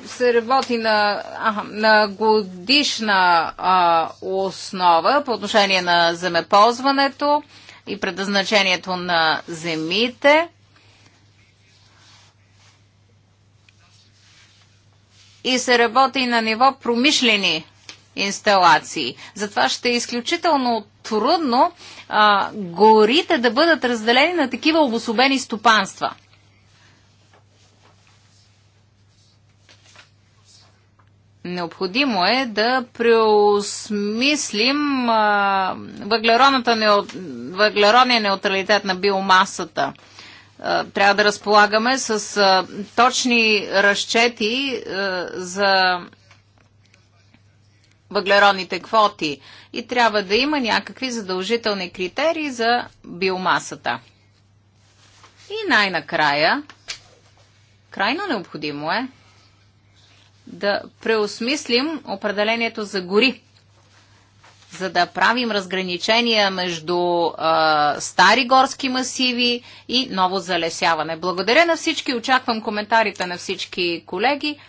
се работи на, а, на годишна а, основа по отношение на земеползването и предназначението на земите. И се работи на ниво промишлени инсталации. Затова ще е изключително трудно а, горите да бъдат разделени на такива обособени стопанства. Необходимо е да преосмислим въглеродния неутралитет на биомасата. А, трябва да разполагаме с а, точни разчети а, за въглеродните квоти и трябва да има някакви задължителни критерии за биомасата. И най-накрая, крайно необходимо е да преосмислим определението за гори, за да правим разграничения между а, стари горски масиви и ново залесяване. Благодаря на всички, очаквам коментарите на всички колеги.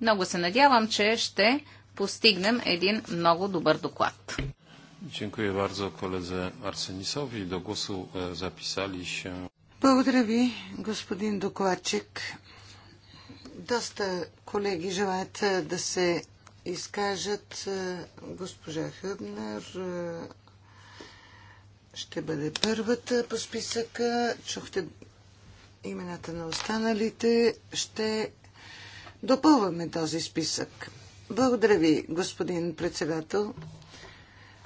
Много се надявам, че ще постигнем един много добър доклад. Dziękuję bardzo koledze Arsenisowi. Do głosu e, Благодаря ви, господин докладчик. Доста колеги желаят е, да се изкажат. Е, госпожа Хъбнер е, ще бъде първата по списъка. Чухте имената на останалите. Ще допълваме този списък. Благодаря ви, господин председател.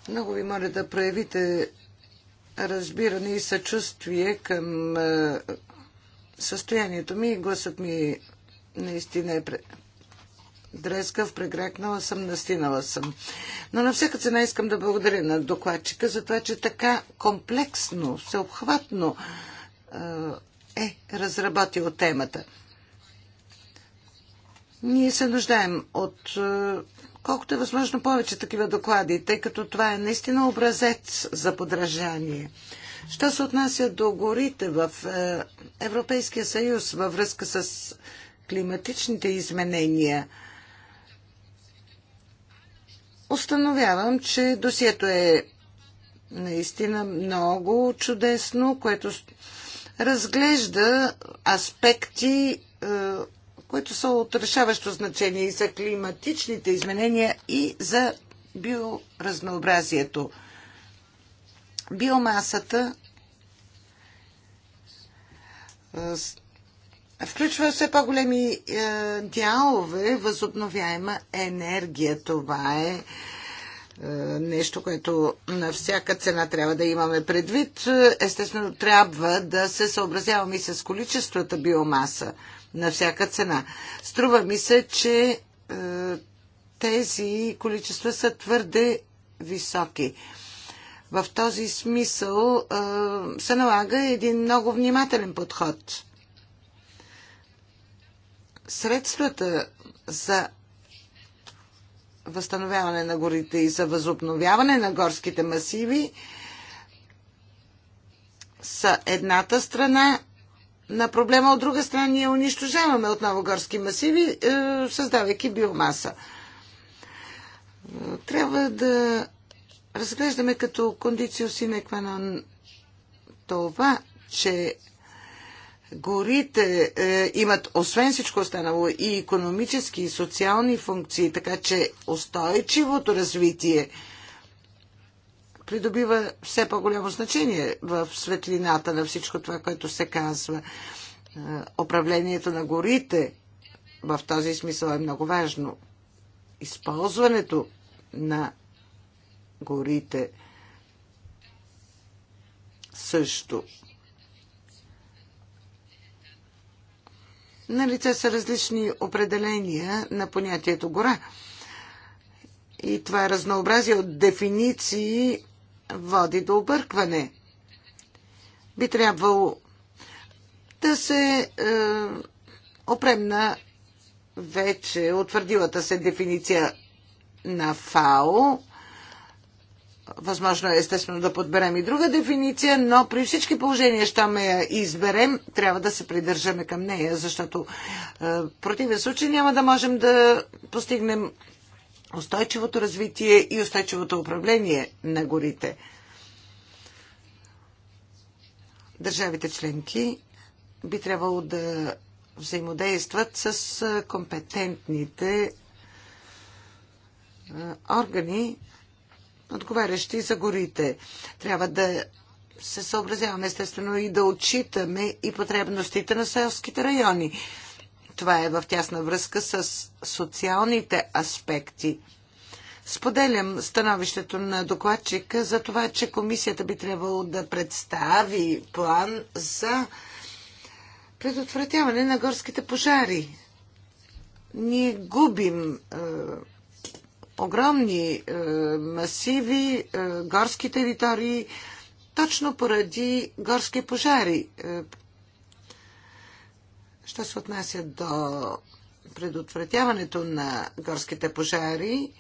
Много ви моля да проявите разбиране и съчувствие към е, състоянието ми. Гласът ми наистина е дрескав, прегрекнала съм, настинала съм. Но на всяка цена искам да благодаря на докладчика за това, че така комплексно, всеобхватно е, е разработил темата. Ние се нуждаем от е, колкото е възможно повече такива доклади, тъй като това е наистина образец за подражание. Що се отнася до горите в е, Европейския съюз във връзка с климатичните изменения, установявам, че досието е наистина много чудесно, което разглежда аспекти е, които са от решаващо значение и за климатичните изменения, и за биоразнообразието. Биомасата включва все по-големи дялове възобновяема енергия. Това е нещо, което на всяка цена трябва да имаме предвид. Естествено, трябва да се съобразяваме и с количествата биомаса на всяка цена. Струва ми се, че е, тези количества са твърде високи. В този смисъл е, се налага един много внимателен подход. Средствата за възстановяване на горите и за възобновяване на горските масиви са едната страна на проблема. От друга страна, ние унищожаваме отново горски масиви, е, създавайки биомаса. Трябва да разглеждаме като кондицио синекванон това, че горите е, имат, освен всичко останало, и економически, и социални функции, така че устойчивото развитие – придобива все по-голямо значение в светлината на всичко това, което се казва. Е, управлението на горите в този смисъл е много важно. Използването на горите също. На лице са различни определения на понятието гора. И това е разнообразие от дефиниции води до объркване. Би трябвало да се е, опремна на вече утвърдилата се дефиниция на ФАО. Възможно е естествено да подберем и друга дефиниция, но при всички положения, щом я изберем, трябва да се придържаме към нея, защото е, в противен случай няма да можем да постигнем устойчивото развитие и устойчивото управление на горите. Държавите членки би трябвало да взаимодействат с компетентните органи, отговарящи за горите. Трябва да се съобразяваме естествено и да отчитаме и потребностите на селските райони. Това е в тясна връзка с социалните аспекти. Споделям становището на докладчика за това, че комисията би трябвало да представи план за предотвратяване на горските пожари. Ние губим е, огромни е, масиви, е, горски територии, точно поради горски пожари. Е, Що се отнася до предотвратяването на горските пожари,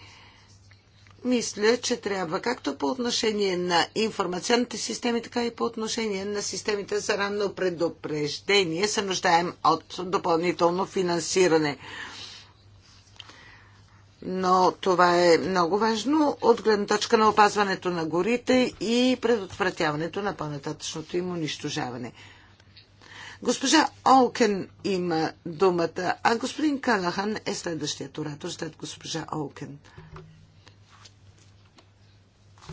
мисля, че трябва както по отношение на информационните системи, така и по отношение на системите за ранно предупреждение се нуждаем от допълнително финансиране. Но това е много важно от гледна точка на опазването на горите и предотвратяването на по-нататъчното им унищожаване. Госпожа Олкен има думата, а господин Калахан е следващият оратор след госпожа Олкен.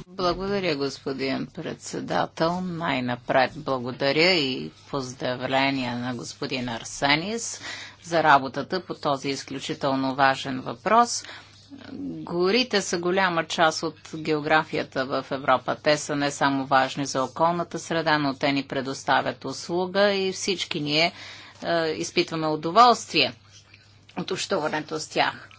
Благодаря, господин председател. Най-напред благодаря и поздравления на господин Арсенис за работата по този изключително важен въпрос – Горите са голяма част от географията в Европа. Те са не само важни за околната среда, но те ни предоставят услуга и всички ние е, изпитваме удоволствие от общуването с тях.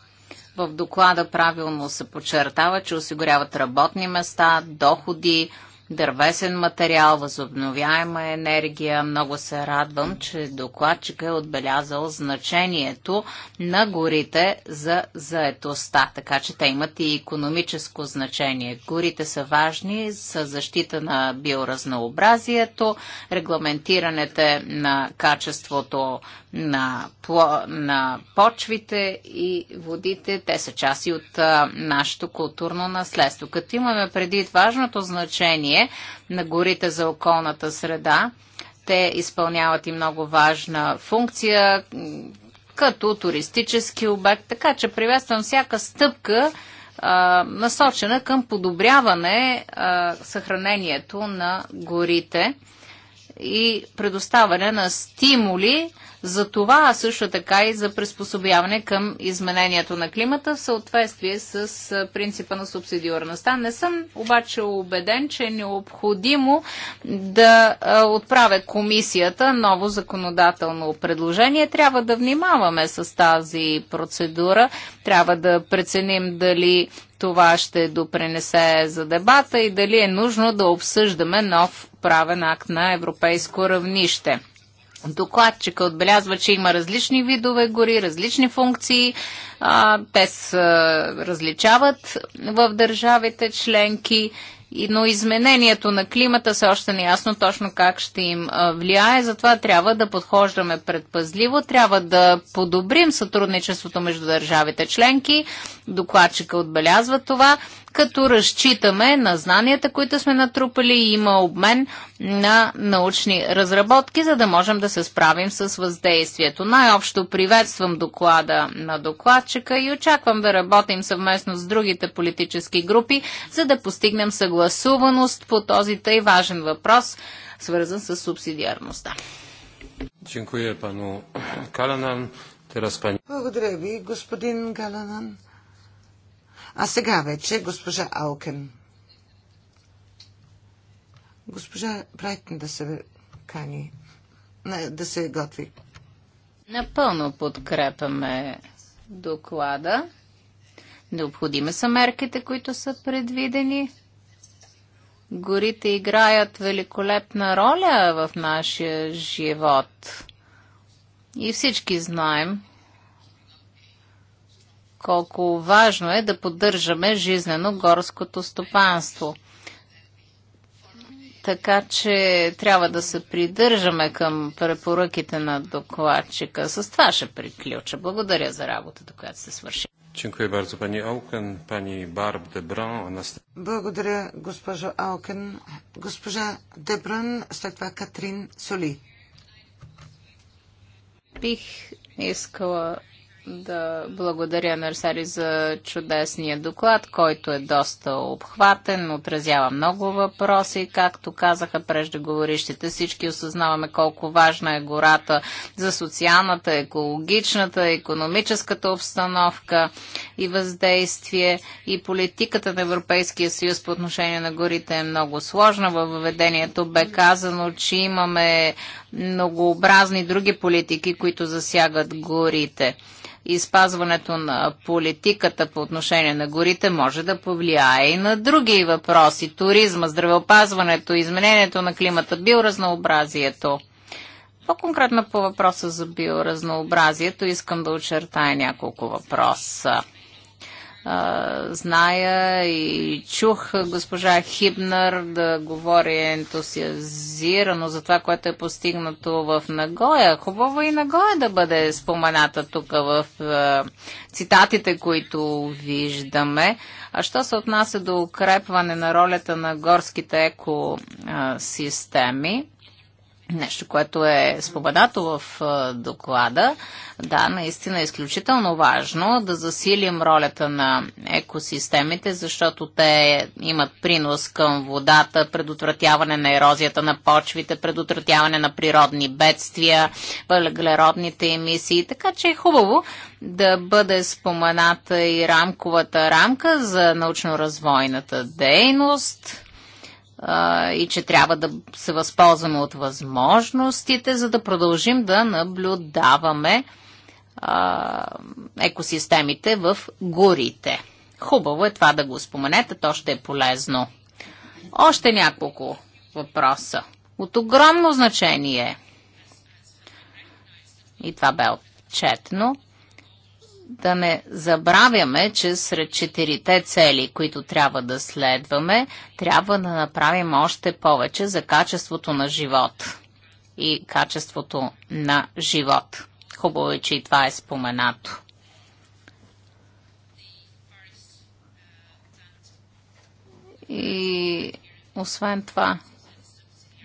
В доклада правилно се подчертава, че осигуряват работни места, доходи, дървесен материал, възобновяема енергия. Много се радвам, че докладчик е отбелязал значението на горите за заетостта, така че те имат и економическо значение. Горите са важни за защита на биоразнообразието, регламентирането на качеството на, пло, на почвите и водите. Те са части от а, нашето културно наследство. Като имаме предвид важното значение, управление на горите за околната среда. Те изпълняват и много важна функция като туристически обект, така че приветствам всяка стъпка, а, насочена към подобряване а, съхранението на горите и предоставяне на стимули за това, а също така и за приспособяване към изменението на климата в съответствие с принципа на субсидиорността. Не съм обаче убеден, че е необходимо да отправя комисията ново законодателно предложение. Трябва да внимаваме с тази процедура. Трябва да преценим дали това ще допренесе за дебата и дали е нужно да обсъждаме нов правен акт на европейско равнище. Докладчика отбелязва, че има различни видове гори, различни функции. А, те се различават в държавите членки, но изменението на климата се още не ясно точно как ще им влияе. Затова трябва да подхождаме предпазливо, трябва да подобрим сътрудничеството между държавите членки. Докладчика отбелязва това като разчитаме на знанията, които сме натрупали и има обмен на научни разработки, за да можем да се справим с въздействието. Най-общо приветствам доклада на докладчика и очаквам да работим съвместно с другите политически групи, за да постигнем съгласуваност по този тъй важен въпрос, свързан с субсидиарността. Благодаря ви, господин Галанан. А сега вече госпожа Алкен. Госпожа Брайтън да се кани, да се готви. Напълно подкрепяме доклада. Необходими са мерките, които са предвидени. Горите играят великолепна роля в нашия живот. И всички знаем, колко важно е да поддържаме жизнено горското стопанство. Така че трябва да се придържаме към препоръките на докладчика. С това ще приключа. Благодаря за работата, която се свърши. Благодаря, госпожо Алкен. Госпожа Дебран, след това Катрин Соли. Бих искала да благодаря на за чудесния доклад, който е доста обхватен, отразява много въпроси. Както казаха преждеговорищите, всички осъзнаваме колко важна е гората за социалната, екологичната, економическата обстановка и въздействие. И политиката на Европейския съюз по отношение на горите е много сложна. Във въведението бе казано, че имаме многообразни други политики, които засягат горите и спазването на политиката по отношение на горите може да повлияе и на други въпроси. Туризма, здравеопазването, изменението на климата, биоразнообразието. По-конкретно по въпроса за биоразнообразието искам да очертая няколко въпроса зная и чух госпожа Хибнер да говори ентусиазирано за това, което е постигнато в Нагоя. Хубаво и Нагоя да бъде спомената тук в цитатите, които виждаме. А що се отнася до укрепване на ролята на горските екосистеми? нещо, което е споменато в доклада. Да, наистина е изключително важно да засилим ролята на екосистемите, защото те имат принос към водата, предотвратяване на ерозията на почвите, предотвратяване на природни бедствия, въглеродните емисии. Така че е хубаво да бъде спомената и рамковата рамка за научно-развойната дейност а, и че трябва да се възползваме от възможностите, за да продължим да наблюдаваме а, екосистемите в горите. Хубаво е това да го споменете, то ще е полезно. Още няколко въпроса. От огромно значение. И това бе отчетно да не забравяме, че сред четирите цели, които трябва да следваме, трябва да направим още повече за качеството на живот и качеството на живот. Хубаво е, че и това е споменато. И освен това,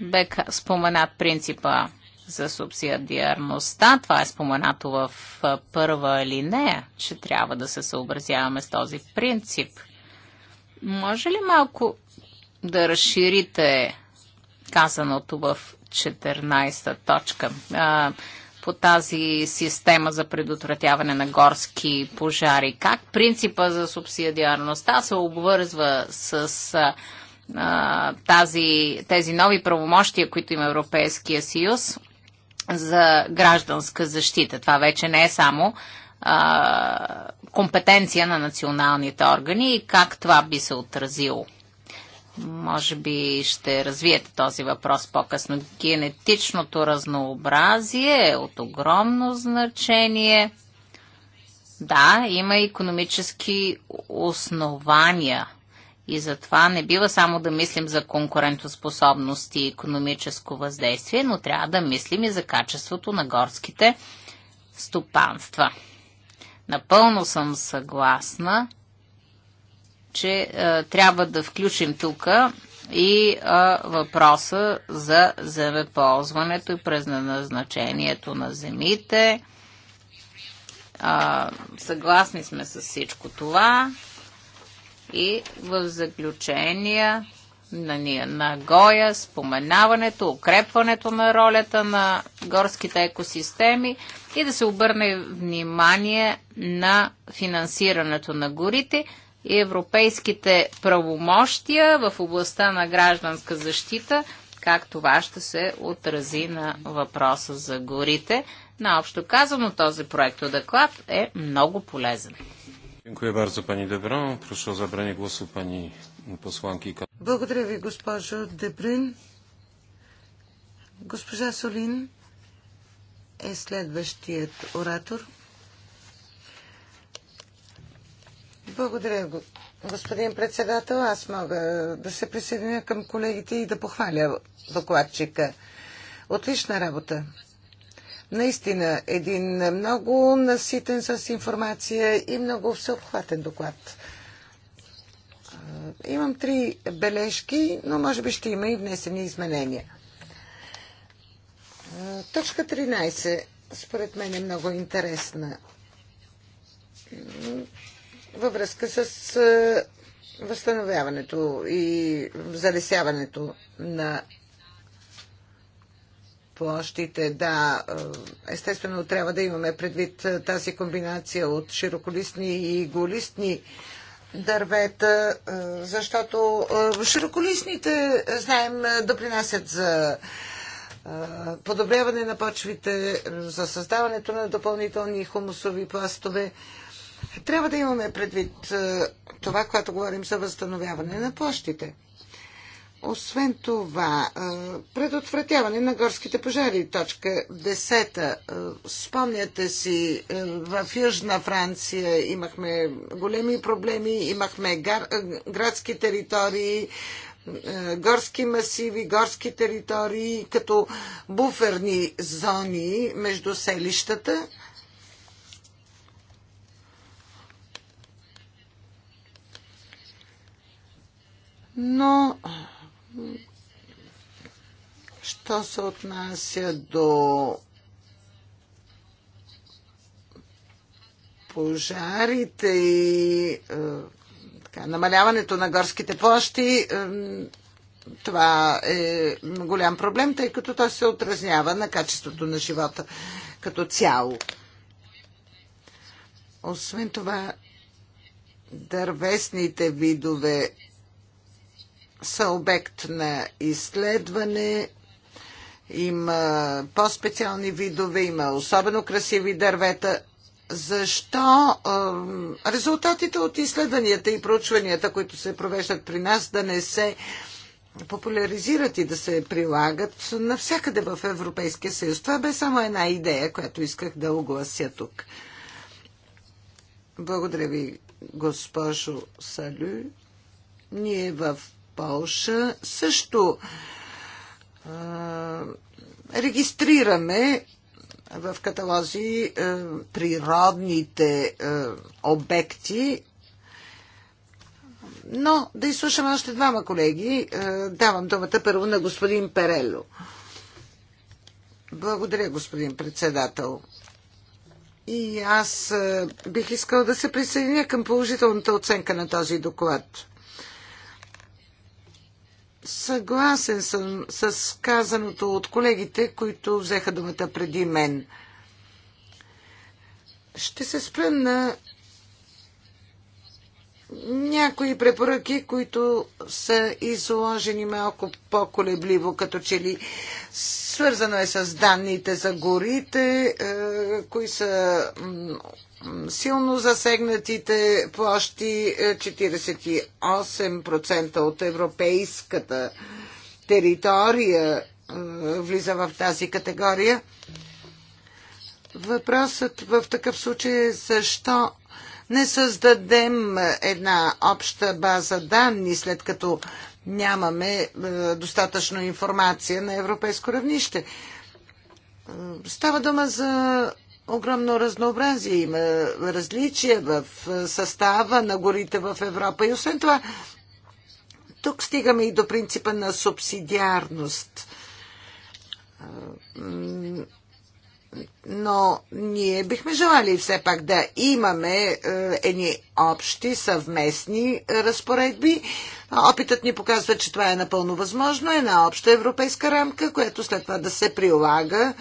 бе споменат принципа за субсидиарността. Това е споменато в първа линея, че трябва да се съобразяваме с този принцип. Може ли малко да разширите казаното в 14 та точка а, по тази система за предотвратяване на горски пожари? Как принципа за субсидиарността се обвързва с а, тази, тези нови правомощия, които има Европейския съюз за гражданска защита. Това вече не е само а, компетенция на националните органи и как това би се отразило. Може би ще развиете този въпрос по-късно. Генетичното разнообразие е от огромно значение. Да, има економически основания – и затова не бива само да мислим за конкурентоспособност и економическо въздействие, но трябва да мислим и за качеството на горските стопанства. Напълно съм съгласна, че е, трябва да включим тук и е, въпроса за земеползването и предназначението на земите. Е, съгласни сме с всичко това. И в заключение на Гоя, споменаването, укрепването на ролята на горските екосистеми и да се обърне внимание на финансирането на горите и европейските правомощия в областта на гражданска защита, как това ще се отрази на въпроса за горите. Наобщо казано, този проект доклад е много полезен. Благодаря ви, госпожо Дебрин. Госпожа Солин е следващият оратор. Благодаря, господин председател. Аз мога да се присъединя към колегите и да похваля докладчика. Отлична работа наистина един много наситен с информация и много всеобхватен доклад. Имам три бележки, но може би ще има и внесени изменения. Точка 13 според мен е много интересна във връзка с възстановяването и залесяването на площите. Да, е, естествено трябва да имаме предвид е, тази комбинация от широколистни и голистни дървета, е, защото широколистните, знаем, допринасят за подобряване на почвите, за създаването на допълнителни хумусови пластове. Трябва да имаме предвид това, което говорим за възстановяване на площите. Освен това, предотвратяване на горските пожари, точка 10. Спомняте си, в Южна Франция имахме големи проблеми, имахме градски територии, горски масиви, горски територии, като буферни зони между селищата. Но Що се отнася до пожарите и е, така, намаляването на горските площи, е, това е голям проблем, тъй като той се отразнява на качеството на живота като цяло. Освен това, дървесните видове са обект на изследване. Има по-специални видове, има особено красиви дървета. Защо резултатите от изследванията и проучванията, които се провеждат при нас, да не се популяризират и да се прилагат навсякъде в Европейския съюз? Това бе само една идея, която исках да оглася тук. Благодаря ви, госпожо Салю. Ние в Полша също е, регистрираме в каталози е, природните е, обекти. Но да изслушаме още двама колеги. Е, давам думата първо на господин Перело. Благодаря, господин председател. И аз бих искал да се присъединя към положителната оценка на този доклад. Съгласен съм с казаното от колегите, които взеха думата преди мен. Ще се спра на някои препоръки, които са изложени малко по-колебливо, като че ли свързано е с данните за горите, е, кои са силно засегнатите площи, 48% е, от европейската територия е, влиза в тази категория. Въпросът в такъв случай е защо не създадем една обща база данни, след като нямаме е, достатъчно информация на европейско равнище. Става дума за огромно разнообразие, има различия в е, състава на горите в Европа. И освен това, тук стигаме и до принципа на субсидиарност. Е, но ние бихме желали все пак да имаме е, едни общи съвместни разпоредби. Опитът ни показва, че това е напълно възможно. Една обща европейска рамка, която след това да се прилага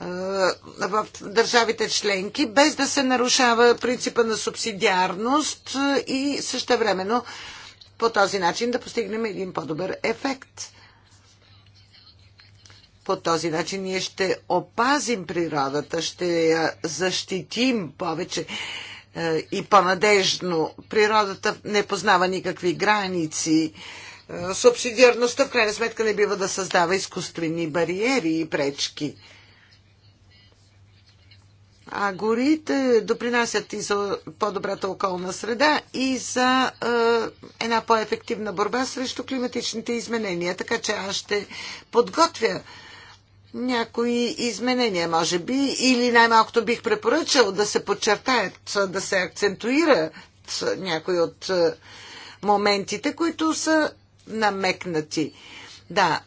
в държавите членки, без да се нарушава принципа на субсидиарност и същевременно по този начин да постигнем един по-добър ефект. По този начин ние ще опазим природата, ще я защитим повече е, и по-надежно. Природата не познава никакви граници. Е, субсидиарността в крайна сметка не бива да създава изкуствени бариери и пречки. А горите допринасят и за по-добрата околна среда и за е, една по-ефективна борба срещу климатичните изменения. Така че аз ще подготвя някои изменения, може би, или най-малкото бих препоръчал да се подчертаят, да се акцентуират някои от е, моментите, които са намекнати. Да,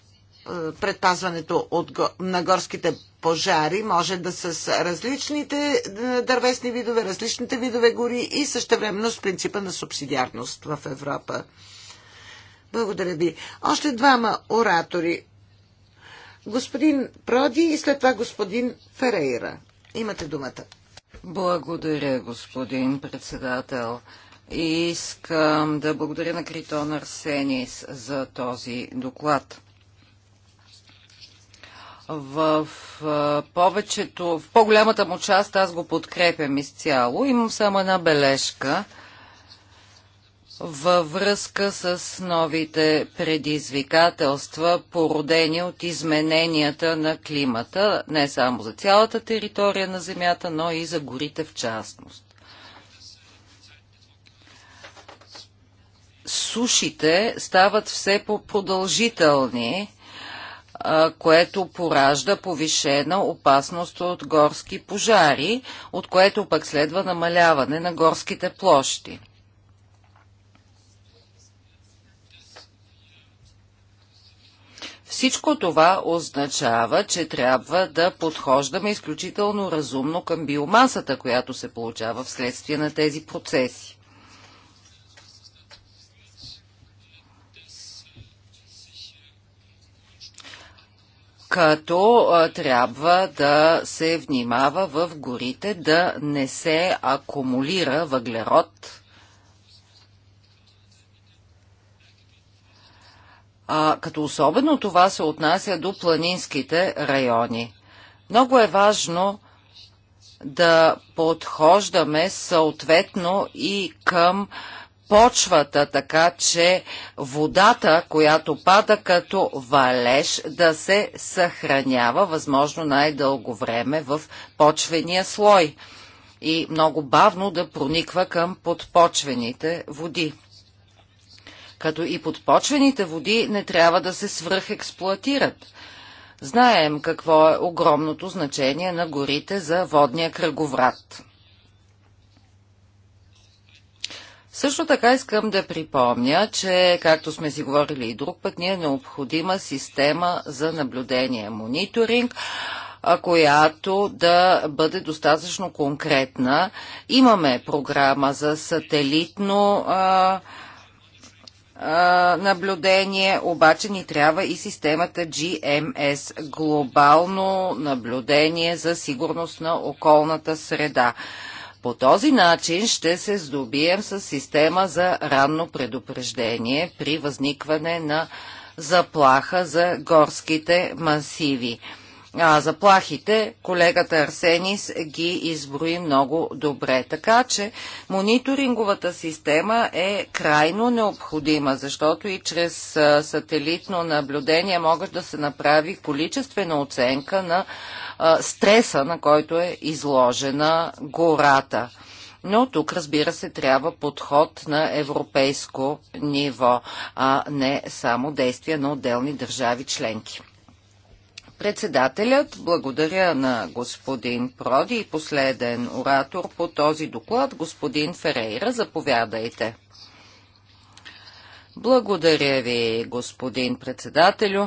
е, предпазването от, на горските пожари може да са с различните е, дървесни видове, различните видове гори и същевременно с принципа на субсидиарност в Европа. Благодаря ви. Още двама оратори. Господин Проди и след това господин Ферейра. Имате думата. Благодаря, господин председател. И искам да благодаря на Критон Арсенис за този доклад в повечето, в по-голямата му част аз го подкрепям изцяло. Имам само една бележка във връзка с новите предизвикателства, породени от измененията на климата, не само за цялата територия на Земята, но и за горите в частност. Сушите стават все по-продължителни което поражда повишена опасност от горски пожари, от което пък следва намаляване на горските площи. Всичко това означава, че трябва да подхождаме изключително разумно към биомасата, която се получава вследствие на тези процеси. като трябва да се внимава в горите да не се акумулира въглерод. А, като особено това се отнася до планинските райони. Много е важно да подхождаме съответно и към а, почвата, така че водата, която пада като валеж, да се съхранява възможно най-дълго време в почвения слой и много бавно да прониква към подпочвените води. Като и подпочвените води не трябва да се свръхексплуатират. Знаем какво е огромното значение на горите за водния кръговрат. Също така искам да припомня, че, както сме си говорили и друг път, ни е необходима система за наблюдение, мониторинг, която да бъде достатъчно конкретна. Имаме програма за сателитно наблюдение, обаче ни трябва и системата GMS, глобално наблюдение за сигурност на околната среда. По този начин ще се здобием с система за ранно предупреждение при възникване на заплаха за горските масиви. А заплахите колегата Арсенис ги изброи много добре. Така че мониторинговата система е крайно необходима, защото и чрез сателитно наблюдение може да се направи количествена оценка на стреса, на който е изложена гората. Но тук, разбира се, трябва подход на европейско ниво, а не само действия на отделни държави членки. Председателят благодаря на господин Проди и последен оратор по този доклад, господин Ферейра. Заповядайте. Благодаря ви, господин председателю.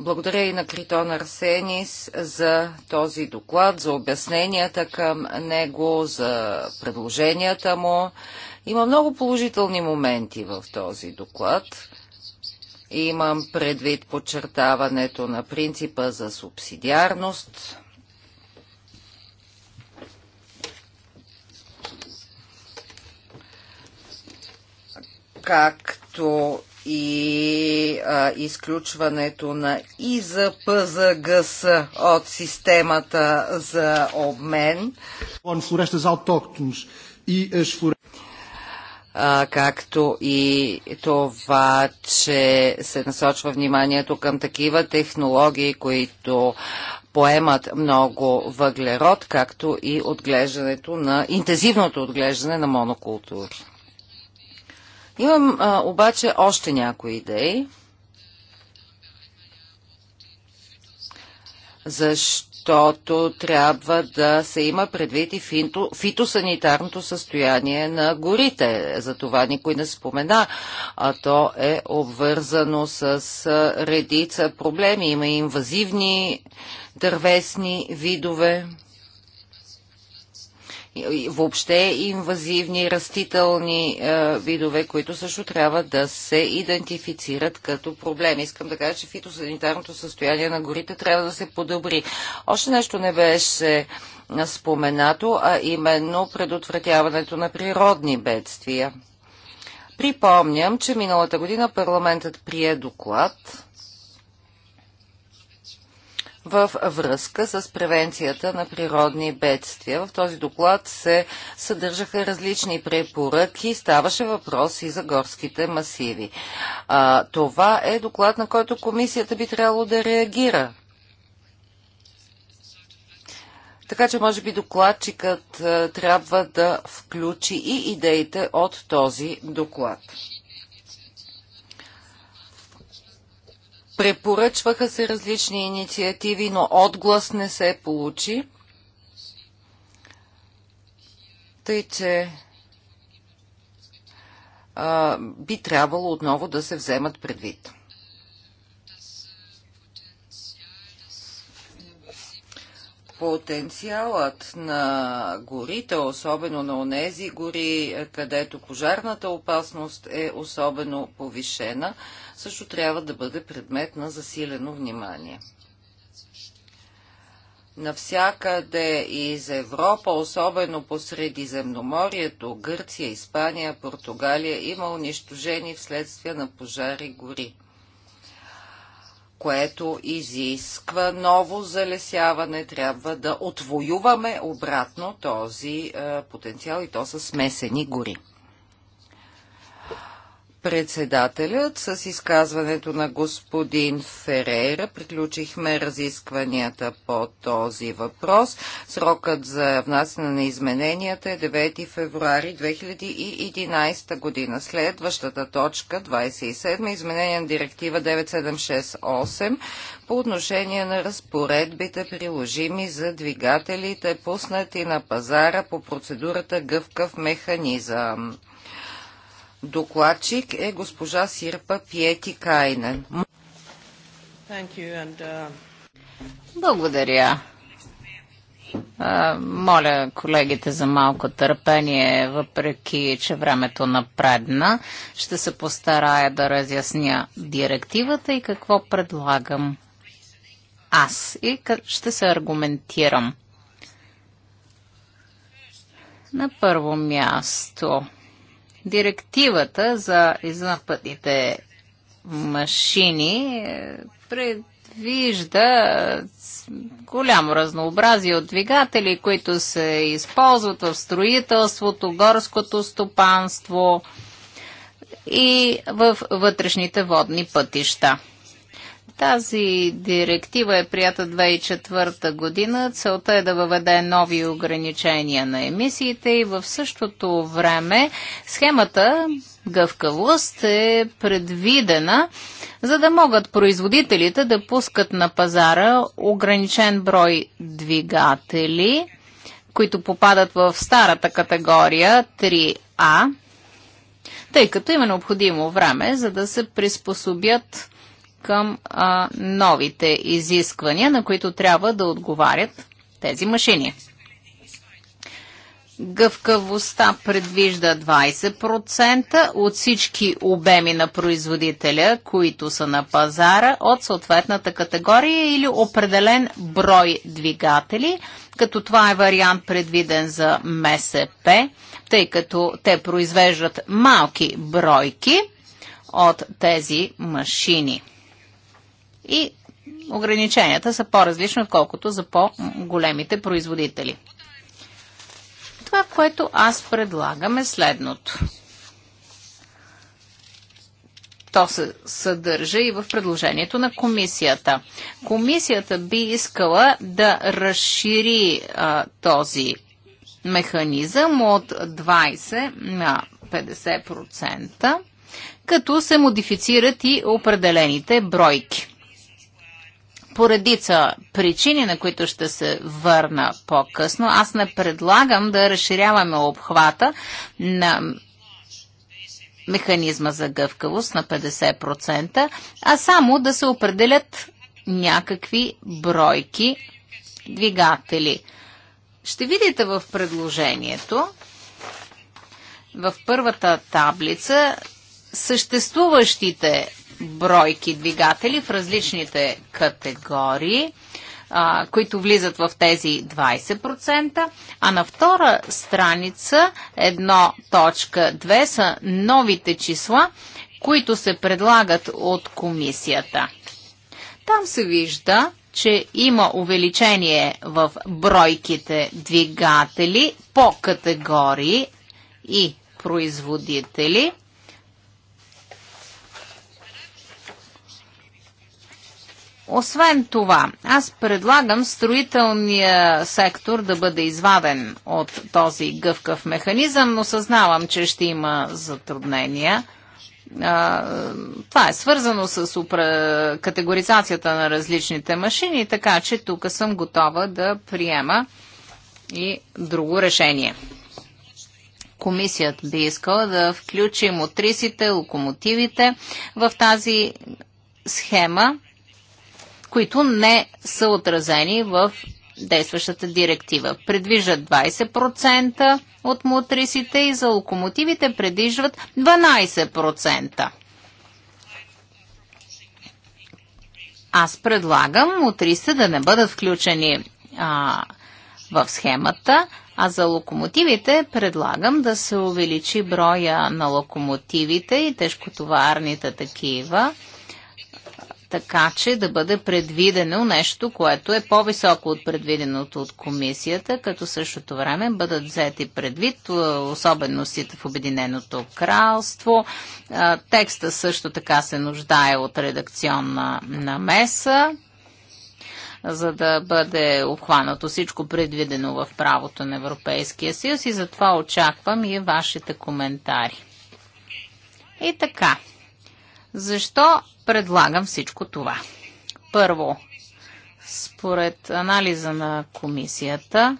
Благодаря и на Критон Арсенис за този доклад, за обясненията към него, за предложенията му. Има много положителни моменти в този доклад. Имам предвид подчертаването на принципа за субсидиарност. Както и а, изключването на ИЗПЗГС от системата за обмен. E а, както и това, че се насочва вниманието към такива технологии, които поемат много въглерод, както и отглеждането на интензивното отглеждане на монокултури. Имам а, обаче още някои идеи. Защото трябва да се има предвид и фито, фитосанитарното състояние на горите. За това никой не спомена, а то е обвързано с редица проблеми. Има инвазивни дървесни видове въобще инвазивни растителни е, видове, които също трябва да се идентифицират като проблем. Искам да кажа, че фитосанитарното състояние на горите трябва да се подобри. Още нещо не беше споменато, а именно предотвратяването на природни бедствия. Припомням, че миналата година парламентът прие доклад в връзка с превенцията на природни бедствия. В този доклад се съдържаха различни препоръки. Ставаше въпрос и за горските масиви. А, това е доклад, на който комисията би трябвало да реагира. Така че, може би, докладчикът трябва да включи и идеите от този доклад. Препоръчваха се различни инициативи, но отглас не се получи. Тъй, че а, би трябвало отново да се вземат предвид. потенциалът на горите, особено на онези гори, където пожарната опасност е особено повишена, също трябва да бъде предмет на засилено внимание. Навсякъде из Европа, особено по Средиземноморието, Гърция, Испания, Португалия, има унищожени вследствие на пожари гори което изисква ново залесяване. Трябва да отвоюваме обратно този е, потенциал и то са смесени гори. Председателят с изказването на господин Ферейра приключихме разискванията по този въпрос. Срокът за внасяне на измененията е 9 февруари 2011 година. Следващата точка 27 изменение на директива 9768 по отношение на разпоредбите приложими за двигателите пуснати на пазара по процедурата гъвкав механизъм. Докладчик е госпожа Сирпа Пиети Кайнен. Uh, Благодаря. Моля колегите за малко търпение, въпреки че времето напредна. Ще се постарая да разясня директивата и какво предлагам аз и ще се аргументирам. На първо място Директивата за извънпътните машини е, предвижда е, голямо разнообразие от двигатели, които се използват в строителството, горското стопанство и в вътрешните водни пътища. Тази директива е прията 2004 година. Целта е да въведе нови ограничения на емисиите и в същото време схемата гъвкавост е предвидена, за да могат производителите да пускат на пазара ограничен брой двигатели, които попадат в старата категория 3А, тъй като има необходимо време, за да се приспособят към а, новите изисквания, на които трябва да отговарят тези машини. Гъвкавостта предвижда 20% от всички обеми на производителя, които са на пазара от съответната категория или определен брой двигатели, като това е вариант предвиден за МСП, тъй като те произвеждат малки бройки от тези машини и ограниченията са по-различни, отколкото за по-големите производители. Това, което аз предлагам е следното. То се съдържа и в предложението на комисията. Комисията би искала да разшири а, този механизъм от 20 на 50%, като се модифицират и определените бройки поредица причини, на които ще се върна по-късно. Аз не предлагам да разширяваме обхвата на механизма за гъвкавост на 50%, а само да се определят някакви бройки двигатели. Ще видите в предложението, в първата таблица, съществуващите бройки двигатели в различните категории, а, които влизат в тези 20%, а на втора страница 1.2 са новите числа, които се предлагат от комисията. Там се вижда, че има увеличение в бройките двигатели по категории и производители – Освен това, аз предлагам строителния сектор да бъде изваден от този гъвкав механизъм, но съзнавам, че ще има затруднения. Това е свързано с категоризацията на различните машини, така че тук съм готова да приема и друго решение. Комисият би искала да включи мотрисите, локомотивите в тази схема които не са отразени в действащата директива. Предвижат 20% от мутрисите и за локомотивите предвиждат 12%. Аз предлагам мутрисите да не бъдат включени а, в схемата, а за локомотивите предлагам да се увеличи броя на локомотивите и тежкотоварните такива така че да бъде предвидено нещо, което е по-високо от предвиденото от комисията, като същото време бъдат взети предвид е, особеностите в Обединеното кралство. Е, текста също така се нуждае от редакционна намеса за да бъде обхванато всичко предвидено в правото на Европейския съюз и затова очаквам и вашите коментари. И така, защо предлагам всичко това? Първо, според анализа на комисията,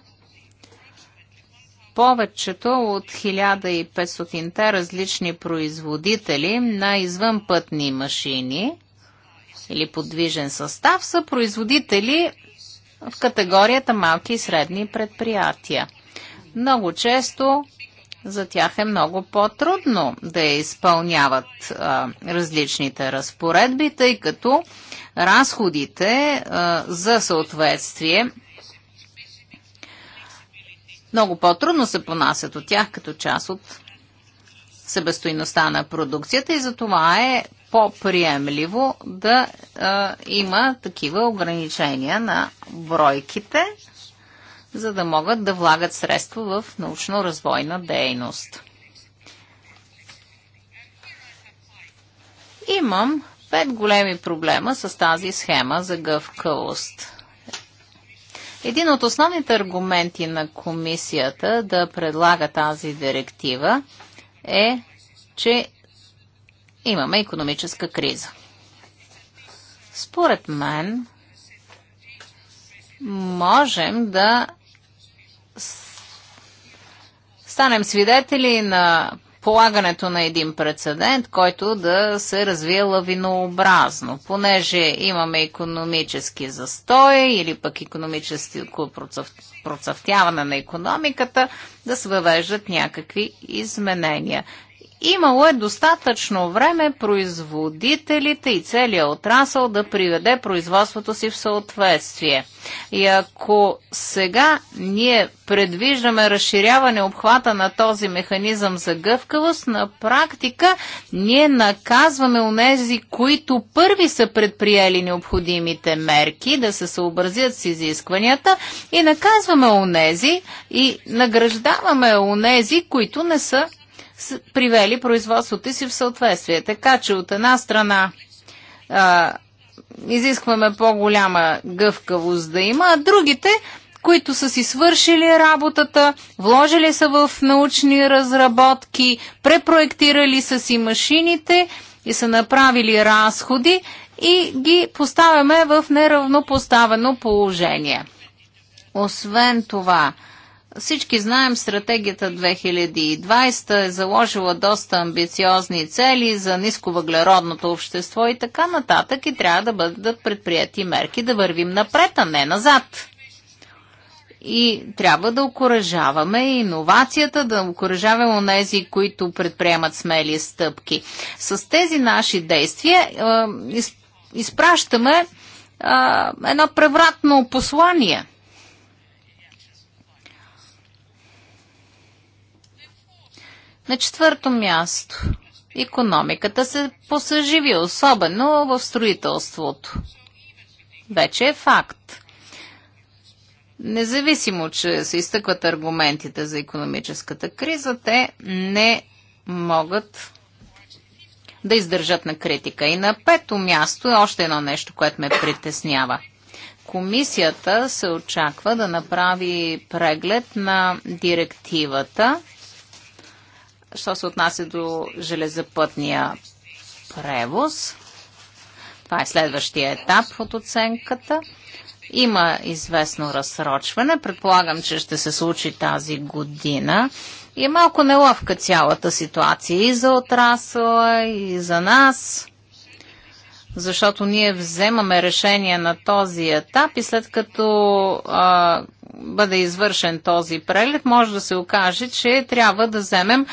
повечето от 1500-те различни производители на извънпътни машини или подвижен състав са производители в категорията малки и средни предприятия. Много често за тях е много по-трудно да изпълняват а, различните разпоредби, тъй като разходите а, за съответствие много по-трудно се понасят от тях като част от себестоиността на продукцията и затова е по-приемливо да а, има такива ограничения на бройките за да могат да влагат средства в научно-развойна дейност. Имам пет големи проблема с тази схема за гъвкавост. Един от основните аргументи на комисията да предлага тази директива е, че имаме економическа криза. Според мен, можем да станем свидетели на полагането на един прецедент, който да се развие лавинообразно, понеже имаме економически застой или пък економически процъфтяване на економиката, да се въвеждат някакви изменения. Имало е достатъчно време производителите и целият отрасъл да приведе производството си в съответствие. И ако сега ние предвиждаме разширяване обхвата на този механизъм за гъвкавост, на практика ние наказваме унези, които първи са предприели необходимите мерки да се съобразят с изискванията и наказваме унези и награждаваме унези, които не са привели производството си в съответствие. Така че от една страна а, изискваме по-голяма гъвкавост да има, а другите, които са си свършили работата, вложили са в научни разработки, препроектирали са си машините и са направили разходи и ги поставяме в неравнопоставено положение. Освен това, всички знаем, стратегията 2020 е заложила доста амбициозни цели за нисковъглеродното общество и така нататък и трябва да бъдат предприяти мерки да вървим напред, а не назад. И трябва да окоръжаваме иновацията, да окоръжаваме онези, които предприемат смели стъпки. С тези наши действия изпращаме едно превратно послание – На четвърто място, економиката се посъживи, особено в строителството. Вече е факт. Независимо, че се изтъкват аргументите за економическата криза, те не могат да издържат на критика. И на пето място е още едно нещо, което ме притеснява. Комисията се очаква да направи преглед на директивата що се отнася до железопътния превоз. Това е следващия етап от оценката. Има известно разсрочване. Предполагам, че ще се случи тази година. И е малко неловка цялата ситуация и за отрасъла, и за нас, защото ние вземаме решение на този етап и след като а, бъде извършен този прелет, може да се окаже, че трябва да вземем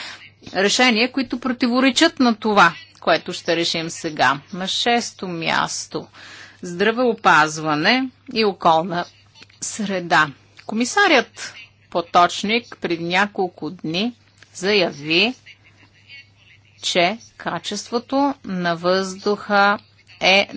решения, които противоречат на това, което ще решим сега. На шесто място здравеопазване и околна среда. Комисарят Поточник преди няколко дни заяви, че качеството на въздуха е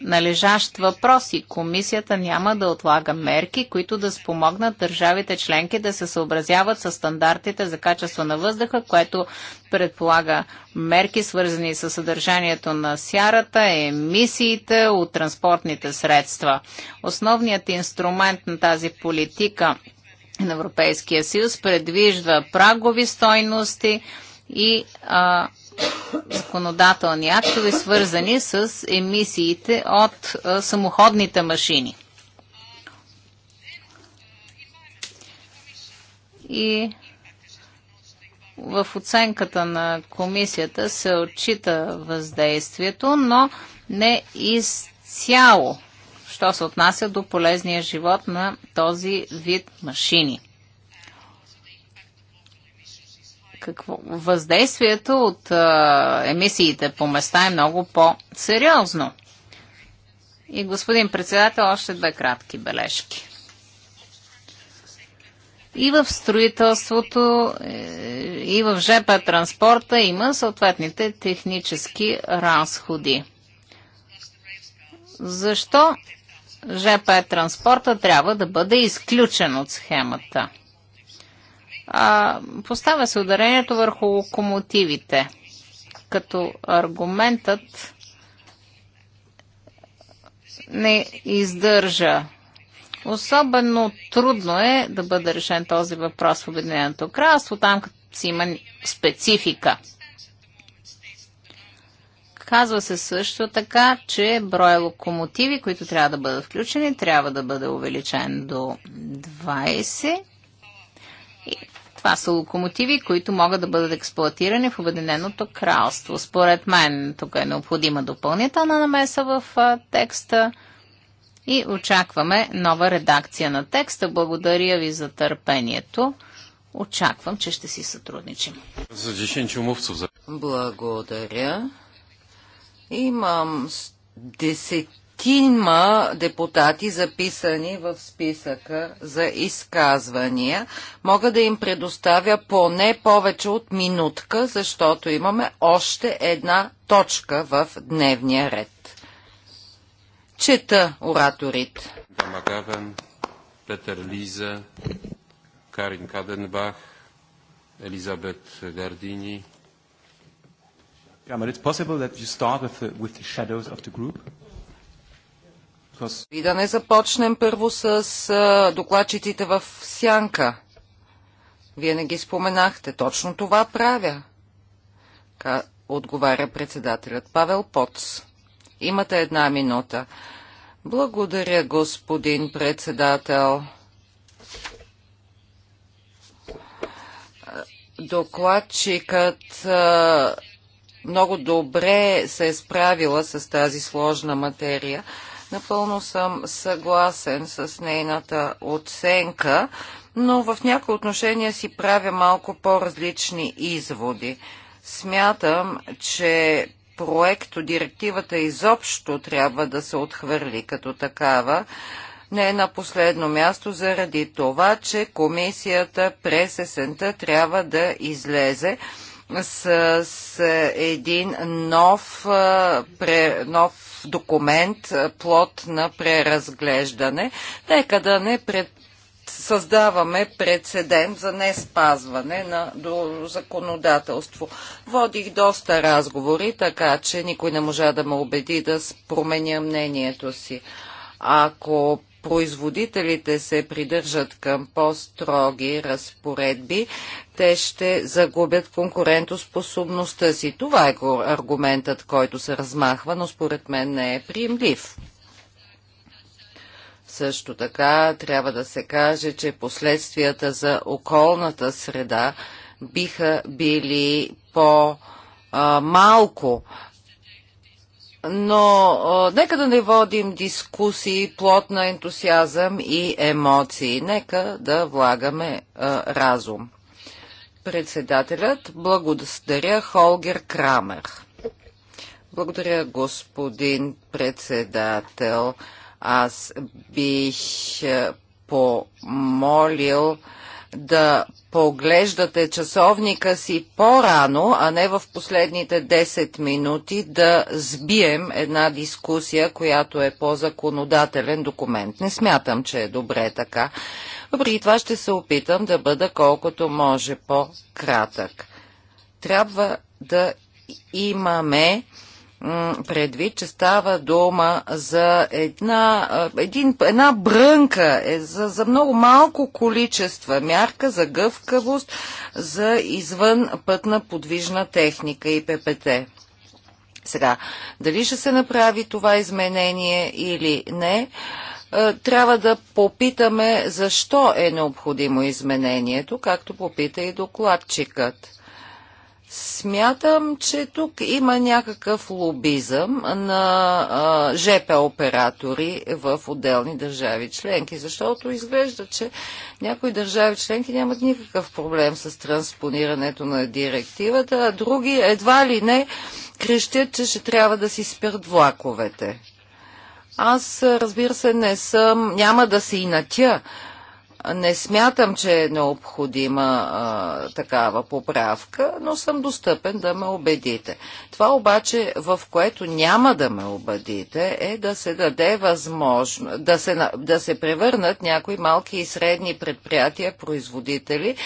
належащ въпрос и комисията няма да отлага мерки, които да спомогнат държавите членки да се съобразяват с стандартите за качество на въздуха, което предполага мерки свързани с съдържанието на сярата, емисиите от транспортните средства. Основният инструмент на тази политика на Европейския съюз предвижда прагови стойности и а, законодателни актове, свързани с емисиите от самоходните машини. И в оценката на комисията се отчита въздействието, но не изцяло, що се отнася до полезния живот на този вид машини. какво? Въздействието от а, емисиите по места е много по-сериозно. И господин председател, още две кратки бележки. И в строителството, е, и в ЖП транспорта има съответните технически разходи. Защо ЖП транспорта трябва да бъде изключен от схемата? а, поставя се ударението върху локомотивите, като аргументът не издържа. Особено трудно е да бъде решен този въпрос в Обединеното кралство, там като си има специфика. Казва се също така, че броя локомотиви, които трябва да бъдат включени, трябва да бъде увеличен до 20 това са локомотиви, които могат да бъдат експлуатирани в Обединеното кралство. Според мен тук е необходима допълнителна намеса в текста и очакваме нова редакция на текста. Благодаря ви за търпението. Очаквам, че ще си сътрудничим. Благодаря. Имам десет петима депутати, записани в списъка за изказвания. Мога да им предоставя поне повече от минутка, защото имаме още една точка в дневния ред. Чета ораторит. Дамагавен, Петър Лиза, Карин Каденбах, Елизабет Гардини. Yeah, but it's possible that you start with the, with the shadows of the group. И да не започнем първо с докладчиците в сянка. Вие не ги споменахте. Точно това правя. Отговаря председателят Павел Поц. Имате една минута. Благодаря, господин председател. Докладчикът много добре се е справила с тази сложна материя. Напълно съм съгласен с нейната оценка, но в някои отношения си правя малко по-различни изводи. Смятам, че проекто директивата изобщо трябва да се отхвърли като такава, не е на последно място заради това, че комисията през есента трябва да излезе с, с един нов, пре, нов документ, е, плод на преразглеждане. Нека да не пред създаваме прецедент за не спазване на до законодателство. Водих доста разговори, така че никой не можа да ме убеди да променя мнението си. Ако производителите се придържат към по-строги разпоредби, те ще загубят конкурентоспособността си. Това е аргументът, който се размахва, но според мен не е приемлив. Също така трябва да се каже, че последствията за околната среда биха били по-малко, но а, нека да не водим дискусии, плод на ентусиазъм и емоции. Нека да влагаме а, разум. Председателят благодаря Холгер Крамер. Благодаря, господин председател. Аз бих помолил да поглеждате часовника си по-рано, а не в последните 10 минути да сбием една дискусия, която е по-законодателен документ. Не смятам, че е добре така. Въпреки това ще се опитам да бъда колкото може по-кратък. Трябва да имаме предвид, че става дума за една, един, една брънка, е за, за много малко количество мярка за гъвкавост за извън пътна подвижна техника и ППТ. Сега, дали ще се направи това изменение или не, трябва да попитаме защо е необходимо изменението, както попита и докладчикът. Смятам, че тук има някакъв лобизъм на а, ЖП оператори в отделни държави членки, защото изглежда, че някои държави членки нямат никакъв проблем с транспонирането на директивата, а други едва ли не крещят, че ще трябва да си спират влаковете. Аз, разбира се, не съм, няма да се инатя не смятам, че е необходима а, такава поправка, но съм достъпен да ме убедите. Това обаче, в което няма да ме убедите, е да се даде възможно, да се, да се превърнат някои малки и средни предприятия, производители,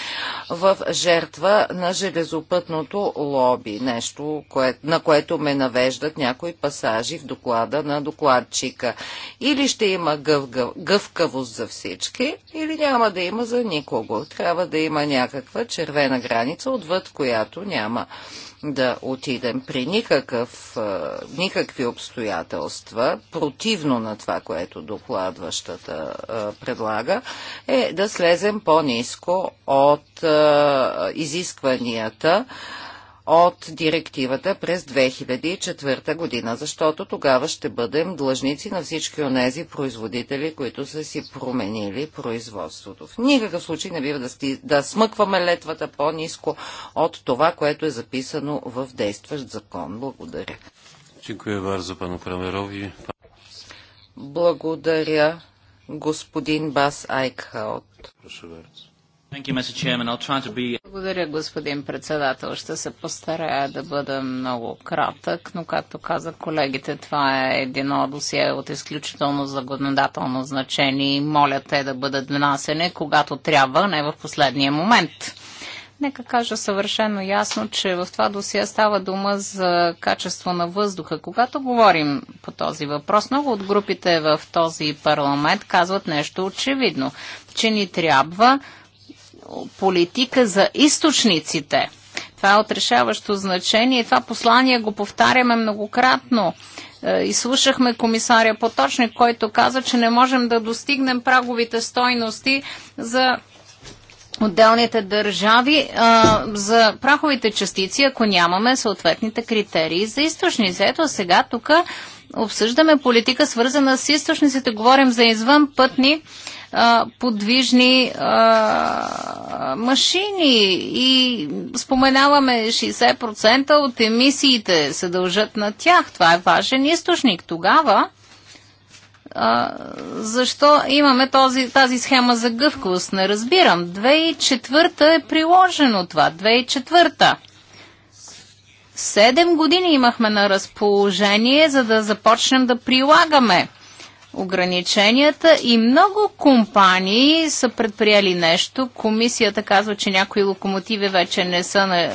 в жертва на железопътното лоби. Нещо, кое, на което ме навеждат някои пасажи в доклада на докладчика. Или ще има гъв, гъв, гъвкавост за всички, или някои няма да има за никого. Трябва да има някаква червена граница, отвъд която няма да отидем при никакъв, никакви обстоятелства, противно на това, което докладващата предлага, е да слезем по-низко от изискванията от директивата през 2004 година, защото тогава ще бъдем длъжници на всички онези производители, които са си променили производството. В никакъв случай не бива да, сти... да смъкваме летвата по-низко от това, което е записано в действащ закон. Благодаря. Благодаря, господин Бас Айкхаут. Прошу благодаря, господин председател. Ще се постарая да бъда много кратък, но както каза колегите, това е едно досие от изключително законодателно значение и моля те да бъдат внасени, когато трябва, не в последния момент. Нека кажа съвършено ясно, че в това досие става дума за качество на въздуха. Когато говорим по този въпрос, много от групите в този парламент казват нещо очевидно, че ни трябва политика за източниците. Това е отрешаващо значение и това послание го повтаряме многократно. Е, и слушахме комисаря Поточник, който каза, че не можем да достигнем праговите стойности за отделните държави а, е, за праховите частици, ако нямаме съответните критерии за източници. Ето сега тук обсъждаме политика свързана с източниците, говорим за извънпътни пътни подвижни а, машини и споменаваме 60% от емисиите се дължат на тях. Това е важен източник. Тогава а, защо имаме този, тази схема за гъвкост? Не разбирам. 2004 е приложено това. 2004 Седем години имахме на разположение, за да започнем да прилагаме ограниченията и много компании са предприели нещо. Комисията казва, че някои локомотиви вече не са на,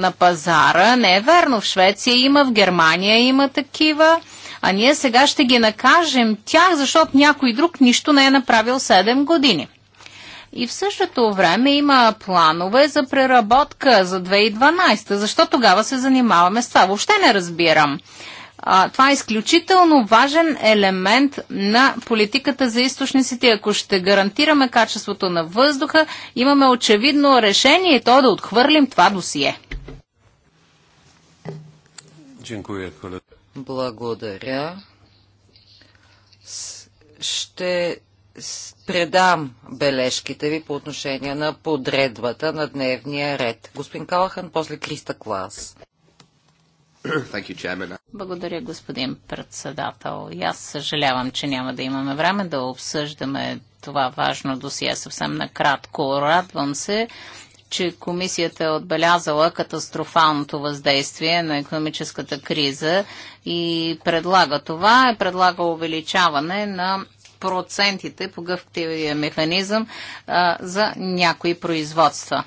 на пазара. Не е верно. В Швеция има, в Германия има такива. А ние сега ще ги накажем тях, защото някой друг нищо не е направил 7 години. И в същото време има планове за преработка за 2012. Защо тогава се занимаваме с това? Въобще не разбирам. А, това е изключително важен елемент на политиката за източниците. Ако ще гарантираме качеството на въздуха, имаме очевидно решение то да отхвърлим това досие. Благодаря. Ще предам бележките ви по отношение на подредбата на дневния ред. Господин Калахан, после Криста Клас. You, Благодаря, господин председател. И аз съжалявам, че няма да имаме време да обсъждаме това важно досие съвсем накратко. Радвам се, че комисията е отбелязала катастрофалното въздействие на економическата криза и предлага това, е предлага увеличаване на процентите по гъвкавия механизъм а, за някои производства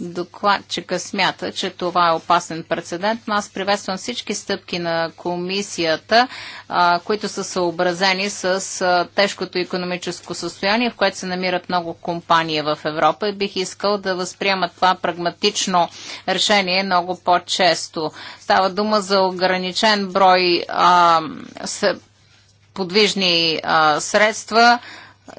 докладчика смята, че това е опасен прецедент, но аз приветствам всички стъпки на комисията, а, които са съобразени с а, тежкото економическо състояние, в което се намират много компании в Европа и бих искал да възприема това прагматично решение много по-често. Става дума за ограничен брой а, подвижни а, средства,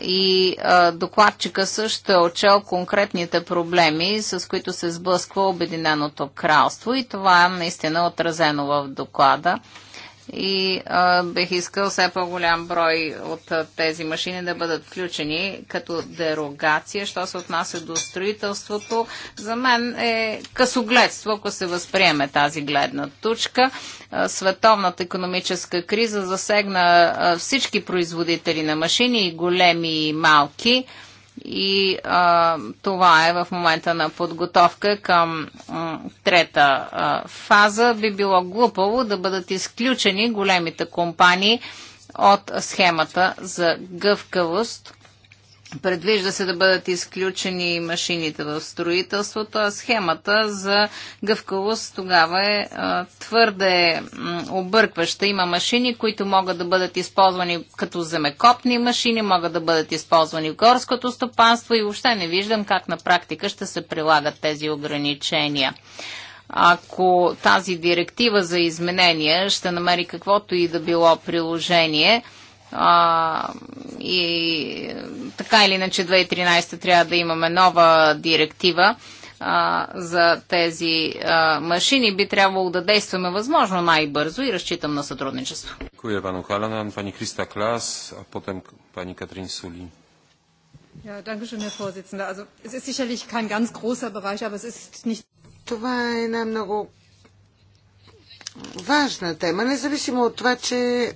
и докладчика също е отчел конкретните проблеми, с които се сблъсква Обединеното кралство и това е наистина отразено в доклада и а, бих искал все по-голям брой от а, тези машини да бъдат включени като дерогация, що се отнася до строителството. За мен е късогледство, ако се възприеме тази гледна точка. А, световната економическа криза засегна а, всички производители на машини, и големи и малки. А, и а, това е в момента на подготовка към м, трета а, фаза. Би било глупаво да бъдат изключени големите компании от схемата за гъвкавост Предвижда се да бъдат изключени машините в строителството, а схемата за гъвкавост тогава е а, твърде объркваща. Има машини, които могат да бъдат използвани като земекопни машини, могат да бъдат използвани в горското стопанство и въобще не виждам как на практика ще се прилагат тези ограничения ако тази директива за изменения ще намери каквото и да било приложение, а, и така или иначе 2013 трябва да имаме нова директива а, за тези а, машини. Би трябвало да действаме възможно най-бързо и разчитам на сътрудничество. Кое пану Халанан, пани Христа Клас, а потом пани Катрин Сули. Това е една много важна тема, независимо от това, че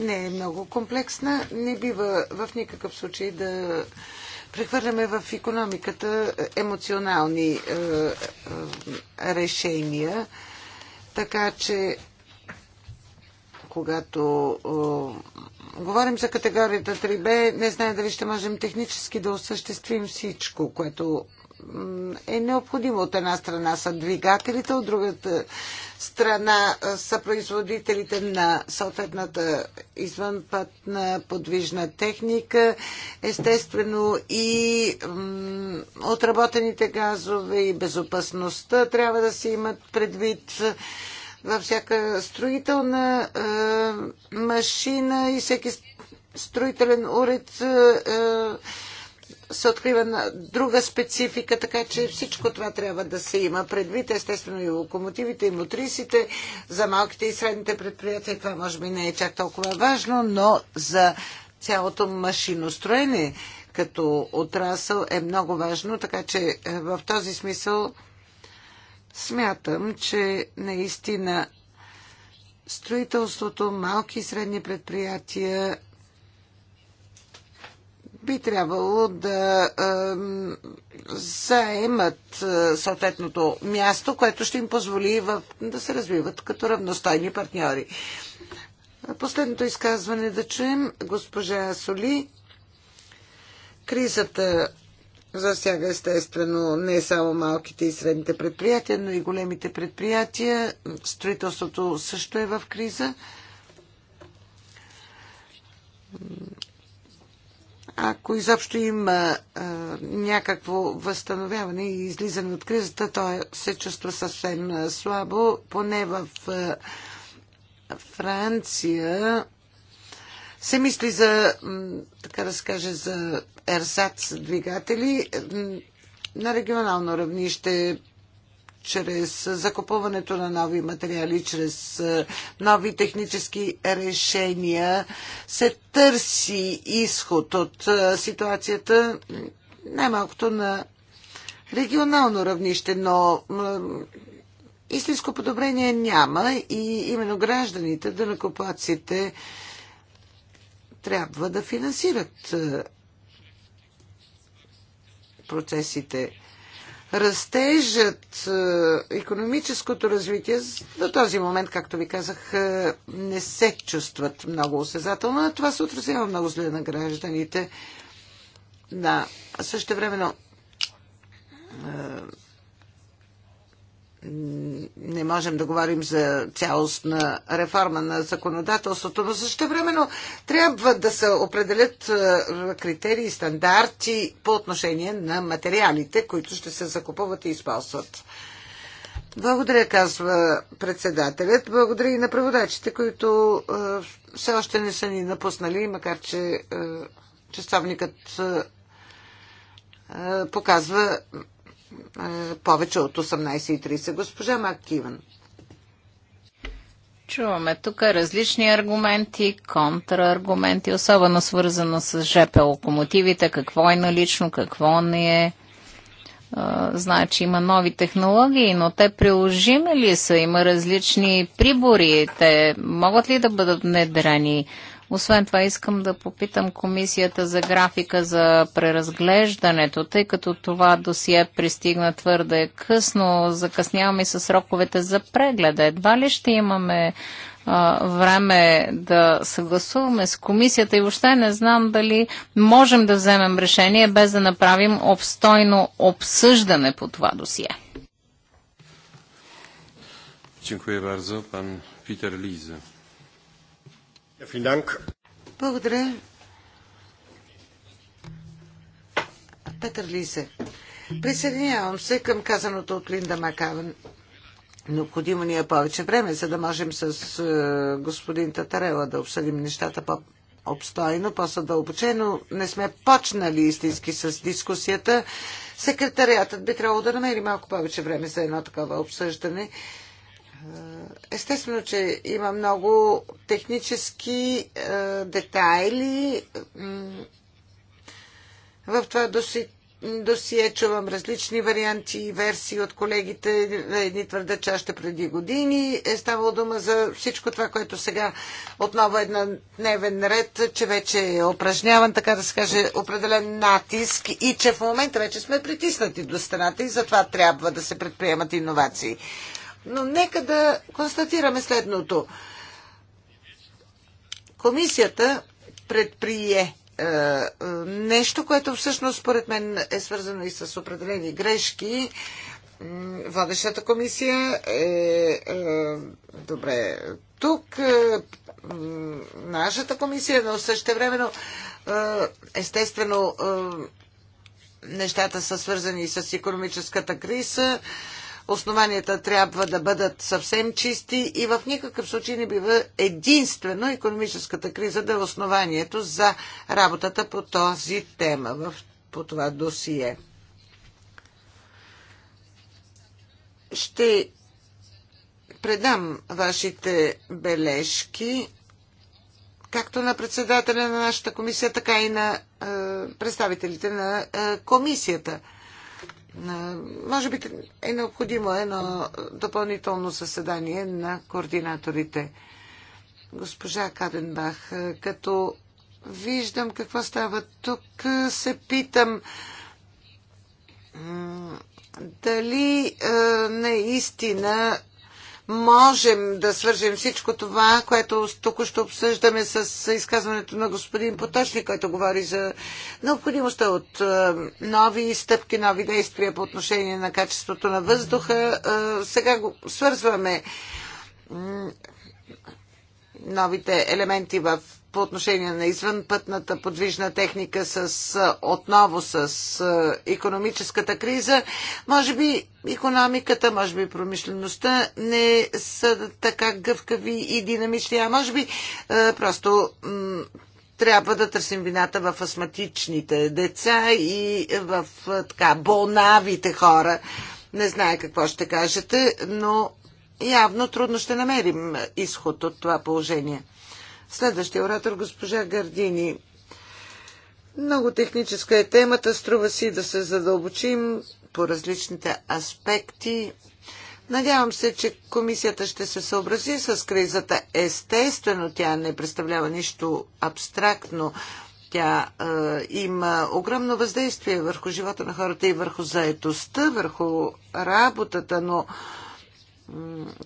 не е много комплексна. Не бива в никакъв случай да прехвърляме в економиката емоционални е, е, решения, така че когато е, говорим за категорията 3B, не знаем дали ще можем технически да осъществим всичко, което е необходимо. От една страна са двигателите, от другата страна са производителите на съответната извънпътна подвижна техника, естествено и отработените газове и безопасността трябва да се имат предвид във всяка строителна машина и всеки строителен уред е, се открива на друга специфика, така че всичко това трябва да се има предвид. Естествено и локомотивите, и мотрисите. За малките и средните предприятия това може би не е чак толкова важно, но за цялото машиностроене като отрасъл е много важно, така че е, в този смисъл смятам, че наистина строителството, малки и средни предприятия би трябвало да заемат съответното място, което ще им позволи в, да се развиват като равностойни партньори. Последното изказване да чуем госпожа Соли. Кризата засяга естествено не само малките и средните предприятия, но и големите предприятия. Строителството също е в криза ако изобщо има а, някакво възстановяване и излизане от кризата, то е, се чувства съвсем слабо. Поне в а, Франция се мисли за, така да скаже, за ерсац двигатели на регионално равнище чрез закупуването на нови материали, чрез е, нови технически решения се търси изход от е, ситуацията най-малкото на регионално равнище, но истинско подобрение няма и именно гражданите, дънакоплаците трябва да финансират е, процесите. Растежът, економическото развитие до този момент, както ви казах, е, не се чувстват много осезателно. На това се отразява много зле на гражданите. Да, също времено е, не можем да говорим за цялостна реформа на законодателството, но също времено трябва да се определят е, критерии, стандарти по отношение на материалите, които ще се закупуват и използват. Благодаря, казва председателят. Благодаря и на преводачите, които е, все още не са ни напуснали, макар че е, часовникът показва повече от 18.30. Госпожа Маккиван. Чуваме тук различни аргументи, контраргументи, особено свързано с ЖП локомотивите, какво е налично, какво не е. Значи има нови технологии, но те приложими ли са? Има различни прибори. Те могат ли да бъдат внедрени? Освен това искам да попитам комисията за графика за преразглеждането, тъй като това досие пристигна твърде късно, закъсняваме с сроковете за прегледа. Едва ли ще имаме време да съгласуваме с комисията и въобще не знам дали можем да вземем решение без да направим обстойно обсъждане по това досие. Dziękuję bardzo. Pan Peter благодаря. Петър Лисе. Присъединявам се към казаното от Линда Макавен. Необходимо ни е повече време, за да можем с е, господин Татарела да обсъдим нещата по обстойно, по-съдълбочено. Не сме почнали истински с дискусията. Секретариатът би трябвало да намери малко повече време за едно такова обсъждане. Естествено, че има много технически е, детайли. В това доси, досие чувам различни варианти и версии от колегите. Едни твърдят, че още преди години е ставало дума за всичко това, което сега отново е на дневен ред, че вече е упражняван, така да се каже, определен натиск и че в момента вече сме притиснати до стената и затова трябва да се предприемат иновации. Но нека да констатираме следното. Комисията предприе е, е, нещо, което всъщност според мен е свързано и с определени грешки. Водещата комисия е, е добре тук, е, нашата комисия, но също времено е, естествено е, нещата са свързани и с економическата криза. Е, Основанията трябва да бъдат съвсем чисти и в никакъв случай не бива единствено економическата криза да е основанието за работата по този тема, по това досие. Ще предам вашите бележки както на председателя на нашата комисия, така и на е, представителите на е, комисията. Може би е необходимо едно допълнително съседание на координаторите. Госпожа Каденбах, като виждам какво става тук, се питам дали е, наистина можем да свържем всичко това, което току-що обсъждаме с изказването на господин Поточник, който говори за необходимостта от е, нови стъпки, нови действия по отношение на качеството на въздуха. Е, сега го свързваме новите елементи в по отношение на извънпътната подвижна техника с, отново с економическата криза. Може би економиката, може би промишлеността не са така гъвкави и динамични, а може би просто трябва да търсим вината в астматичните деца и в така болнавите хора. Не знае какво ще кажете, но явно трудно ще намерим изход от това положение. Следващия оратор, госпожа Гардини. Много техническа е темата, струва си да се задълбочим по различните аспекти. Надявам се, че комисията ще се съобрази с кризата. Естествено, тя не представлява нищо абстрактно. Тя е, има огромно въздействие върху живота на хората и върху заетостта, върху работата, но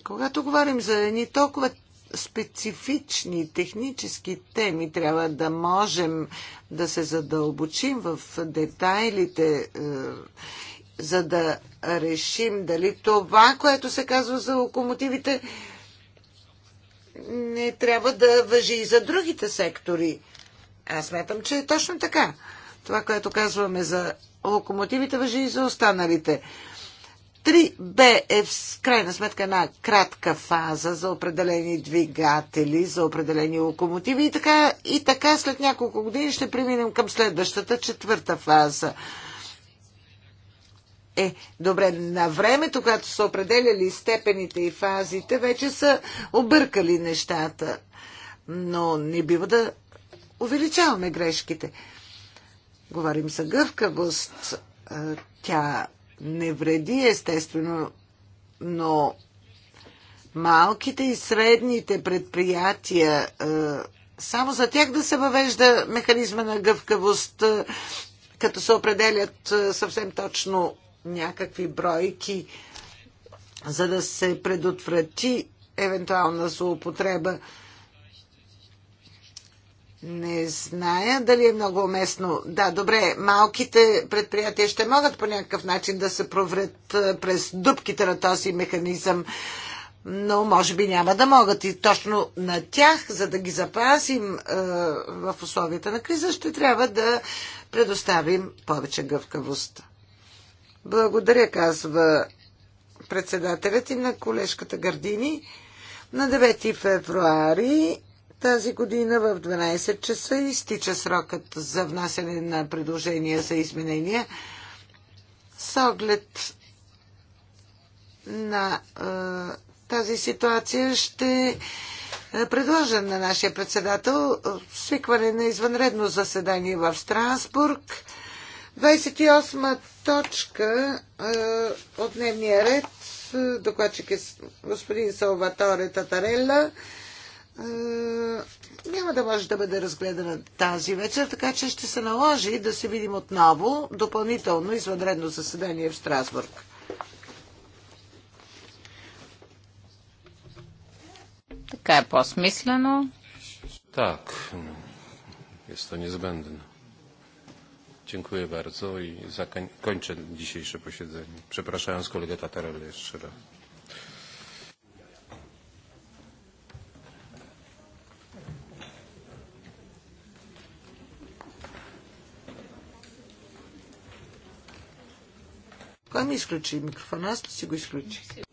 когато говорим за едни толкова специфични технически теми. Трябва да можем да се задълбочим в детайлите, е, за да решим дали това, което се казва за локомотивите, не трябва да въжи и за другите сектори. Аз смятам, че е точно така. Това, което казваме за локомотивите, въжи и за останалите. 3Б е в крайна сметка една кратка фаза за определени двигатели, за определени локомотиви и така, и така след няколко години ще преминем към следващата четвърта фаза. Е, добре, на времето, когато са определяли степените и фазите, вече са объркали нещата. Но не бива да увеличаваме грешките. Говорим за гъвкавост. Тя не вреди естествено, но малките и средните предприятия, е, само за тях да се въвежда механизма на гъвкавост, е, като се определят е, съвсем точно някакви бройки, за да се предотврати евентуална злоупотреба не зная дали е много уместно. Да, добре, малките предприятия ще могат по някакъв начин да се проврят през дупките на този механизъм, но може би няма да могат. И точно на тях, за да ги запазим е, в условията на криза, ще трябва да предоставим повече гъвкавост. Благодаря, казва председателят и на колежката Гардини. На 9 февруари тази година в 12 часа изтича срокът за внасяне на предложения за изменения с оглед на е, тази ситуация ще предложа на нашия председател свикване на извънредно заседание в Страсбург. 28 точка е, от дневния ред докладчик е господин Салваторе Татарелла. Е, няма да може да бъде разгледана тази вечер, така че ще се наложи да се видим отново допълнително извънредно заседание в Страсбург. Така е по-смислено. Tak, jest to niezbędne. Dziękuję bardzo i zakończę dzisiejsze posiedzenie. Przepraszając kolegę Tatarella jeszcze raz. Кой ми изключи микрофона? Аз ли си го изключих?